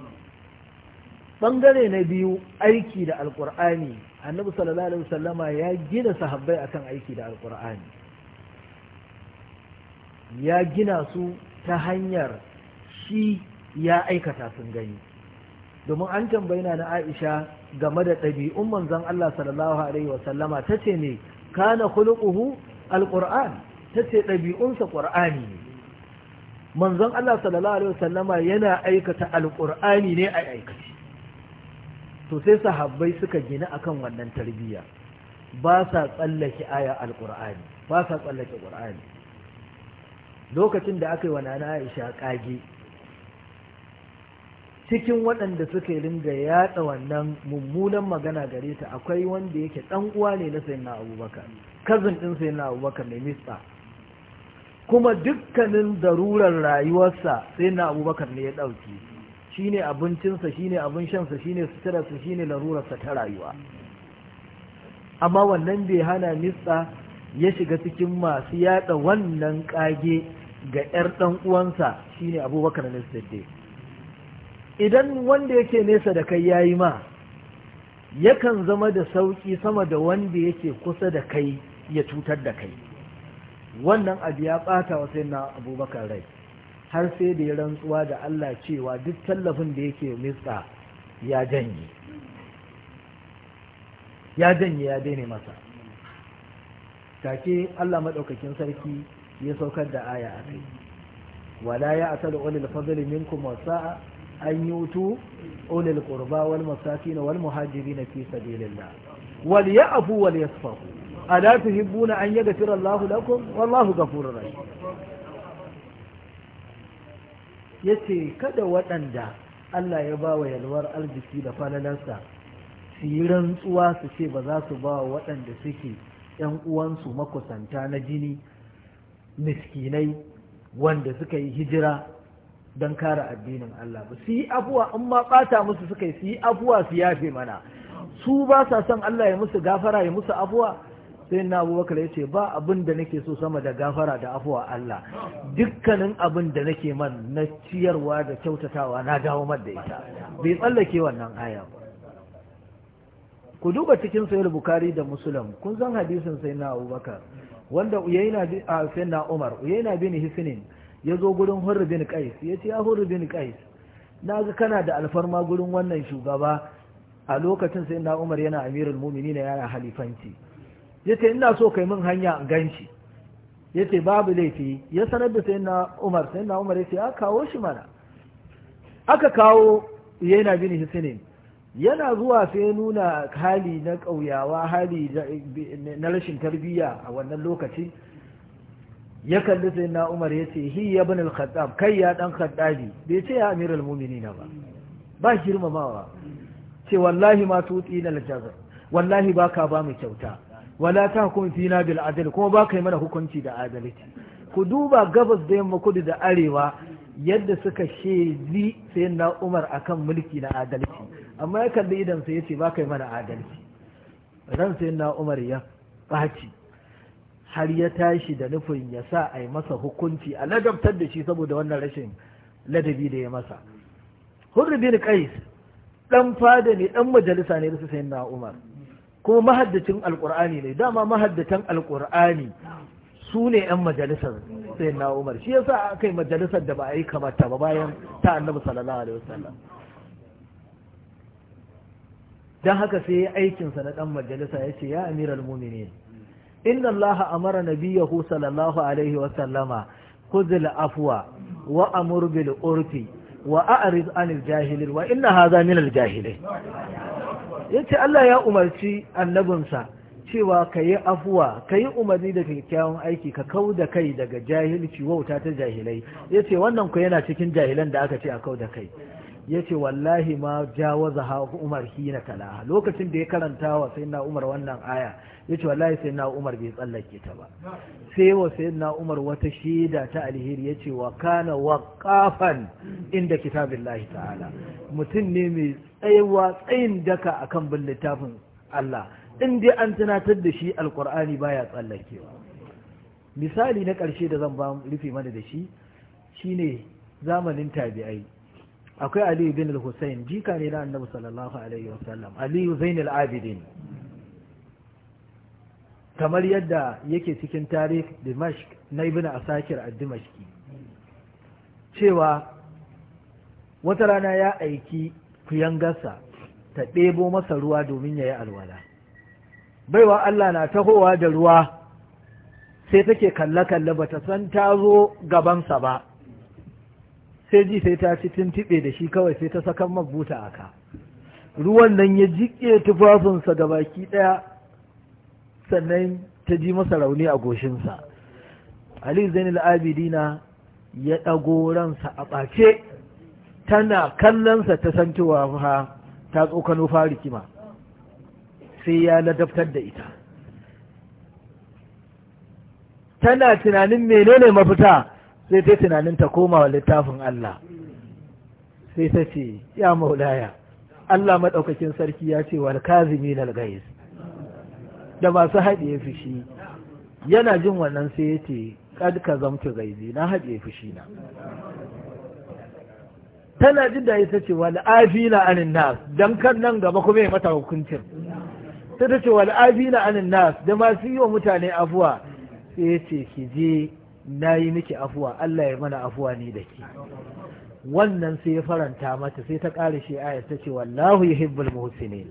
Ɓangare na biyu aiki da alkur'ani annabi sallallahu alaihi wasallama ya gina sahabbai akan aiki da alkur'ani ya gina su ta hanyar shi ya aikata sun gani domin an tambayi na Aisha game da ɗabi'un manzon Allah sallallahu alaihi wasallama tace ne kana khuluquhu alqur'an ta ce ɗabi'unsa ƙur'ani ne manzon Allah sallallahu alaihi wasallama yana aikata alƙur'ani ne a aikace to sai sahabbai suka gina akan wannan tarbiyya ba sa tsallake aya alƙur'ani ba sa tsallake ƙur'ani lokacin da aka yi wa nana Aisha kage cikin waɗanda suka yi ringa yaɗa wannan mummunan magana gare ta akwai wanda yake ɗan uwa ne na sayyidina abubakar kazin ɗin sayyidina abubakar mai mista. kuma dukkanin darurar rayuwarsa sai na abubakar ne ya ɗauki shi ne abincinsa shi ne abin shansa shi ne suturarsa shi ne larurarsa ta rayuwa amma wannan bai hana nista ya shiga cikin masu yada wannan ƙage ga 'yar ɗan uwansa shi ne abubakar idan wanda yake nesa da kai yayi ma yakan zama da sauƙi sama da wanda yake kusa da kai ya cutar da kai wannan abu ya ɓata wa sai na abubakar rai har sai da ya rantsuwa da Allah cewa duk tallafin da yake mista ya janye ya janye ya daina masa take Allah maɗaukakin sarki ya saukar da aya a kai wala ya asali ulil fadli minkum wasa'a an yutu ulil qurba wal masakin wal muhajirin fi sabilillah wal ya'fu wal yasfahu ألا تحبون أن يغفر الله لكم والله غفور رحيم yace kada waɗanda Allah ya ba wa yalwar arziki da falalarsa su yi rantsuwa su ce ba za su ba wa waɗanda suke ‘yan uwansu makusanta na jini miskinai wanda suka yi hijira don kare addinin Allah ba su yi abuwa in ma ɓata musu suka yi su yi abuwa su yafe mana su ba sa son Allah ya musu gafara ya musu abuwa sai na abubakar ya ce ba abin da nake so sama da gafara da afuwa Allah dukkanin abin da nake man na ciyarwa da kyautatawa na dawo mar da ita bai tsallake wannan aya ba ku duba cikin sayar bukari da musulun kun san hadisin sai na abubakar wanda uyaina a sai na umar uyaina bin hisnin ya zo gurin hurri bin ya ce ya hurri bin qais na ga kana da alfarma gurin wannan shugaba a lokacin sai na umar yana amirul na yana halifanci ya ce ina so kai min hanya in gan shi ya ce babu laifi ya sanar da sayyidina umar sayyidina umar ya ce a kawo shi mana aka kawo yana bin hisinin yana zuwa sai nuna hali na ƙauyawa hali na rashin tarbiyya a wannan lokaci ya kalli sai na umar ya ce hi ya bin al-khattab kai ya dan khattabi bai ce ya amir al-muminina ba ba girmamawa ce wallahi ma tutsi na wallahi ba ka ba mu kyauta wala tahkum fina bil adl kuma ba kai mana hukunci da adalci ku duba gabas da yamma kudu da arewa yadda suka shezi sai na umar akan mulki na adalci amma ya kalli idan sai ya ce ba kai mana adalci ran sai na umar ya ɓaci har ya tashi da nufin ya sa a masa hukunci a ladabtar da shi saboda wannan rashin ladabi da ya masa hurri bin qais dan fada ne dan majalisa ne da sai na umar ko mahaddacin alkur'ani ne dama mahaddatan alkur'ani su ne 'yan majalisar sai na umar shi yasa aka yi majalisar da ba a yi kamata ba bayan ta annabi sallallahu alaihi wasallam dan haka sai ya aikin sa na dan majalisa ya ce ya amiral mu'minin inna allah amara nabiyahu sallallahu alaihi wasallama afwa wa amur bil urfi wa a'rid anil jahilin wa inna hadha min al jahilin Yace Allah ya umarci annabinsa cewa ka yi afuwa ka yi umarni da kyakkyawan aiki ka kau da kai daga jahilci wauta ta jahilai yace wannan ku yana cikin jahilan da aka ce a kau da kai yace wallahi ma jawaza ha umar hina talaha lokacin da ya karanta wa sai na umar wannan aya yace wallahi sai na Umar bai tsallake ta ba sai wa sai na Umar wata shaida ta alheri yace wa kana kafan inda kitabillahi ta'ala mutum ne mai tsayawa tsayin daka akan bin littafin Allah in dai an tunatar da shi alkur'ani baya tsallakewa misali na ƙarshe da zan ba rufe mana da shi shine zamanin tabi'ai akwai aliyu bin al jika ne na annabi sallallahu alaihi wasallam aliyu zainul abidin kamar yadda yake cikin tarih dimashq na ibn asakir a dimashqi cewa wata rana ya aiki kuyangarsa ta ɗebo masa ruwa domin ya yi alwala baiwa Allah na tahowa da ruwa sai take kalle-kalle ba ta san ta zo gabansa ba sai ji sai ta ci tintiɓe da shi kawai sai ta sakan mabuta aka ruwan nan ya jiƙe tufafinsa ga baki ɗaya sannan ta ji masa rauni a goshinsa ali zainul abidina ya ɗago ransa a ɓace tana kallonsa ta san cewa ta tsokano kima, sai ya ladabtar da ita tana tunanin menene mafita sai ta tunanin ta koma wa littafin Allah sai ta ce ya maulaya Allah maɗaukakin sarki ya ce wal kazimi lal gais da masu haɗiye fushi yana jin wannan sai ya ce kad ka zamtu gaizi na haɗe fushi na tana jin da ita ce wal afina anin nas dan kan nan gaba kuma ya mata hukuncin sai ta ce wal afina anin nas da masu yi wa mutane afuwa sai ya ce ki je na yi miki afuwa Allah ya mana afuwa ni da ke wannan sai ya faranta mata sai ta ƙara shi ayat ta ce wallahu yuhibbul muhsinin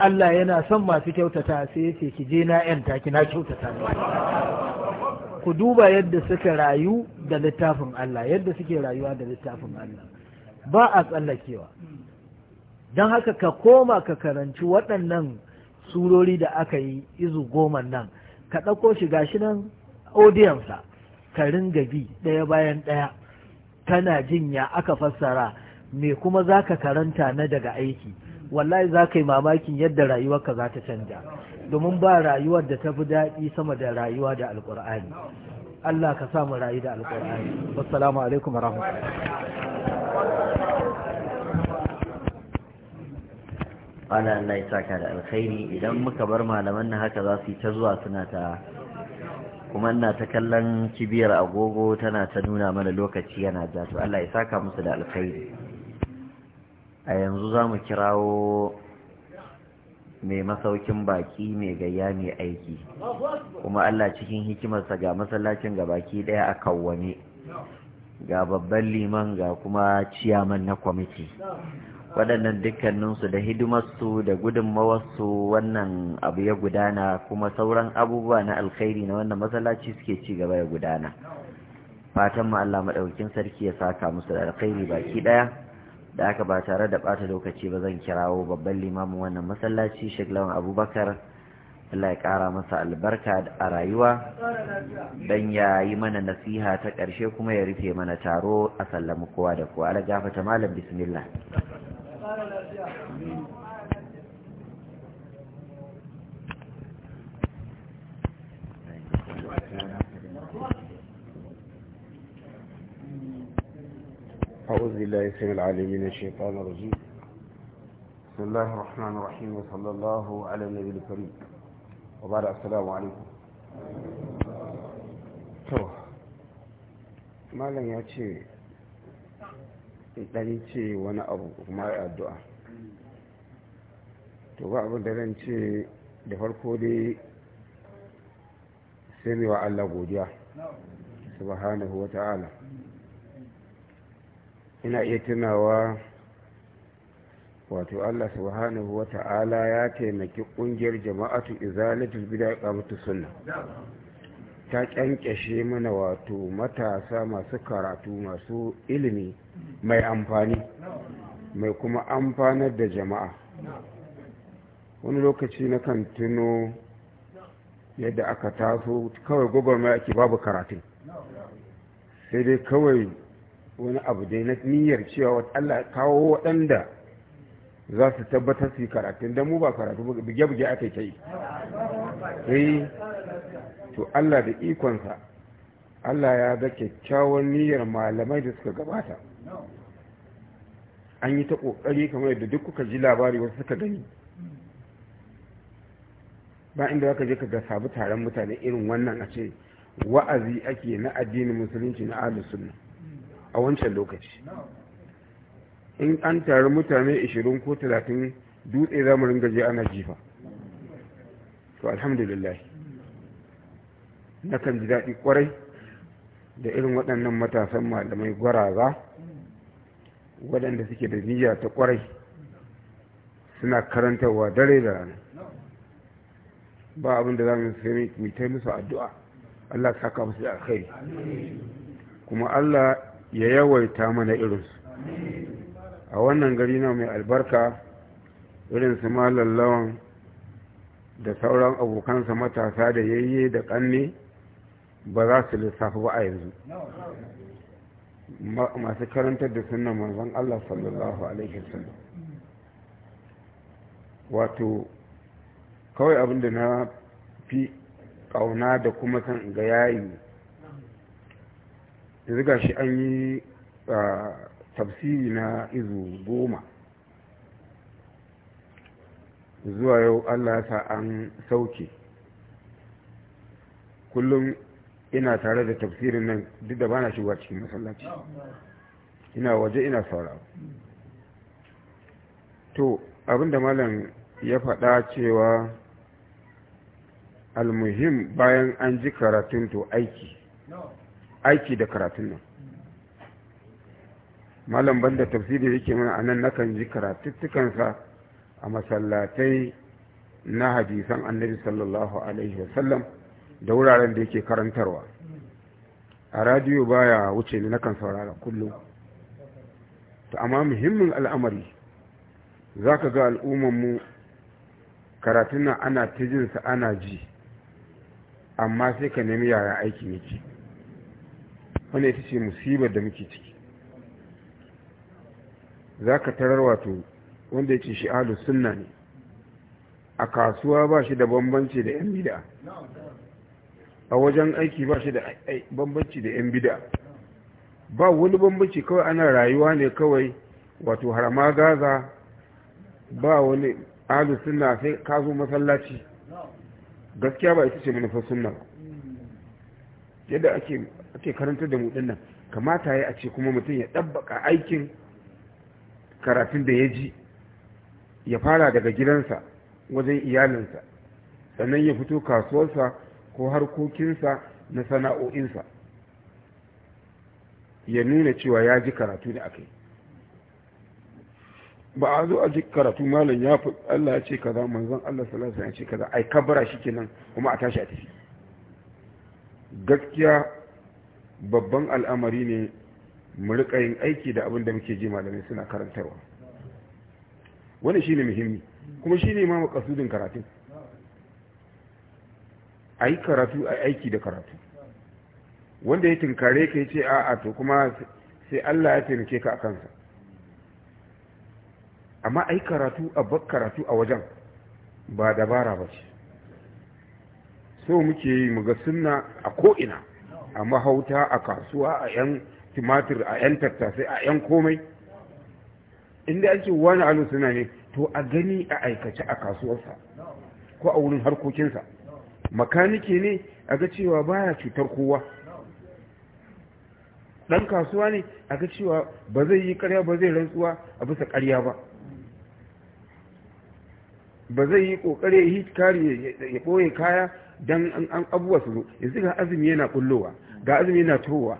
Allah yana son masu kyautata sai yake ki je na yanta ki na kyautata ku duba yadda suka rayu da littafin Allah yadda suke rayuwa da littafin Allah ba a tsallakewa don haka ka koma ka karanci waɗannan surori da aka yi izu goma nan ka ɗauko shi gashi nan odiyansa ka ringa bi ɗaya bayan ɗaya kana jin ya aka fassara me kuma za ka karanta na daga aiki wallahi za ka yi mamakin yadda rayuwarka za ta canja domin ba rayuwar da ta fi daɗi sama da rayuwa da alƙur'ani Allah ka samu rayu da alƙur'ani wassalamu alaikum ana Allah ya saka da alkhairi idan muka bar malaman na haka za su yi ta zuwa suna ta kuma ina ta kallon kibiyar agogo tana ta nuna mana lokaci yana ja to Allah ya saka musu da alkhairi a yanzu za mu kirawo mai masaukin baki mai gayya mai aiki kuma Allah cikin hikimarsa ga masallacin ga baki daya a kawwame ga babban liman ga kuma ciyaman na kwamiti waɗannan dukkaninsu da hidimarsu da gudunmawarsu wannan abu ya gudana kuma sauran abubuwa na alkhairi na wannan masallaci suke ci gaba ya gudana fatan Allah maɗaukin sarki ya saka musu da alkhairi baki ɗaya da aka ba tare da bata lokaci ba zan kirawo babban limamin wannan masallaci Sheikh Lawan Abubakar Allah ya kara masa albarka a rayuwa Dan ya yi mana nasiha ta ƙarshe kuma ya rufe mana taro a sallami kowa da kowa ala malam bismillah أعوذ بالله السميع العليم من الشيطان الرجيم بسم الله الرحمن الرحيم وصلى الله على النبي الكريم وبارك السلام عليكم to ما لن يأتي لن يأتي wani abu kuma ya addu'a to ba abin da zan ce da farko dai sai wa ina iya tunawa wato Allah subhanahu wa ta'ala ya taimaki kungiyar jama'atu izalatul bid'a qamatu sunna ta kyankyashe mana wato matasa masu karatu masu ilimi mai amfani mai kuma amfanar da jama'a wani lokaci na kan tuno yadda aka taso kawai mai ake babu karatu, sai dai kawai wani abu dai na niyyar cewa Allah kawo waɗanda za su tabbatar su yi karatu don mu ba karatu buge-buge aka yi sai eh, to Allah da ikonsa Allah ya ga kyakkyawar niyyar malamai da suka gabata an yi ta ƙoƙari kamar yadda duk kuka ji labari wasu suka gani ba inda zaka je ka ga sabu taron mutane irin wannan a ce wa'azi ake na addinin musulunci na ahlus sunna a wancan lokaci in an taru mutane 20 ko 30 dutse za mu ringa je ana jifa to alhamdulillah na kan ji daɗi kwarai da irin waɗannan matasan malamai gwaraza waɗanda suke da niyya ta kwarai suna karantarwa dare da rana ba abin da za mu sami musu addu'a Allah saka musu kai kuma Allah ya yawaita mana irinsu a wannan gari na mai albarka irinsu malallawan da sauran abokansa matasa da yayye da kanne ba za su lissafi ba a yanzu masu karantar da sunan manzan Allah sallallahu alaihi wasallam wato kawai abinda na fi ƙauna da kuma san ga yayi yanzu ga shi an yi tafsiri na izu goma zuwa yau allah sa an sauke kullum ina tare da tafsirin nan duk da bana shiga cikin masallaci ina waje ina sauraro to abinda malam ya faɗa cewa almuhim bayan an ji karatun to aiki aiki da karatun nan malam banda tafsiri yake mana anan nakan ji karatuttukansa a masallatai na hadisan annabi sallallahu alaihi wasallam da wuraren da yake karantarwa a radiyo baya wuce ni nakan saurara kullum to amma muhimmin al'amari za ka ga al'ummanmu karatun nan ana ta jinsa ana ji amma sai ka nemi yaya aikin yake wani ita ce musibar da muke ciki za ka tarar wato wanda ya shi alu sunna ne a kasuwa ba shi da bambanci da yan bida a wajen aiki ba shi da bambanci da yan bida ba wani bambanci kawai ana rayuwa ne kawai wato harama gaza ba wani alu sunna sai ka zo masallaci gaskiya ba ita ce manufar sunna yadda ake ake karantar da mu nan kamata ya a ce kuma mutum ya ɗabbaka aikin karatun da ya ji ya fara daga gidansa wajen iyalinsa sannan ya fito kasuwarsa ko harkokinsa na sana'o'insa ya nuna cewa ya ji karatu da aka yi ba a zo a ji karatu malam ya fi Allah ya ce kaza manzon Allah salasa ya ce kaza ai kabara kenan kuma a tashi a tafi gaskiya babban al'amari ne mu yin aiki da abin da muke ji malamai suna karantarwa wani shine muhimmi kuma shine ma makasudin karatu yi karatu a aiki da karatu wanda ya tunkare ka yace a a to kuma sai Allah ya taimake ka a kansa. amma a yi karatu a bak karatu a wajen ba dabara ba ce so muke yi mu ga sunna a ko'ina. a mahauta a kasuwa a yan tumatir, a yan tattasai a yan komai inda an ce wani alu suna ne to a gani a aikace a kasuwarsa ko a wurin harkokinsa makanike ne a ga cewa baya cutar kowa dan kasuwa ne a ga cewa ba zai yi karya ba zai rantsuwa a bisa karya ba ba zai yi kokare ya kare ya boye kaya don an abuwa su yanzu ga azumi yana kullowa da azumi na tohowa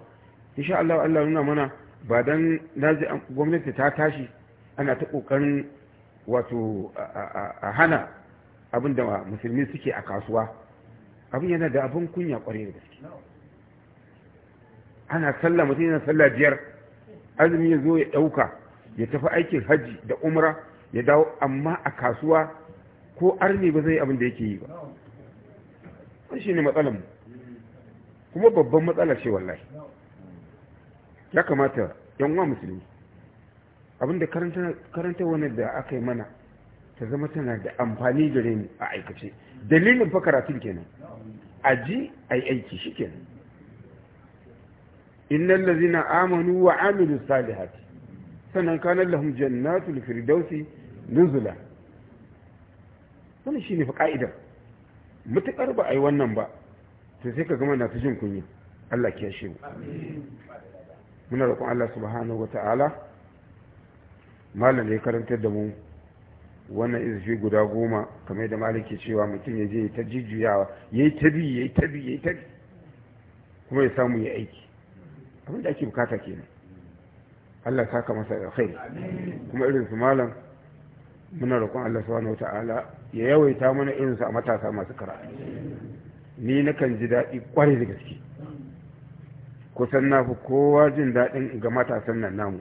insha Allah Allah nuna mana ba dan nazi gwamnati ta tashi ana ta kokarin wato a hana abin da musulmi suke a kasuwa abin yana da abin kunya kwarai da gaske ana sallah mutum yana sallah biyar azumi ya zo ya ɗauka ya tafi aikin hajji da umra ya dawo amma a kasuwa ko arni ba zai abin da yake yi ba shi ne mu. kuma babban matsalar ce wallahi ya kamata yan wa musulmi abinda karanta wani da aka yi mana ta zama tana da amfani gare ni a aikace dalilin fa karatun kenan a ji a yi aiki shi kenan innal ladzina amanu wa amilu salihat sannan kanar lahum jannatul firdausi nuzula wannan shine fa ka'idar mutakar ba a yi wannan ba to sai ka gama na fi jin kunya Allah ke shi mu muna roƙon Allah subhanahu wa malam malamai karantar da mu wannan izifi guda goma kamar da maliki cewa mutum ya je ta jijiyawa, ya yi bi ya yi bi ya yi bi kuma ya samu ya aiki Abin da ake bukata kenan Allah kama masa kai. kuma irin su malam muna roƙon Allah subhanahu ta'ala ya yawaita mana irinsu a matasa masu karatu ni na kan ji daɗi ƙwarai da gaske kusan na fi kowa jin daɗin ga matasan nan namu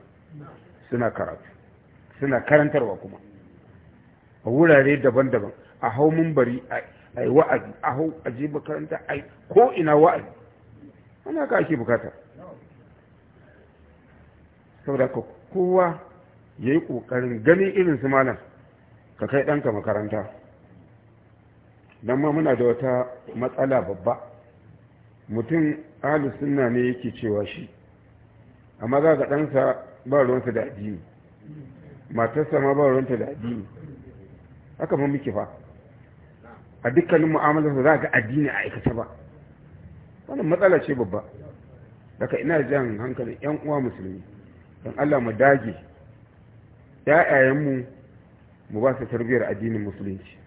suna karatu suna karantarwa kuma a wurare daban-daban a hau mumbari a yi wa'azi a hau a je makaranta a yi ko'ina wa'azi ana ka ake bukata saboda ka kowa ya yi ƙoƙarin ganin irin su malam ka kai ɗanka makaranta don ma muna da wata matsala babba mutum sunna ne yake cewa shi amma za ga ɗansa ba ruwansa da addini matarsa ma ba ruwanta da addini haka ma muke fa a dukkanin mu'amalarsa za ga addini a aikata ba wannan matsala ce babba daga ina jan hankalin 'yan uwa musulmi don allah mu dage ‘ya'yayenmu mu ba su tarbiyyar addinin musulunci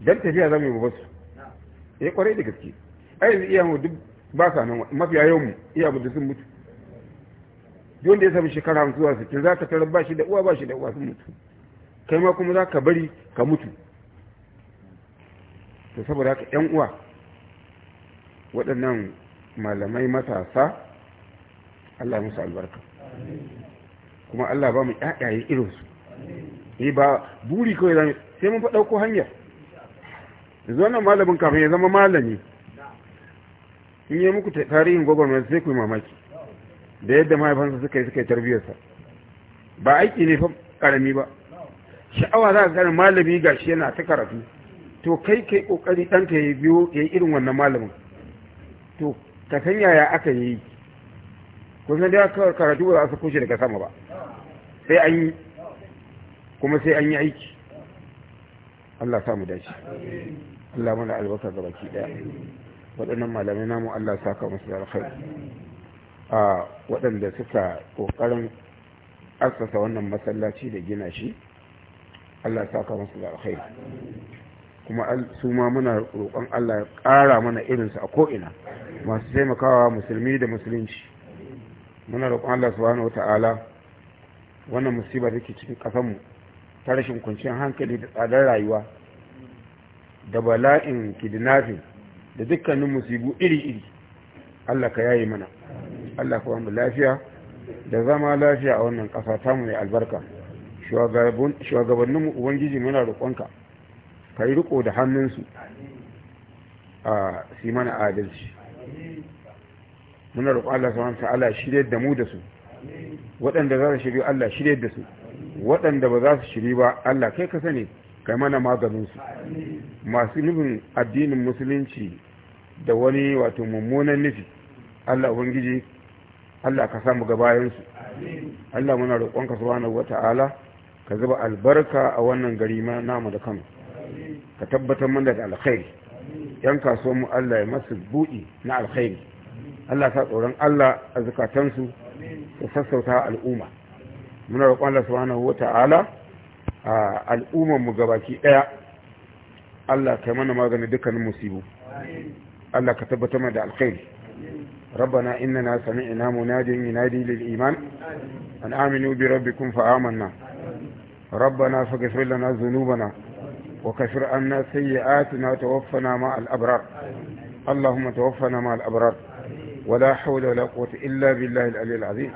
dan tafiya za mu yi basu eh kwarai da gaske ai yanzu iyamu duk ba sa nan mafiya yau mu iya duk sun mutu duk da ya samu shekara hamsin zuwa sittin za ka tarar ba shi da uwa ba shi da uwa sun mutu kai ma kuma za ka bari ka mutu to saboda haka yan uwa waɗannan malamai matasa Allah musu albarka kuma Allah ba mu ƴaƴaye irinsu eh ba buri kawai zan sai mun fa dauko hanyar yanzu wannan malamin kafin ya zama malami in yi muku tarihin gwagwarmar sai ku yi mamaki da yadda mahaifansa suka yi suka yi tarbiyyarsa ba aiki ne fa karami ba sha'awa za ka gane malami ga shi yana ta karatu to kai kai kokari ɗanka ya biyo ya yi irin wannan malamin to ka san yaya aka yi kusan da karatu ba za su kushe daga sama ba sai an yi kuma sai an yi aiki Allah samu dace Allah mana albasa ga baki daya waɗannan malamai namu Allah saka musu da alkhairi a waɗanda suka ƙoƙarin assasa wannan masallaci da gina shi Allah saka musu da alkhairi kuma su ma muna roƙon Allah ya ƙara mana irin su a ko'ina masu taimakawa musulmi da musulunci muna roƙon Allah subhanahu wata'ala wannan musiba take cikin kasanmu ta rashin kwanciyar hankali da tsadar rayuwa da bala'in kidnapping da dukkanin musibu iri-iri Allah ka yayi mana Allah ka mu lafiya da zama lafiya a wannan ƙasa ta mu mai albarka shugabanninmu ubangiji muna roƙonka ka yi riko da hannunsu a si mana adalci muna roƙon Allah subhanahu ta'ala shirye da mu da su waɗanda za su shirye Allah shirye da su waɗanda ba za su shirye ba Allah kai ka sani kai mana maganinsu masu nufin addinin musulunci da wani wato mummunan nufi Allah ubangiji Allah ka samu gabayensu Allah muna roƙonka subhanahu wata'ala ka zuba albarka a wannan gari ma namu da Kano ka tabbatar mana da alkhairi yan kaso mu Allah ya masu buɗi na alkhairi Allah sa tsoron Allah a zukatansu su sassauta al'umma muna roƙon Allah subhanahu wata'ala al'umman mu gabaki daya Allah ka mana magana dukkan musibu Allah ka tabbata mana da alkhairi ربنا إننا سمعنا منادي ينادي للإيمان أن آمنوا بربكم فآمنا ربنا فاغفر لنا ذنوبنا وكفر عنا سيئاتنا توفنا مع الأبرار اللهم توفنا مع الأبرار ولا حول ولا قوة إلا بالله العلي العظيم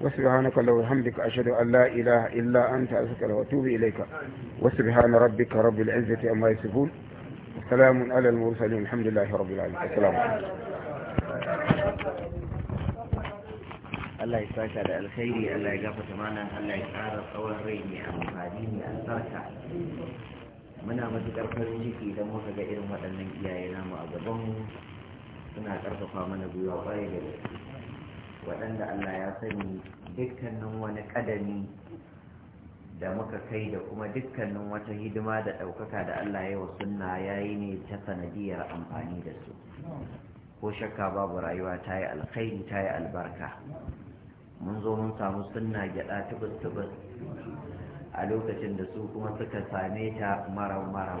وسبحانك لو الحمدك أشهد أن لا إله إلا أنت أذكر وأتوب إليك وسبحان ربك رب العزة أما يصفون سلام على المرسلين الحمد لله رب العالمين السلام Allah ya saka da alkhairi Allah ya gafarta mana Allah ya tsara tsawon rai mai amfani muna matuƙar farin ciki don muka ga irin waɗannan iyaye namu a gaban suna ƙarfafa mana gwiwa ƙwarai da gaske waɗanda Allah ya sani dukkanin wani ƙadami da muka kai da kuma dukkanin wata hidima da ɗaukaka da Allah ya yi wa sunna ya yi ne ta sanadiyar amfani da su ko shakka babu rayuwa ta yi alkhairi ta yi albarka mun zo mun samu sunna gyaɗa tubus-tubus a lokacin da su kuma suka same ta marar-marar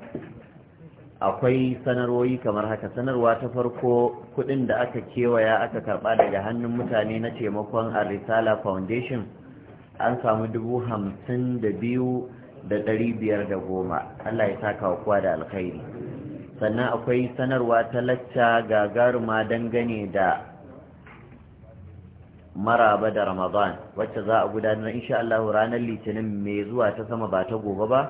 akwai sanarwoyi kamar haka sanarwa ta farko kudin da aka kewaya aka karba daga hannun mutane na taimakon arisala foundation an samu dubu hamsin da biyu da dari biyar da goma allah ya saka wa da alkhairi sannan akwai sanarwa ta lacca gagaruma dangane da maraba da ramadan wacce za a gudanar insha allahu ranar litinin mai zuwa ta sama ba ta gobe ba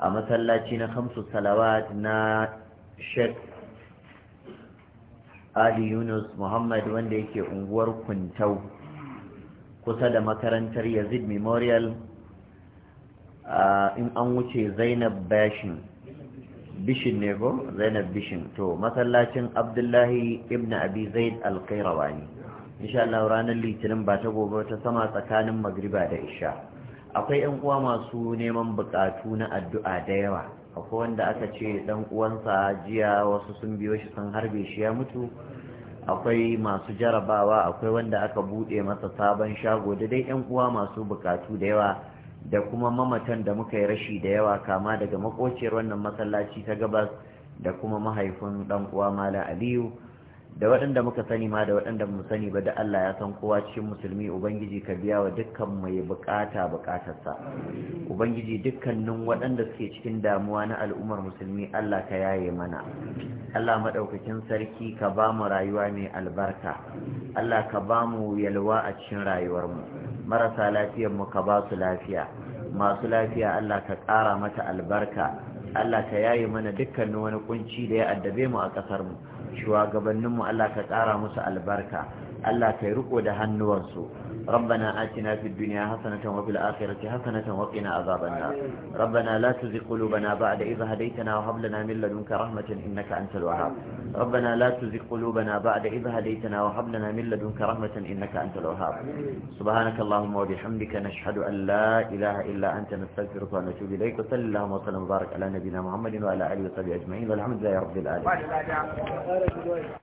a masallaci na kamsu salawat na sheikh ali yunus muhammad wanda yake unguwar kuntau kusa da makarantar yazid memorial in an wuce zainab bashin bishin ne ko zainab bishin to masallacin abdullahi ibn abi zaid alkairawani insha Allah ranar litinin ba ta gobe ta sama tsakanin magriba da isha akwai yan uwa masu neman bukatu na addu'a da yawa akwai wanda aka ce dan uwansa jiya wasu sun biyo shi sun harbe shi ya mutu akwai masu jarabawa akwai wanda aka bude masa sabon shago da dai yan uwa masu bukatu da yawa da kuma mamatan da muka yi rashi da yawa kama daga makociyar wannan masallaci ta gabas da kuma mahaifin dan uwa malam aliyu da waɗanda muka sani ma da waɗanda mu sani ba da Allah ya san kowa cikin musulmi ubangiji ka biya wa dukkan mai bukata bukatarsa ubangiji dukkanin waɗanda suke cikin damuwa na al'ummar musulmi Allah ka yaye mana Allah madaukakin sarki ka ba mu rayuwa mai albarka Allah ka ba mu yalwa a cikin rayuwar mu marasa lafiyar mu ka ba su lafiya masu lafiya Allah ka ƙara mata albarka Allah ka yaye mana dukkanin wani kunci da ya addabe mu a ƙasar mu shugabanninmu Allah ka ƙara musu albarka Allah ka yi riko da hannuwansu ربنا آتنا في الدنيا حسنة وفي الآخرة حسنة وقنا عذاب النار ربنا لا تزغ قلوبنا بعد إذ هديتنا وهب لنا من لدنك رحمة إنك أنت الوهاب ربنا لا تزغ قلوبنا بعد إذ هديتنا وهب لنا من لدنك رحمة إنك أنت الوهاب سبحانك اللهم وبحمدك نشهد أن لا إله إلا أنت نستغفرك ونتوب إليك وصلى اللهم وسلم وبارك على نبينا محمد وعلى آله وصحبه أجمعين والحمد لله رب العالمين